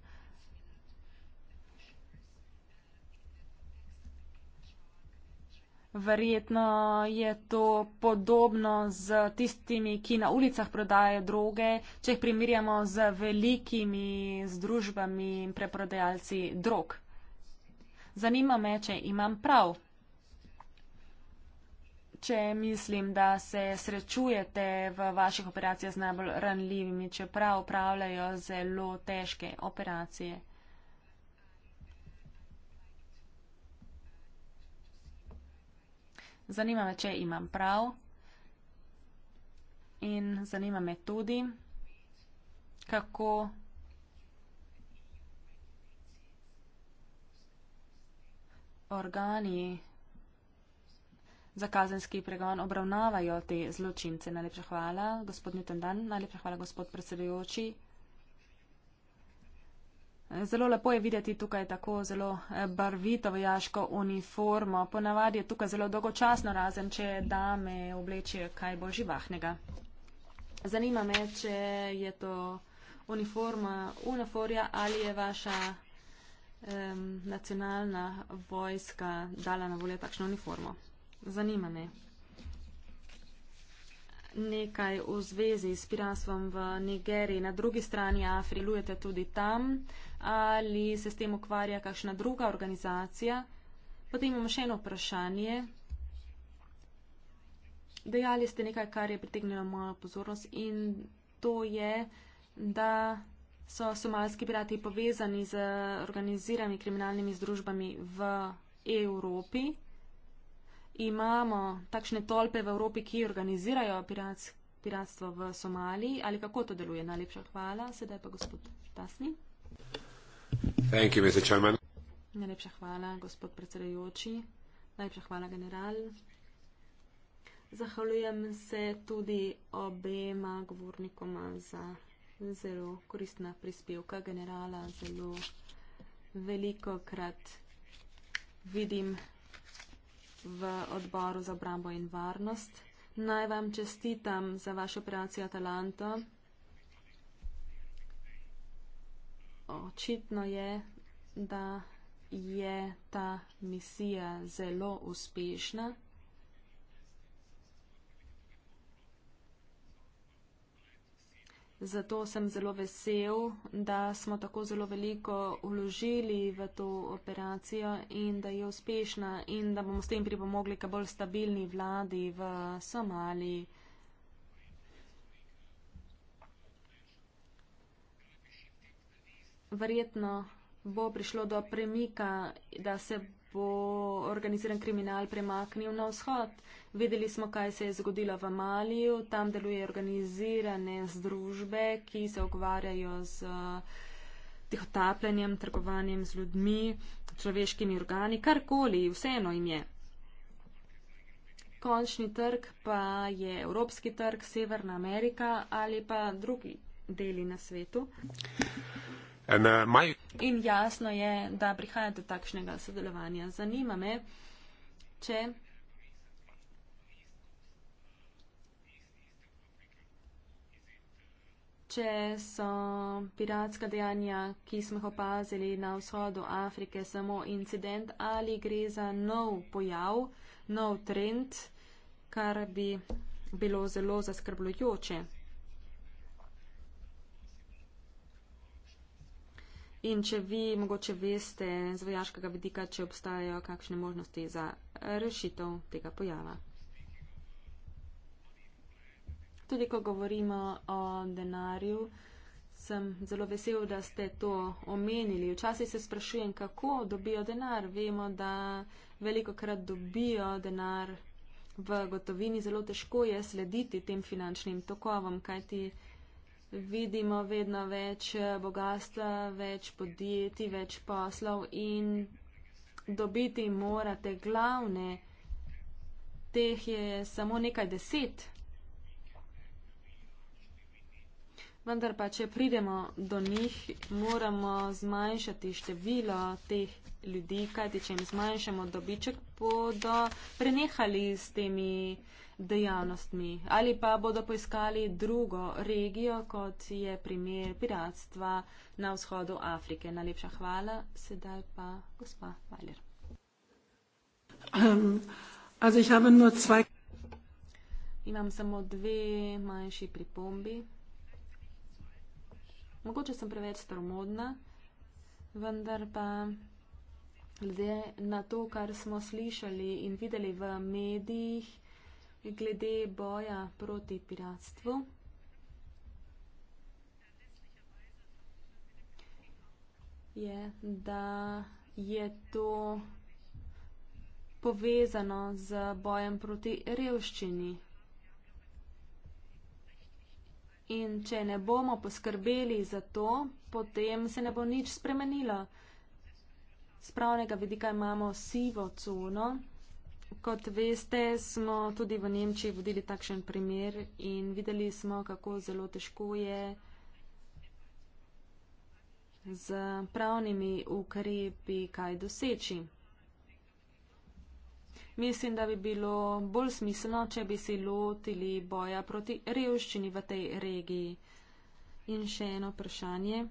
Verjetno je to podobno z tistimi, ki na ulicah prodajajo droge, če jih primerjamo z velikimi združbami in preprodajalci drog. Zanima me, če imam prav če mislim, da se srečujete v vaših operacijah z najbolj ranljivimi, čeprav upravljajo zelo težke operacije. Zanima me, če imam prav in zanima me tudi, kako. Organi za kazenski pregon obravnavajo te zločince. Najlepša hvala, gospod Newton-Dan. Najlepša hvala, gospod predsedujoči. Zelo lepo je videti tukaj tako zelo eh, barvito vojaško uniformo. Ponavadi je tukaj zelo dolgočasno, razen če dame oblečejo kaj bolj živahnega. Zanima me, če je to uniforma uniforja ali je vaša um, nacionalna vojska dala na voljo takšno uniformo zanimanje. Nekaj v zvezi s piratstvom v Nigeriji, na drugi strani Afrike, delujete tudi tam ali se s tem ukvarja kakšna druga organizacija? Potem imamo še eno vprašanje. Dejali ste nekaj, kar je pritegnilo mojo pozornost in to je, da so somalski pirati povezani z organiziranimi kriminalnimi združbami v Evropi imamo takšne tolpe v Evropi, ki organizirajo pirats, piratstvo v Somaliji ali kako to deluje. Najlepša hvala. Sedaj pa gospod Tasni. Najlepša hvala, gospod predsedajoči. Najlepša hvala, general. Zahvaljujem se tudi obema govornikoma za zelo koristna prispevka generala. Zelo veliko krat vidim v odboru za obrambo in varnost. Naj vam čestitam za vašo operacijo Atalanta. Očitno je, da je ta misija zelo uspešna. Zato sem zelo vesel, da smo tako zelo veliko vložili v to operacijo in da je uspešna in da bomo s tem pripomogli k bolj stabilni vladi v Somaliji. Verjetno bo prišlo do premika, da se bo organiziran kriminal premaknil na vzhod. Videli smo, kaj se je zgodilo v Maliju. Tam deluje organizirane združbe, ki se ogovarjajo z eh, tihotapljanjem, trgovanjem z ljudmi, človeškimi organi, karkoli, vseeno jim je. Končni trg pa je Evropski trg, Severna Amerika ali pa drugi deli na svetu. And, uh, eh, my... In jasno je, da prihajate takšnega sodelovanja. Zanima me, če. Če so piratska dejanja, ki smo jih opazili na vzhodu Afrike, samo incident ali gre za nov pojav, nov trend, kar bi bilo zelo zaskrbljujoče. In če vi mogoče veste z vojaškega vidika, če obstajajo kakšne možnosti za rešitev tega pojava. Tudi ko govorimo o denarju, sem zelo vesel, da ste to omenili. Včasih se sprašujem, kako dobijo denar. Vemo, da veliko krat dobijo denar v gotovini. Zelo težko je slediti tem finančnim tokovom, kajti vidimo vedno več eh, bogatstva, več podjetij, več poslov in dobiti morate glavne, teh je samo nekaj deset. Vendar pa, če pridemo do njih, moramo zmanjšati število teh ljudi, kajti če jim zmanjšamo dobiček, bodo prenehali s temi uh, dejavnostmi ali pa bodo poiskali drugo regijo, kot je primer piratstva na vzhodu Afrike. Najlepša hvala, sedaj pa gospa Valjer. Um, ähm, Imam samo dve manjši pripombi. Mogoče sem preveč staromodna, vendar pa. Glede na to, kar smo slišali in videli v medijih, glede boja proti piratstvu. Je, da je to povezano z bojem proti revščini. In če ne bomo poskrbeli za to, potem se ne bo nič spremenilo. Spravnega vidika imamo sivo cono. Kot veste, smo tudi v Nemčiji vodili takšen primer in videli smo, kako zelo težko je z pravnimi ukrepi kaj doseči. Mislim, da bi bilo bolj smiselno, če bi se lotili boja proti revščini v tej regiji. In še eno vprašanje.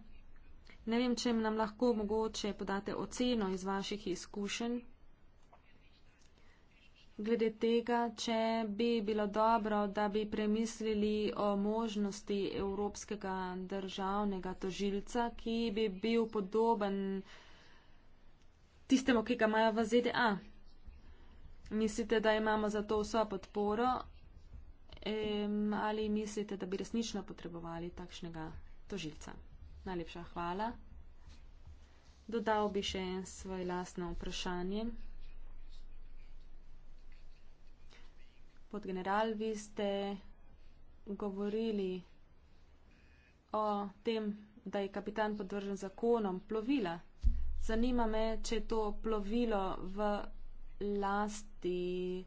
Ne vem, če nam lahko mogoče podate oceno iz vaših izkušenj glede tega, če bi bilo dobro, da bi premislili o možnosti evropskega državnega tožilca, ki bi bil podoben tistemu, ki ga imajo v ZDA. Mislite, da imamo za to vso podporo ehm, ali mislite, da bi resnično potrebovali takšnega tožilca? Najlepša hvala. Dodal bi še svoje lastno vprašanje. podgeneral, vi ste govorili o tem, da je kapitan podvržen zakonom plovila. Zanima me, če je to plovilo v lasti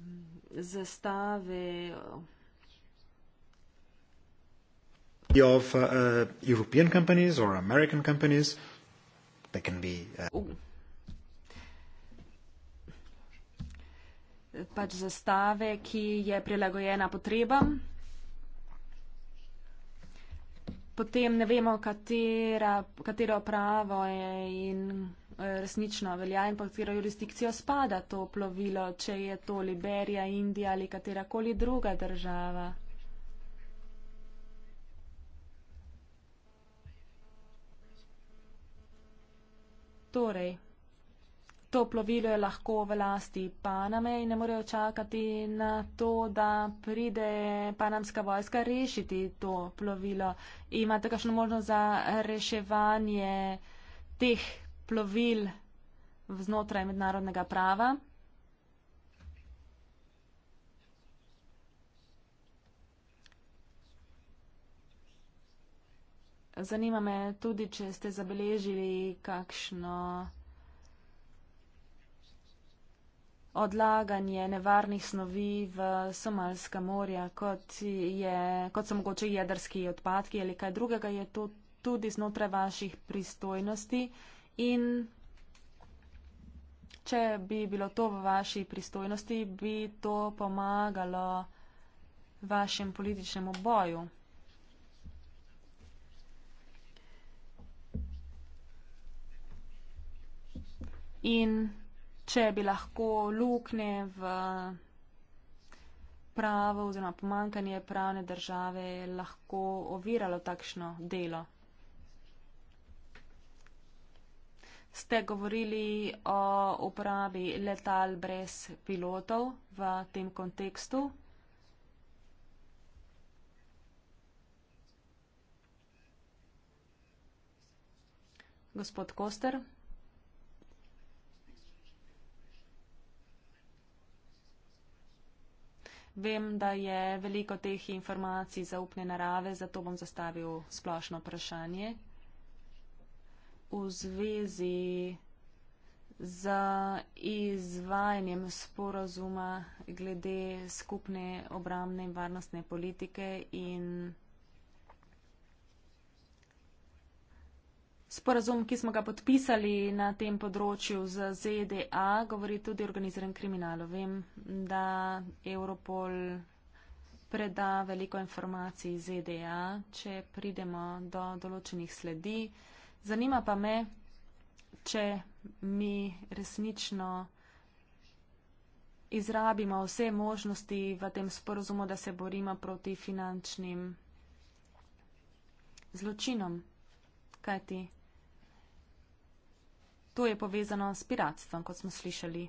mm, zastave. Of uh, European companies or American companies, they can be. Uh... Oh. pač zastave, ki je prilagojena potrebam. Potem ne vemo, katera, katero pravo je in eh, resnično velja in pod katero jurisdikcijo spada to plovilo, če je to Liberija, Indija ali katerakoli druga država. Torej to plovilo je lahko v lasti Paname in ne morejo čakati na to, da pride panamska vojska rešiti to plovilo. Imate kakšno možnost za reševanje teh plovil znotraj mednarodnega prava? Zanima me tudi, če ste zabeležili kakšno odlaganje nevarnih snovi v Somalska morja, kot, je, kot so mogoče jedrski odpadki ali kaj drugega, je to tudi znotraj vaših pristojnosti in če bi bilo to v vaši pristojnosti, bi to pomagalo vašem političnemu boju. In če bi lahko lukne v pravo oziroma pomankanje pravne države lahko oviralo takšno delo. Ste govorili o uporabi letal brez pilotov v tem kontekstu? Gospod Koster. Vem, da je veliko teh informacij zaupne narave, zato bom zastavil splošno vprašanje. V zvezi z izvajanjem sporozuma glede skupne obramne in varnostne politike in Sporazum, ki smo ga podpisali na tem področju z ZDA, govori tudi o organiziranem kriminalu. Vem, da Europol preda veliko informacij ZDA, če pridemo do določenih sledi. Zanima pa me, če mi resnično izrabimo vse možnosti v tem sporozumu, da se borimo proti finančnim zločinom. Kaj ti? To je povezano s piratstvom, kot smo slišali.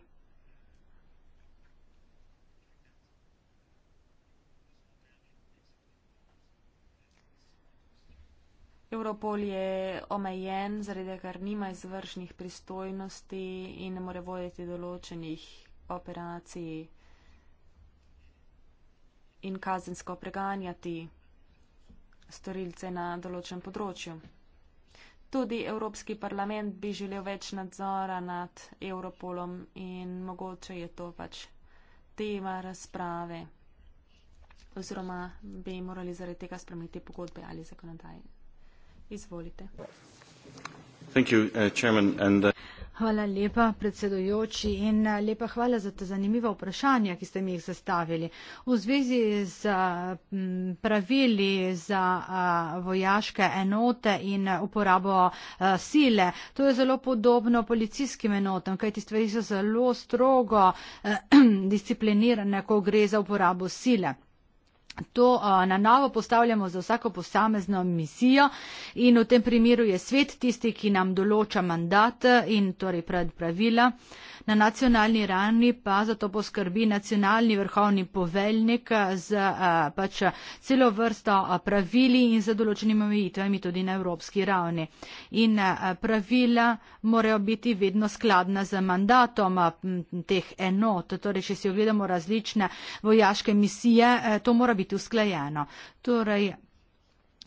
Evropol je omejen, zaradi ker nima izvršnih pristojnosti in ne more voditi določenih operacij in kazensko preganjati storilce na določenem področju. Tudi Evropski parlament bi želel več nadzora nad Europolom in mogoče je to pač tema razprave oziroma bi morali zaradi tega spremeniti pogodbe ali zakonodaje. Izvolite. Uh, uh, hvala lepa, predsedujoči, in uh, lepa hvala za ta zanimiva vprašanja, ki ste mi jih zastavili. V zvezi z pravili za vojaške enote in uporabo sile, to je zelo podobno policijskim enotam, kajti stvari so zelo strogo eh, [CLEARS THROAT] disciplinirane, ko gre za uporabo sile to na novo postavljamo za vsako posamezno misijo in v tem primeru je svet tisti, ki nam določa mandat in torej pravila. Na nacionalni ravni pa za to poskrbi nacionalni vrhovni poveljnik z pač celo vrsto pravili in z določenimi omejitvami tudi na evropski ravni. In pravila morajo biti vedno skladna z mandatom teh enot, torej če si ogledamo različne vojaške misije, to mora biti biti usklajeno. Torej,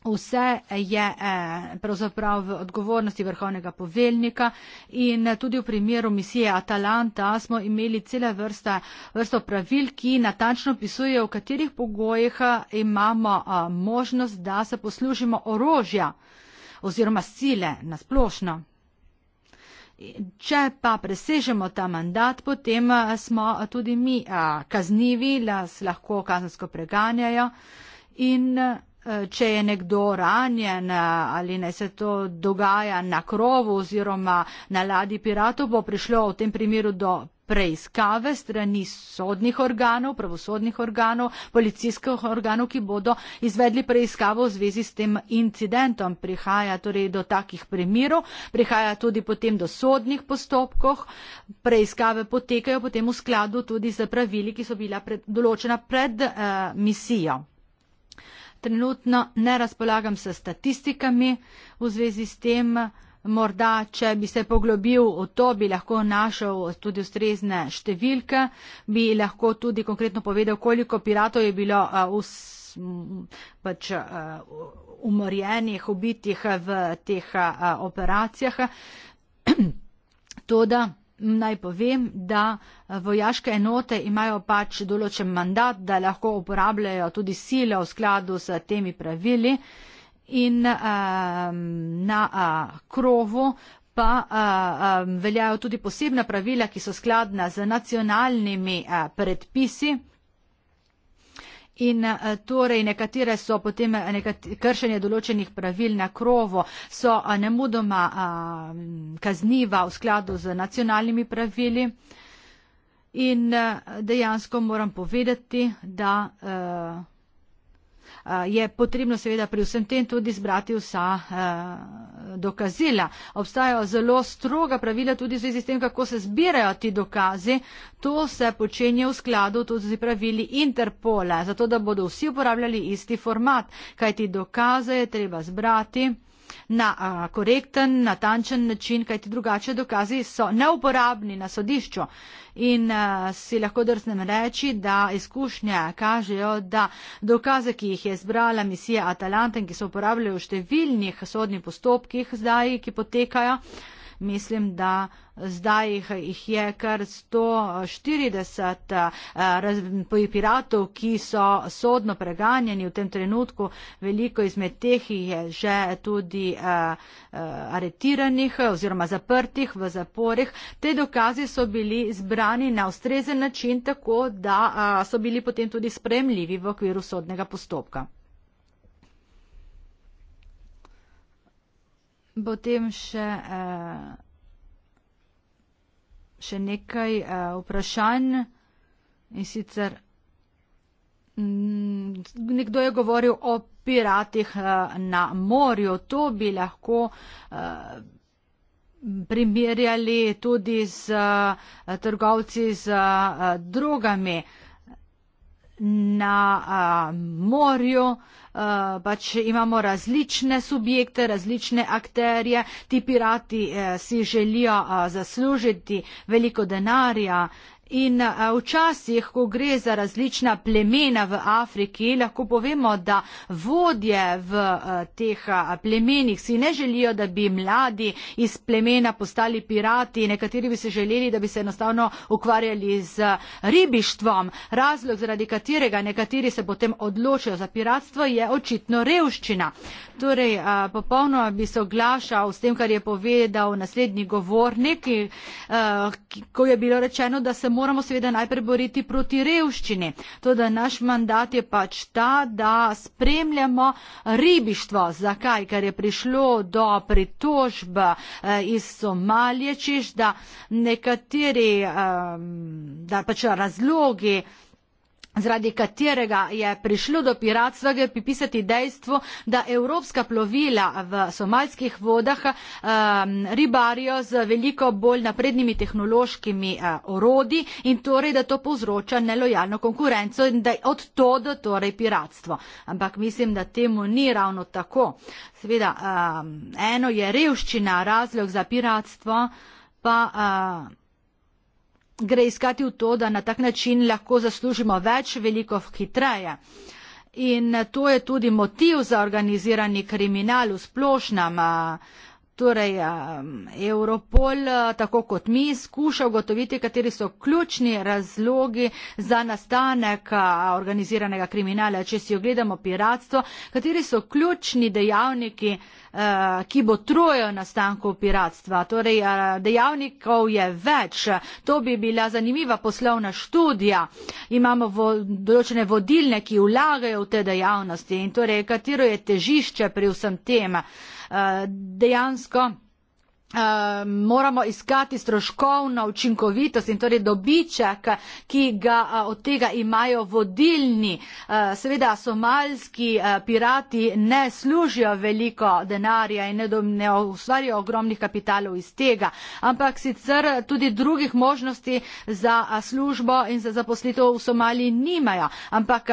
Vse je eh, pravzaprav v odgovornosti vrhovnega poveljnika in eh, tudi v primeru misije Atalanta smo imeli cele vrste, vrsto pravil, ki natančno pisuje, v katerih pogojih eh, imamo možnost, da se poslužimo orožja oziroma sile na splošno. Če pa presežemo ta mandat, potem eh, smo tudi mi eh, kaznivi, nas lahko kazensko preganjajo in eh, če je nekdo ranjen ali naj se to dogaja na krovu oziroma na ladji piratov, bo prišlo v tem primeru do preiskave strani sodnih organov, pravosodnih organov, policijskih organov, ki bodo izvedli preiskavo v zvezi s tem incidentom. Prihaja torej do takih primerov, prihaja tudi potem do sodnih postopkov, preiskave potekajo potem v skladu tudi z pravili, ki so bila pred, določena pred eh, misijo. Trenutno ne razpolagam s statistikami v zvezi s tem, Morda, če bi se poglobil v to, bi lahko našel tudi ustrezne številke, bi lahko tudi konkretno povedal, koliko piratov je bilo pač, umorjenih, ubitih v teh operacijah. [CLEARS THROAT] Toda naj povem, da vojaške enote imajo pač določen mandat, da lahko uporabljajo tudi silo v skladu s temi pravili in um, na a, krovu pa a, a, veljajo tudi posebna pravila, ki so skladna z nacionalnimi a, predpisi. In torej nekatere so potem kršenje določenih pravil na krovo, so nemudoma kazniva v skladu z nacionalnimi pravili. In dejansko moram povedati, da Eh, je potrebno seveda pri vsem tem tudi zbrati vsa eh, dokazila. Obstajajo zelo stroga pravila tudi v zvezi s tem, kako se zbirajo ti dokazi. To se počenje v skladu tudi z pravili Interpola, zato da bodo vsi uporabljali isti format, kajti dokaze je treba zbrati na a, korekten, natančen način, kajti drugače dokazi so neuporabni na sodišču. In a, si lahko drznem reči, da izkušnje kažejo, da dokaze, ki jih je zbrala misija Atalanta in ki se uporabljajo v številnih sodnih postopkih zdaj, ki potekajo, mislim, da zdaj jih, jih je kar 140 eh, raz, piratov, ki so sodno preganjeni v tem trenutku. Veliko izmed teh je že tudi uh, uh, aretiranih oziroma zaprtih v zaporih. Te dokazi so bili zbrani na ustrezen način, tako da uh, so bili potem tudi spremljivi v okviru sodnega postopka. Potem še, uh, še nekaj uh, vprašanj. In sicer m, mm, nekdo je govoril o piratih uh, na morju. To bi lahko uh, primerjali tudi z uh, trgovci z uh, drogami na uh, morju. Uh, Eh, pač imamo različne subjekte, različne akterje, ti pirati eh, si želijo eh, zaslužiti veliko denarja In včasih, ko gre za različna plemena v Afriki, lahko povemo, da vodje v teh plemenih si ne želijo, da bi mladi iz plemena postali pirati, nekateri bi se želeli, da bi se enostavno ukvarjali z ribištvom. Razlog, zaradi katerega nekateri se potem odločijo za piratstvo, je očitno revščina. Torej, popolno bi se oglašal s tem, kar je povedal naslednji govornik, ko je bilo rečeno, da se mora moramo seveda najprej boriti proti revščini. Toda naš mandat je pač ta, da spremljamo ribištvo. Zakaj? Ker je prišlo do pritožb eh, iz Somalije, češ da nekateri, ehm, da pač razlogi, zaradi katerega je prišlo do piratstva, gre pripisati dejstvu, da evropska plovila v somalskih vodah um, ribarijo z veliko bolj naprednimi tehnološkimi uh, eh, orodi in torej, da to povzroča nelojalno konkurenco in da je od to do torej piratstvo. Ampak mislim, da temu ni ravno tako. Seveda, um, eno je revščina razlog za piratstvo, pa. Uh, gre iskati v to, da na tak način lahko zaslužimo več veliko hitreje. In to je tudi motiv za organizirani kriminal v splošnem. Uh, torej um, Europol, tako kot mi, skuša ugotoviti, kateri so ključni razlogi za nastanek organiziranega kriminala, če si ogledamo piratstvo, kateri so ključni dejavniki, uh, ki botrujo nastanku piratstva. Torej, uh, dejavnikov je več, to bi bila zanimiva poslovna študija. Imamo vo, določene vodilne, ki vlagajo v te dejavnosti in torej, katero je težišče pri vsem tem. Uh, Eh, dejansko moramo iskati stroškovno učinkovitost in torej dobiček, ki ga od tega imajo vodilni. Seveda somalski pirati ne služijo veliko denarja in ne, do, ne ustvarijo ogromnih kapitalov iz tega, ampak sicer tudi drugih možnosti za službo in za zaposlitev v Somaliji nimajo, ampak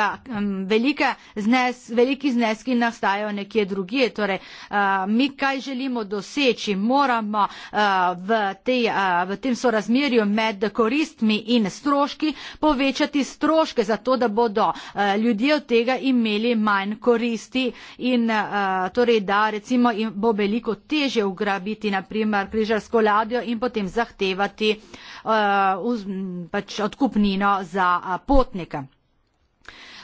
znes, veliki zneski nastajajo nekje drugje. Torej, mi kaj želimo doseči? Moramo ravnamo eh, v, te, eh, v tem sorazmerju med koristmi in stroški, povečati stroške za to, da bodo eh, ljudje od tega imeli manj koristi in torej, da recimo bo veliko teže ugrabiti naprimer križarsko ladjo in potem zahtevati pač odkupnino za potnika.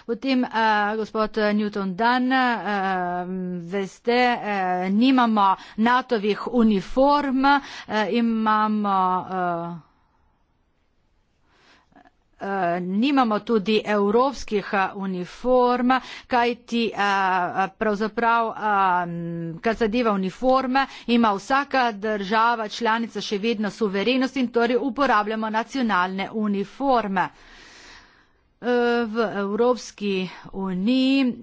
Potem uh, gospod Newton Dunn, uh, veste, uh, nimamo NATO-vih uniform, uh, imamo. Uh, Nimamo tudi evropskih uniform, kaj ti pravzaprav, kar zadeva uniforme, ima vsaka država članica še vedno suverenost in torej uporabljamo nacionalne uniforme v Evropski uniji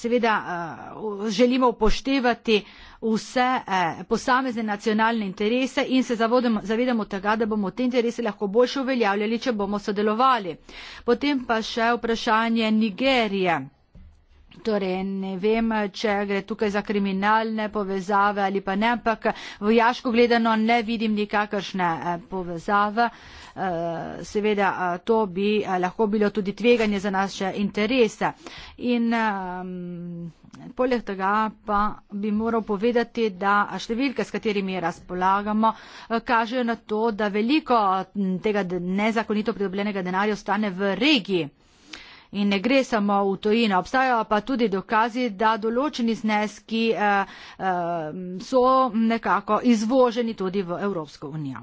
seveda eh, želimo upoštevati vse eh, posamezne nacionalne interese in se zavodemo, zavedamo tega, da bomo te interese lahko boljše uveljavljali, če bomo sodelovali. Potem pa še vprašanje Nigerije. Torej, ne vem, če gre tukaj za kriminalne povezave ali pa ne, ampak vojaško gledano ne vidim nikakršne eh, povezave. Eh, seveda, eh, to bi lahko bilo tudi tveganje za naše interese. In um, poleg tega pa bi moral povedati, da številke, s katerimi razpolagamo, kažejo na to, da veliko tega nezakonito pridobljenega denarja ostane v regiji in ne gre samo v tojino. Obstajajo pa tudi dokazi, da določeni zneski eh, eh, so nekako izvoženi tudi v Evropsko unijo.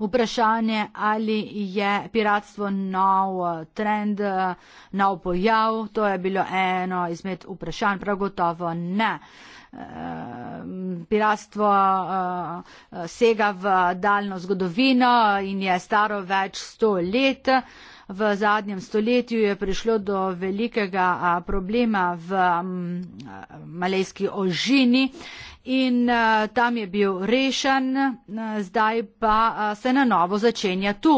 Vprašanje, ali je piratstvo nov eh, trend, eh, nov pojav, to je bilo eno izmed vprašanj, prav gotovo ne. Eh, piratstvo sega v daljno zgodovino in je staro več sto let v zadnjem stoletju je prišlo do velikega problema v malejski ožini in tam je bil rešen, zdaj pa se na novo začenja tu,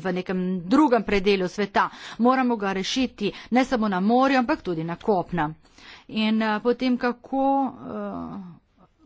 v nekem drugem predelu sveta. Moramo ga rešiti ne samo na morju, ampak tudi na kopnem. In potem kako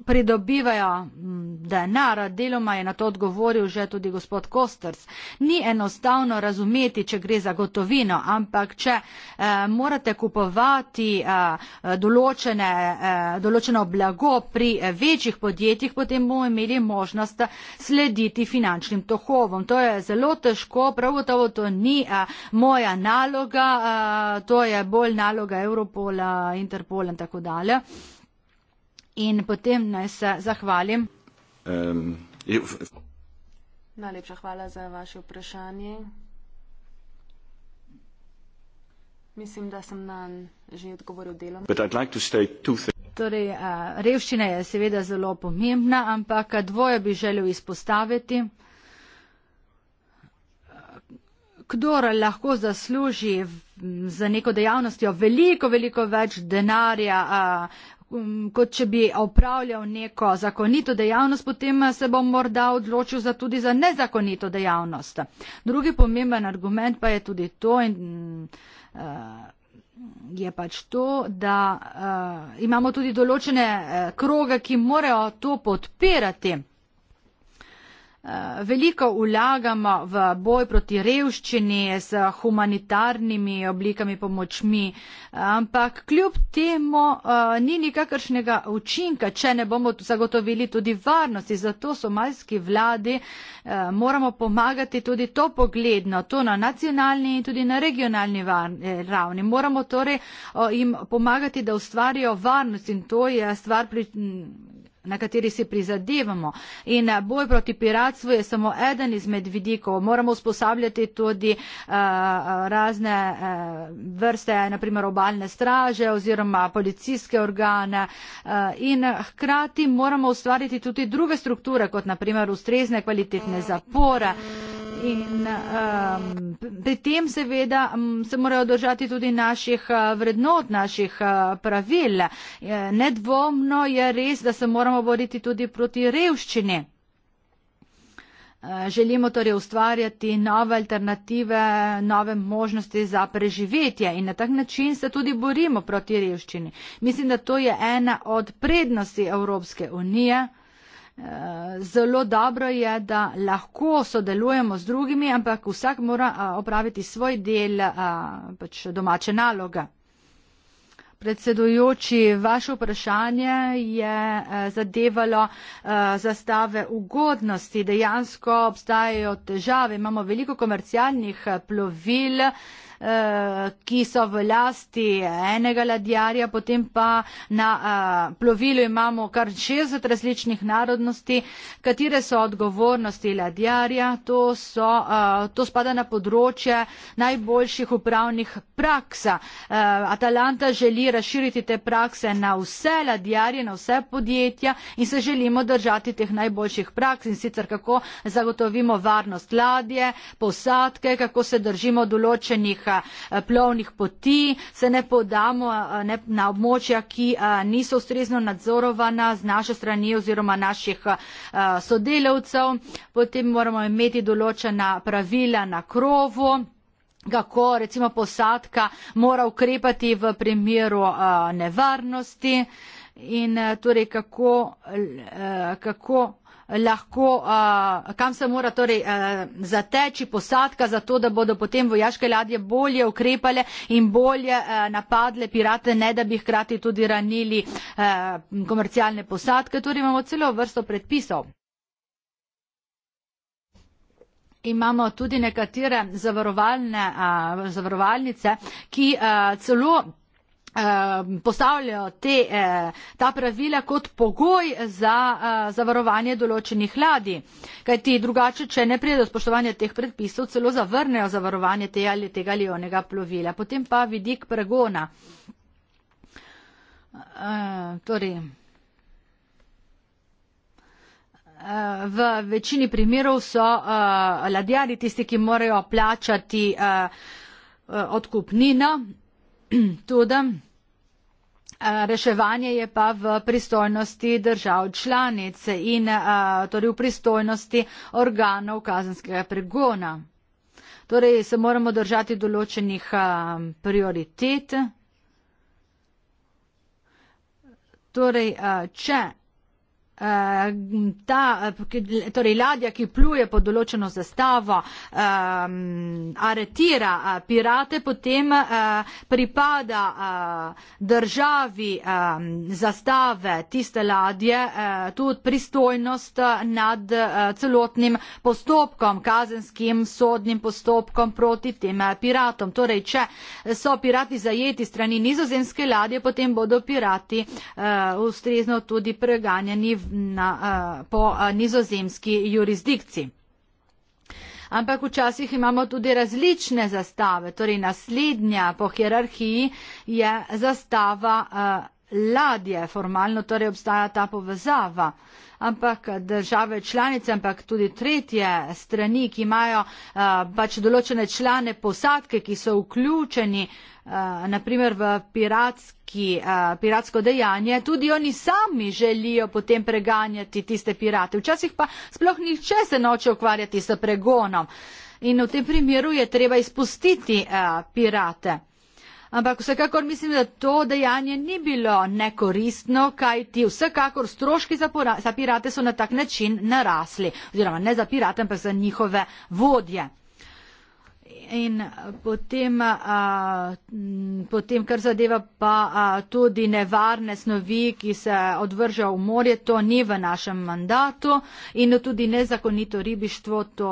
pridobivajo mm, denar, deloma je na to odgovoril že tudi gospod Kosters. Ni enostavno razumeti, če gre za gotovino, ampak če eh, morate kupovati eh, določene, eh, določeno blago pri eh, večjih podjetjih, potem bomo imeli možnost slediti finančnim tohovom. To je zelo težko, prav gotovo to ni eh, moja naloga, eh, to je bolj naloga Europola, Interpola in tako dalje. In potem naj se zahvalim. Um, Najlepša hvala za vaše vprašanje. Mislim, da sem na že odgovoril delom. Like torej, uh, revščina je seveda zelo pomembna, ampak dvoje bi želel izpostaviti. Kdor lahko zasluži za neko dejavnostjo veliko, veliko več denarja, uh, um, kot če bi opravljal neko zakonito dejavnost, potem eh, se bom morda odločil za tudi za nezakonito dejavnost. Drugi pomemben argument pa je tudi to, in, uh, je pač to da uh, imamo tudi določene uh, kroge, ki morajo to podpirati. Eh, veliko vlagamo v boj proti revščini s humanitarnimi oblikami pomočmi, ampak kljub temu eh, ni nikakršnega učinka, če ne bomo zagotovili tudi varnosti. Zato somalski vladi eh, moramo pomagati tudi to pogledno, to na nacionalni in tudi na regionalni ravni. Moramo torej jim pomagati, da ustvarijo varnost in to je stvar pri na kateri si prizadevamo. In eh, boj proti piratstvu je samo eden izmed vidikov. Moramo usposabljati tudi uh, razne uh, vrste, naprimer obaljne straže oziroma policijske organe. Uh, in hkrati moramo ustvariti tudi druge strukture, kot naprimer ustrezne kvalitetne zapore. Mm in um, pri tem seveda um, se morajo držati tudi naših uh, vrednot, naših uh, pravil. Nedvomno je res, da se moramo boriti tudi proti revščini. Uh, želimo torej ustvarjati nove alternative, nove možnosti za preživetje in na tak način se tudi borimo proti revščini. Mislim, da to je ena od prednosti Evropske unije. Eh, zelo dobro je, da lahko sodelujemo z drugimi, ampak vsak mora eh, opraviti svoj del eh, pač domače naloga. Predsedujoči, vaše vprašanje je zadevalo zastave ugodnosti. Dejansko obstajajo težave. Imamo veliko komercialnih plovil Eh, ki so v lasti enega ladjarja, potem pa na eh, plovilu imamo kar 60 različnih narodnosti, katere so odgovornosti ladjarja. To, so, eh, to spada na področje najboljših upravnih praksa. Atalanta želi razširiti te prakse na vse ladjarje, na vse podjetja in se želimo držati teh najboljših praks in sicer kako zagotovimo varnost ladje, posadke, kako se držimo določenih vzroča eh, plovnih poti, se ne podamo eh, na območja, ki eh, niso ustrezno nadzorovana z naše strani oziroma naših sodelavcev. Potem moramo imeti določena pravila na krovu kako recimo posadka mora ukrepati v primeru a, nevarnosti in a, torej kako, a, kako lahko, kam se mora torej zateči posadka, zato da bodo potem vojaške ladje bolje ukrepale in bolje napadle pirate, ne da bi hkrati tudi ranili komercialne posadke. Torej imamo celo vrsto predpisov. Imamo tudi nekatere zavarovalnice, ki celo Ehm, postavljajo te, eh, ta pravila kot pogoj za eh, zavarovanje določenih ladij. Kaj ti drugače, če ne prijedo spoštovanje teh predpisov, celo zavrnejo zavarovanje te ali tega ali onega plovila. Potem pa vidik pregona. Ehm, torej, eh, v večini primerov so ladjari tisti, ki morajo plačati odkupnino [CLEARS THROAT] Toda reševanje je pa v pristojnosti držav članic in torej v pristojnosti organov kazenskega pregona. Torej se moramo držati določenih prioritet. Torej, če Eh, ta, torej ladja, ki pluje pod določeno zastavo, um, aretira eh, pirate, potem uh, pripada uh, državi um, zastave tiste ladje uh, tudi pristojnost nad uh, celotnim postopkom, kazenskim sodnim postopkom proti tem uh, piratom. Torej, če so pirati zajeti strani nizozemske ladje, potem bodo pirati uh, ustrezno tudi preganjeni. V, na, eh, po eh, nizozemski jurisdikciji. Ampak včasih imamo tudi različne zastave, torej naslednja po hierarhiji je zastava uh, ladje, formalno torej obstaja ta povezava. Uh, ampak države članice, ampak tudi tretje strani, ki imajo eh, pač določene člane posadke, ki so vključeni eh, naprimer v piratski, eh, piratsko dejanje, tudi oni sami želijo potem preganjati tiste pirate. Včasih pa sploh nihče se noče ukvarjati s pregonom. In v tem primeru je treba izpustiti pirate. Ampak vsekakor mislim, da to dejanje ni bilo nekoristno, kaj ti vsekakor stroški za, za pirate so na tak način narasli, oziroma ne za pirate, ampak za njihove vodje in eh, potem, eh, potem, kar zadeva pa eh, tudi nevarne snovi, ki se odvržajo v morje, to ni v našem mandatu in tudi nezakonito ribištvo, to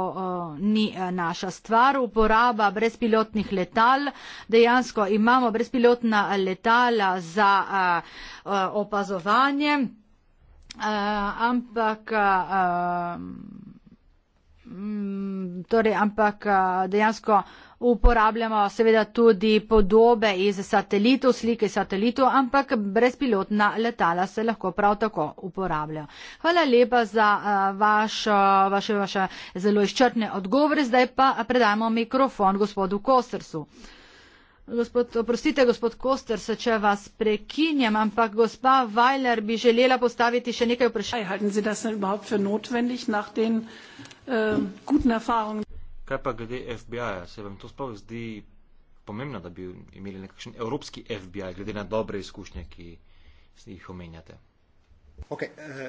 ni naša stvar. Uporaba brezpilotnih letal, dejansko imamo brezpilotna letala za opazovanje, ampak. Mm, torej, ampak eh, dejansko uporabljamo seveda tudi podobe iz satelitov, slike satelitov, ampak brezpilotna letala se lahko prav tako uporabljajo. Hvala lepa za eh, vaš, vaše, vaše zelo izčrpne odgovore. Zdaj pa predajmo mikrofon gospodu Kostersu. Gospod, oprostite, gospod Koster, se če vas prekinjam, ampak gospa Weiler bi želela postaviti še nekaj vprašanj. Hey, uh, guten Erfahrungen. Kaj pa glede FBI-ja? Se vam to sploh zdi pomembno, da bi imeli nekakšen evropski FBI, glede na dobre izkušnje, ki jih omenjate? Okay, uh,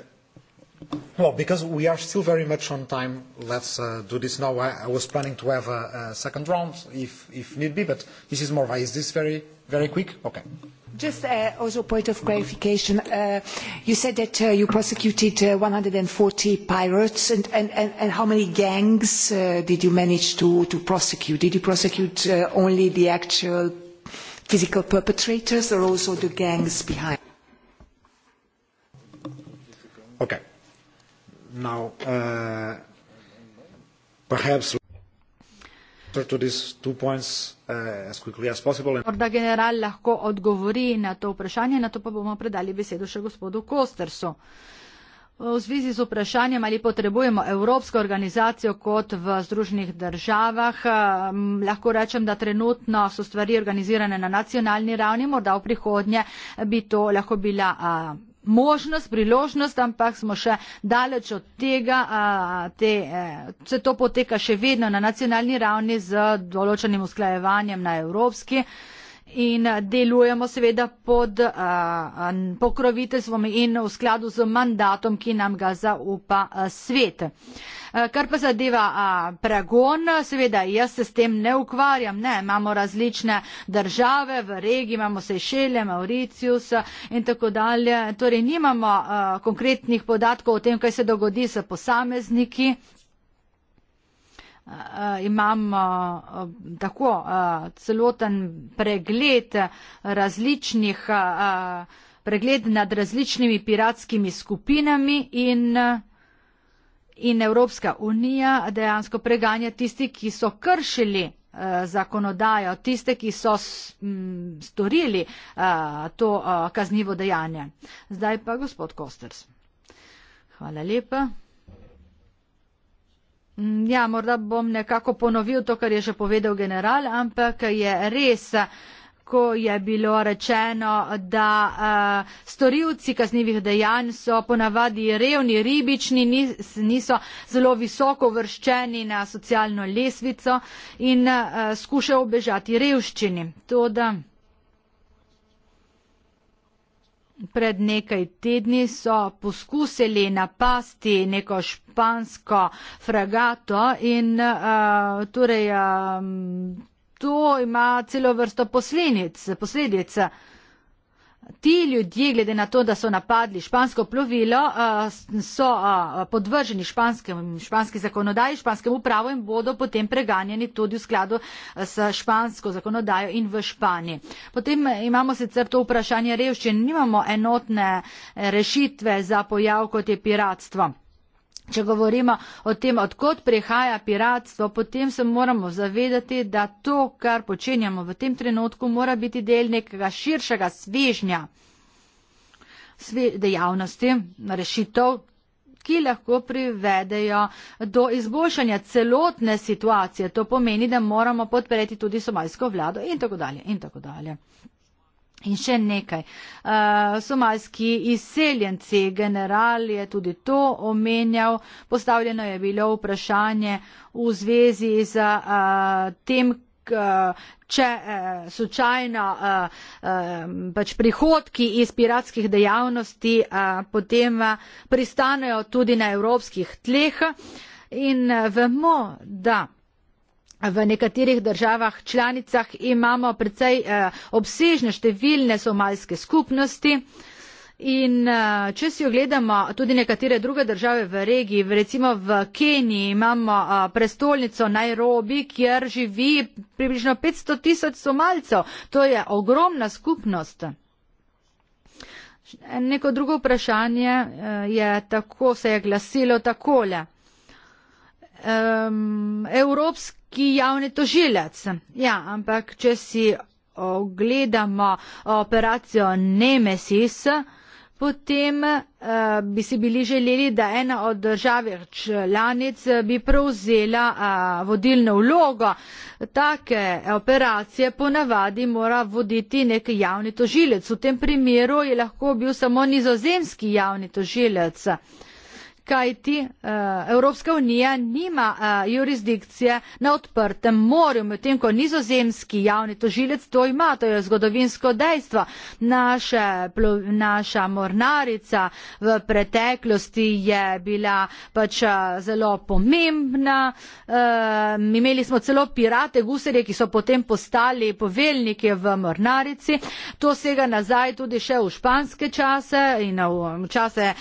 Well, because we are still very much on time, let's uh, do this now. I, I was planning to have a, a second round if, if need be, but this is more. Why is this very, very quick? Okay. Just uh, also a point of clarification. Uh, you said that uh, you prosecuted uh, 140 pirates, and, and, and, and how many gangs uh, did you manage to, to prosecute? Did you prosecute uh, only the actual physical perpetrators or also the gangs behind? Okay now uh, perhaps to these two points uh, as quickly as possible. Morda general lahko odgovori na to vprašanje, na to pa bomo predali besedo še gospodu Kostersu. V zvezi z vprašanjem, ali potrebujemo evropsko organizacijo kot v Združenih državah, lahko rečem, da trenutno so stvari organizirane na nacionalni ravni, morda v prihodnje bi to lahko bila možnost, priložnost, ampak smo še daleč od tega. Te, e, se to poteka še vedno na nacionalni ravni z določenim usklajevanjem na evropski ravni in eh, delujemo seveda pod eh, pokroviteljstvom in v skladu z mandatom, ki nam ga zaupa eh, svet. Kar pa zadeva pregon, seveda jaz se s tem ne ukvarjam, ne, imamo različne države v regiji, imamo Sejšele, Mauricius in tako dalje, torej nimamo konkretnih podatkov o tem, kaj se dogodi s posamezniki, uh, imam uh, tako uh, celoten pregled različnih, uh, pregled nad različnimi piratskimi skupinami in, in Evropska unija dejansko preganja tisti, ki so kršili zakonodajo, tiste, ki so storili a, to a, kaznivo dejanje. Zdaj pa gospod Kosters. Hvala lepa. Mm, ja, morda bom nekako ponovil to, kar je že povedal general, ampak je res, ko je bilo rečeno, da uh, storilci kaznjivih dejanj so ponavadi revni, ribični, nis, niso zelo visoko vrščeni na socialno lesvico in uh, skušajo obežati revščini. Toda, Pred nekaj tedni so poskusili napasti neko špansko fragato in uh, torej, um, to ima celo vrsto posledic. posledic. Uh, Ti ljudje, glede na to, da so napadli špansko plovilo, eh, so eh, podvrženi španski zakonodaji, španskemu pravu in bodo potem preganjeni tudi v skladu eh, s špansko zakonodajo in v Španiji. Potem imamo sicer to vprašanje revščine, nimamo enotne rešitve za pojav, kot je piratstvo. Če govorimo o tem, odkot prihaja piratstvo, potem se moramo zavedati, da to, kar počenjamo v tem trenutku, mora biti del nekega širšega svežnja sve dejavnosti, rešitev, ki lahko privedejo do izboljšanja celotne situacije. To pomeni, da moramo podpreti tudi somalsko vlado in tako dalje. In tako dalje. In še nekaj. Uh, somalski izseljenci, general je tudi to omenjal, postavljeno je bilo vprašanje v zvezi z uh, tem, če eh, sočajna pač prihodki iz piratskih dejavnosti potem pristanejo tudi na evropskih tleh in vemo, da V nekaterih državah članicah imamo precej eh, obsežne številne somalske skupnosti. In eh, če si ogledamo tudi nekatere druge države v regiji, recimo v Keniji imamo eh, prestolnico Nairobi, kjer živi približno 500 tisoč somalcev. To je ogromna skupnost. Neko drugo vprašanje je tako, se je glasilo takole. Evropski ki javni tožilec. Ja, ampak če si ogledamo operacijo Nemesis, potem eh, bi si bili želeli, da ena od držav članic eh, bi prevzela eh, vodilno vlogo. Take operacije ponavadi mora voditi nek javni tožilec. V tem primeru je lahko bil samo nizozemski javni tožilec. Eh, kajti eh, Evropska unija nima eh, jurisdikcije na odprtem morju, medtem ko nizozemski javni tožilec to ima, to je zgodovinsko dejstvo. Naše, naša mornarica v preteklosti je bila pač eh, zelo pomembna, imeli smo celo pirate guserje, ki so potem postali poveljniki v mornarici, to sega nazaj tudi še v španske čase in v čase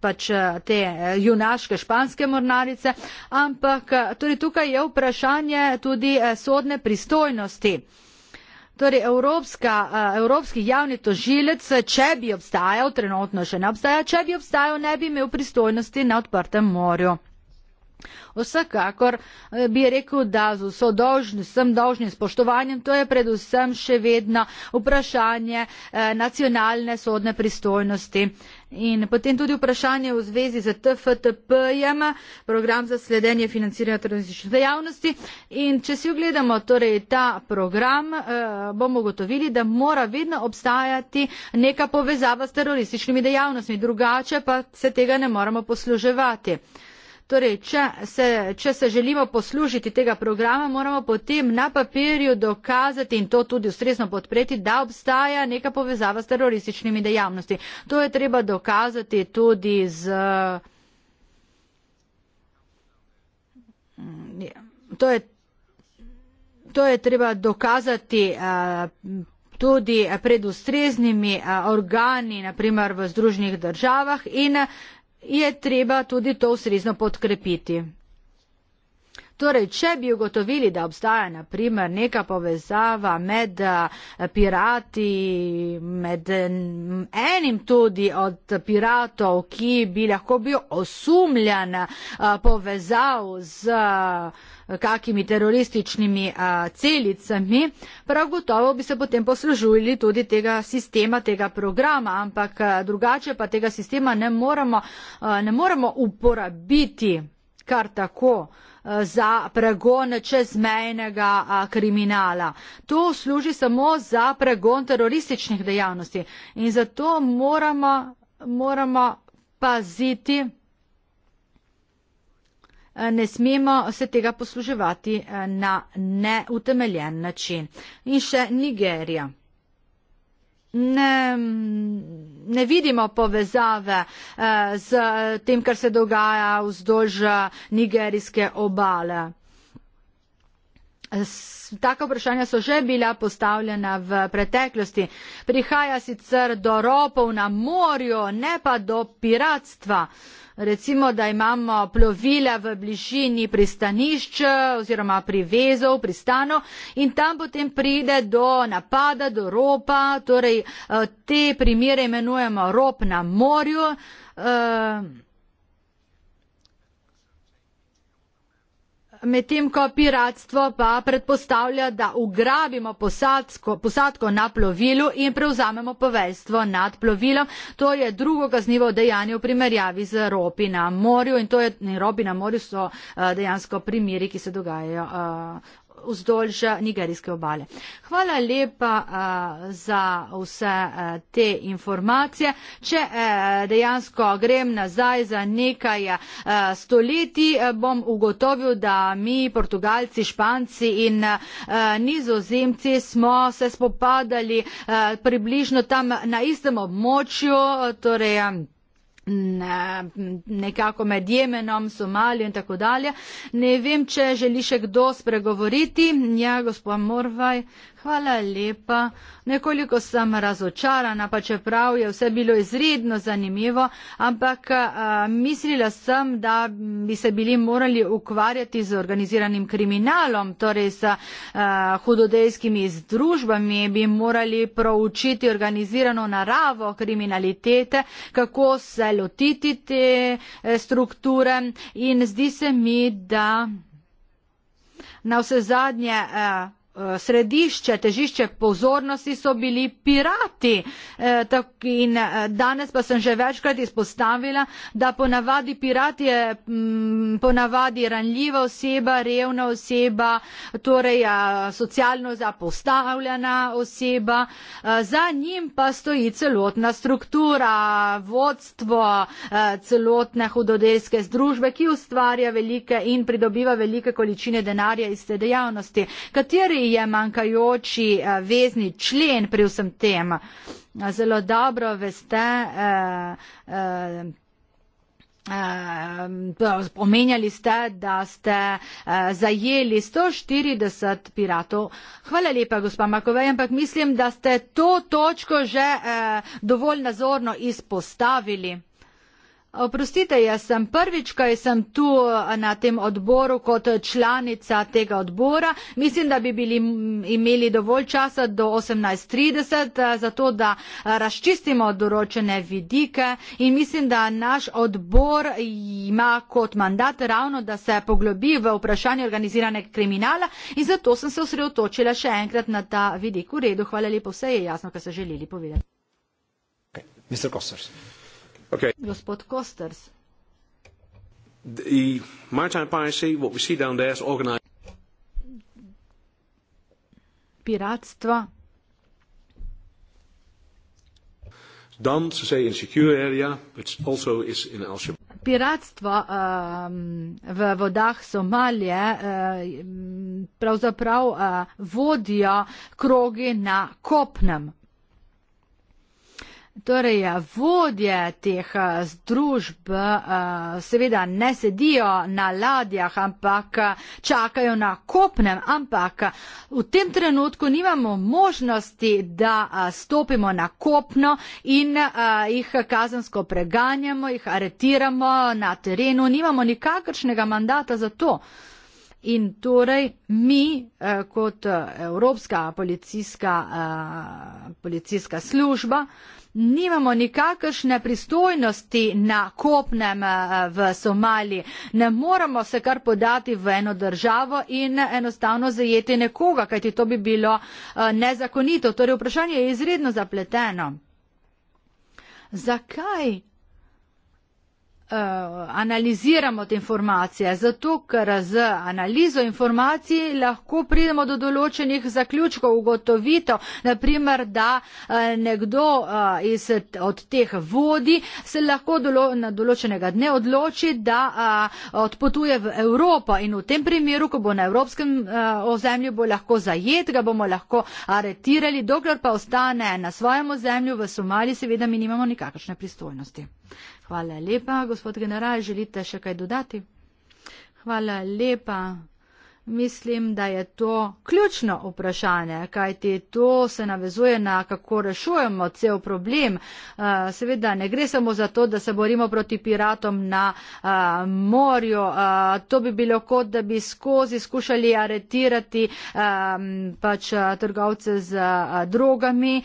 pač te Eh, junaške španske mornarice, ampak eh, tudi torej tukaj je vprašanje tudi eh, sodne pristojnosti. Torej, Evropska, Evropski javni tožilec, če bi obstajal, trenutno še ne obstaja, če bi obstajal, ne bi imel pristojnosti na odprtem morju. Vsekakor eh, bi rekel, da z vso dožnostjo, sem dožni spoštovanjem, to je predvsem še vedno vprašanje eh, nacionalne sodne pristojnosti. In potem tudi vprašanje v zvezi z TFTP-jem, program za sledenje financiranja turistične dejavnosti. In če si ogledamo torej, ta program, eh, bomo ugotovili, da mora vedno obstajati neka povezava s terorističnimi dejavnostmi, drugače pa se tega ne moremo posluževati. Torej, če se, če se želimo poslužiti tega programa, moramo potem na papirju dokazati in to tudi ustrezno podpreti, da obstaja neka povezava s terorističnimi dejavnosti. To je treba dokazati tudi z. Mm, to je, to je treba dokazati uh, tudi pred ustreznimi uh, organi, naprimer v Združenih državah in uh, je treba tudi to ustrezno podkrepiti. Torej, če bi ugotovili, da obstaja naprimer neka povezava med eh, pirati, med mm, enim tudi od piratov, ki bi lahko bil osumljen eh, povezav z eh, kakimi terorističnimi a, celicami, prav gotovo bi se potem poslužili tudi tega sistema, tega programa, ampak a, drugače pa tega sistema ne moremo, a, ne moremo uporabiti kar tako. A, Eh, za pregon čezmejnega eh, kriminala. To služi samo za pregon terorističnih dejavnosti in zato moramo, moramo paziti, eh, ne smemo se tega posluževati na neutemeljen način. In še Nigerija ne, ne vidimo povezave z eh, tem, kar se dogaja vzdolž eh, nigerijske obale. Taka vprašanja so že bila postavljena v preteklosti. Prihaja sicer do ropov na morju, ne pa do piratstva. Uh, recimo, da imamo plovila v bližini pristanišč oziroma privezov, pristano in tam potem pride do napada, do ropa, torej eh, te primere imenujemo rop na morju. Uh, medtem ko piratstvo pa predpostavlja, da ugrabimo posadko, posadko na plovilu in prevzamemo poveljstvo nad plovilom. To je drugo kaznivo dejanje v primerjavi z ropi na morju in to je, ropi na morju so uh, dejansko primiri, ki se dogajajo uh, vzdolž nigerijske obale. Hvala lepa uh, za vse uh, te informacije. Če uh, dejansko grem nazaj za nekaj uh, stoletij, uh, bom ugotovil, da mi, Portugalci, Španci in uh, Nizozemci, smo se spopadali uh, približno tam na istem območju. Uh, torej, uh, nekako med Jemenom, Somalijo in tako dalje. Ne vem, če želi še kdo spregovoriti. Ja, gospod Morvaj, hvala lepa. Nekoliko sem razočarana, pa čeprav je vse bilo izredno zanimivo, ampak a, mislila sem, da bi se bili morali ukvarjati z organiziranim kriminalom, torej s hudodejskimi združbami, bi morali proučiti organizirano naravo kriminalitete, kako se lotiti te eh, strukture in zdi se mi, da na vse zadnje eh, Eh, središče, težišče pozornosti so bili pirati. Eh, in eh, danes pa sem že večkrat izpostavila, da ponavadi pirat je mm, ponavadi ranljiva oseba, revna oseba, torej socialno zapostavljena oseba. Za njim pa stoji celotna struktura, vodstvo celotne hudodelske združbe, ki ustvarja velike in pridobiva velike količine denarja iz te dejavnosti. Kateri je manjkajoči eh, vezni člen pri vsem tem. Zelo dobro veste, eh, eh, omenjali ste, da ste zajeli 140 piratov. Hvala lepa, gospa Makovej, ampak mislim, da ste to točko že dovolj nazorno izpostavili. Oprostite, jaz sem prvič, kaj sem tu eh, na tem odboru kot članica tega odbora. Mislim, da bi bili, imeli dovolj časa do 18.30, eh, zato da eh, razčistimo določene vidike in mislim, da naš odbor ima kot mandat ravno, da se poglobi v vprašanje organizirane kriminala in zato sem se osredotočila še enkrat na ta vidik. V redu, hvala lepo, vse je jasno, kaj so želeli povedati. Okay. Mr. Kosters. Gospod Kosters. Piratstva. Dance, say, in area, also is in Al Piratstvo um, v vodah Somalije um, pravzaprav uh, vodijo krogi na kopnem. Torej, ja, vodje teh eh, združb eh, seveda ne sedijo na ladjah, ampak eh, čakajo na kopnem, ampak v tem trenutku nimamo možnosti, da stopimo na kopno in jih kazansko preganjamo, jih aretiramo na terenu, nimamo nikakršnega mandata za to. In torej mi kot Evropska policijska, policijska služba, nimamo nikakršne pristojnosti na kopnem eh, v Somaliji. Ne moramo se kar podati v eno državo in enostavno zajeti nekoga, kajti to bi bilo eh, nezakonito. Torej, vprašanje je izredno zapleteno. Zakaj uh, analiziramo te informacije, zato ker z analizo informacij lahko pridemo do določenih zaključkov, ugotovito, naprimer, da uh, nekdo uh, iz, od teh vodi se lahko dolo, na določenega dne odloči, da uh, odpotuje v Evropo in v tem primeru, ko bo na evropskem uh, ozemlju, bo lahko zajet, ga bomo lahko aretirali, dokler pa ostane na svojem ozemlju v Somaliji, seveda mi nimamo nikakršne pristojnosti. Hvala lepa, gospod general, želite še kaj dodati? Hvala lepa, Mislim, da je to ključno vprašanje, kajti to se navezuje na kako rešujemo cel problem. Eh, seveda ne gre samo za to, da se borimo proti piratom na eh, morju. Eh, to bi bilo kot, da bi skozi skušali aretirati ehm, pač trgovce z drogami,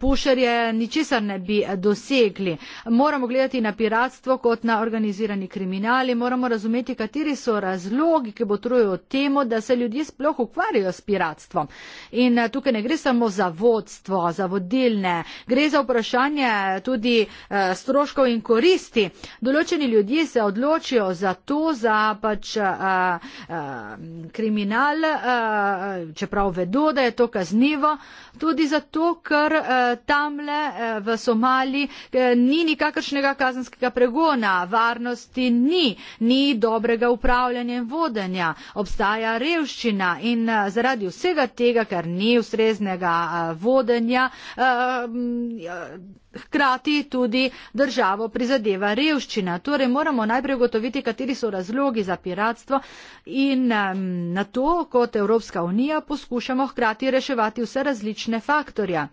pušerje, ničesar ne bi dosegli. Moramo gledati na piratstvo kot na organizirani kriminali, moramo razumeti, kateri so razlogi, ki botrujo temu, vemo, da se ljudje sploh ukvarjajo s piratstvom. In eh, tukaj ne gre samo za vodstvo, za vodilne, gre za vprašanje tudi eh, stroškov in koristi. Določeni ljudje se odločijo za to, za pač a, eh, a, kriminal, a, čeprav vedo, da je to kaznivo, tudi zato, ker a, tamle a, v Somali ni nikakršnega kazanskega pregona, varnosti ni, ni dobrega upravljanja in vodenja. Obstaja obstaja revščina in eh, zaradi vsega tega, kar ni ustreznega eh, vodenja, eh, hkrati tudi državo prizadeva revščina. Torej moramo najprej ugotoviti, kateri so razlogi za piratstvo in na to, kot Evropska unija, poskušamo hkrati reševati vse različne faktorje.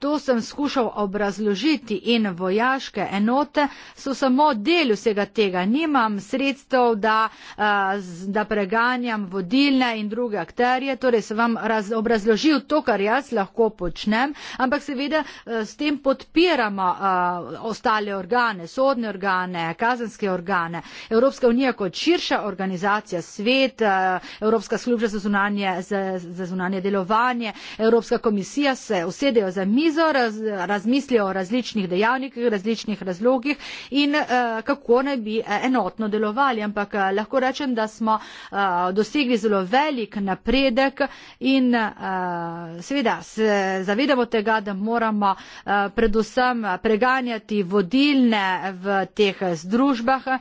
To sem skušal obrazložiti in vojaške enote so samo del vsega tega. Nimam sredstev, da, eh, da preganjam vodilne in druge akterje, torej sem vam raz, obrazložil to, kar jaz lahko počnem, ampak seveda eh, s tem podpiramo eh, ostale organe, sodne organe, kazenske organe. Evropska unija kot širša organizacija, svet, Evropska služba za zunanje, za, za zunanje delovanje, Evropska komisija se usedejo za misli, mizo, raz, razmislijo o različnih dejavnikih, različnih razlogih in eh, kako naj bi eh, enotno delovali. Ampak eh, lahko rečem, da smo eh, dosegli zelo velik napredek in eh, seveda se zavedamo tega, da moramo eh, predvsem preganjati vodilne v teh združbah. Eh,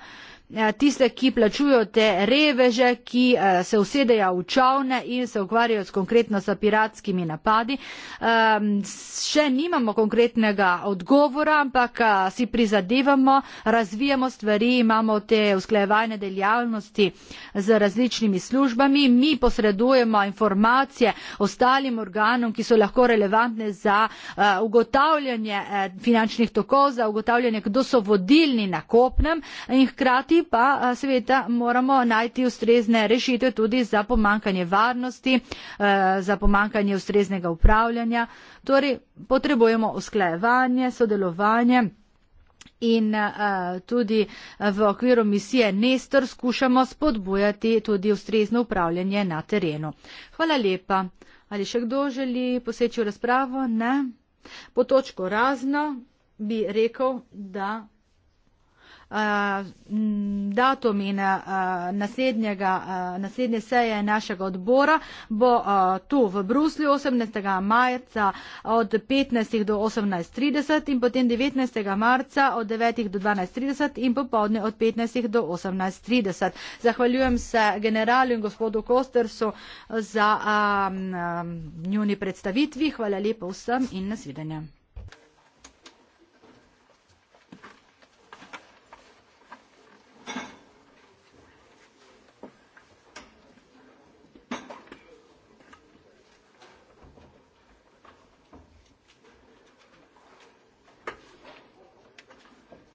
Ja, tiste, ki plačujo te reveže, ki eh, se usedejo v čovne in se ukvarjajo s konkretno sa piratskimi napadi. Ehm, še nimamo konkretnega odgovora, ampak eh, si prizadevamo, razvijamo stvari, imamo te usklejevanje deljavnosti z različnimi službami, mi posredujemo informacije ostalim organom, ki so lahko relevantne za eh, ugotavljanje finančnih tokov, za ugotavljanje, kdo so vodilni na kopnem in hkrati pa seveda moramo najti ustrezne rešitve tudi za pomankanje varnosti, e, za pomankanje ustreznega upravljanja. Torej, potrebujemo usklajevanje, sodelovanje. In uh, tudi v okviru misije Nestor skušamo spodbujati tudi ustrezno upravljanje na terenu. Hvala lepa. Ali še kdo želi poseči v razpravo? Ne. Po točko razno bi rekel, da datum in naslednjega, naslednje seje našega odbora bo tu v Bruslju 18. marca od 15. do 18.30 in potem 19. marca od 9. do 12.30 in popovdne od 15. do 18.30. Zahvaljujem se generalu in gospodu Kostersu za njuni predstavitvi. Hvala lepo vsem in nasvidenje.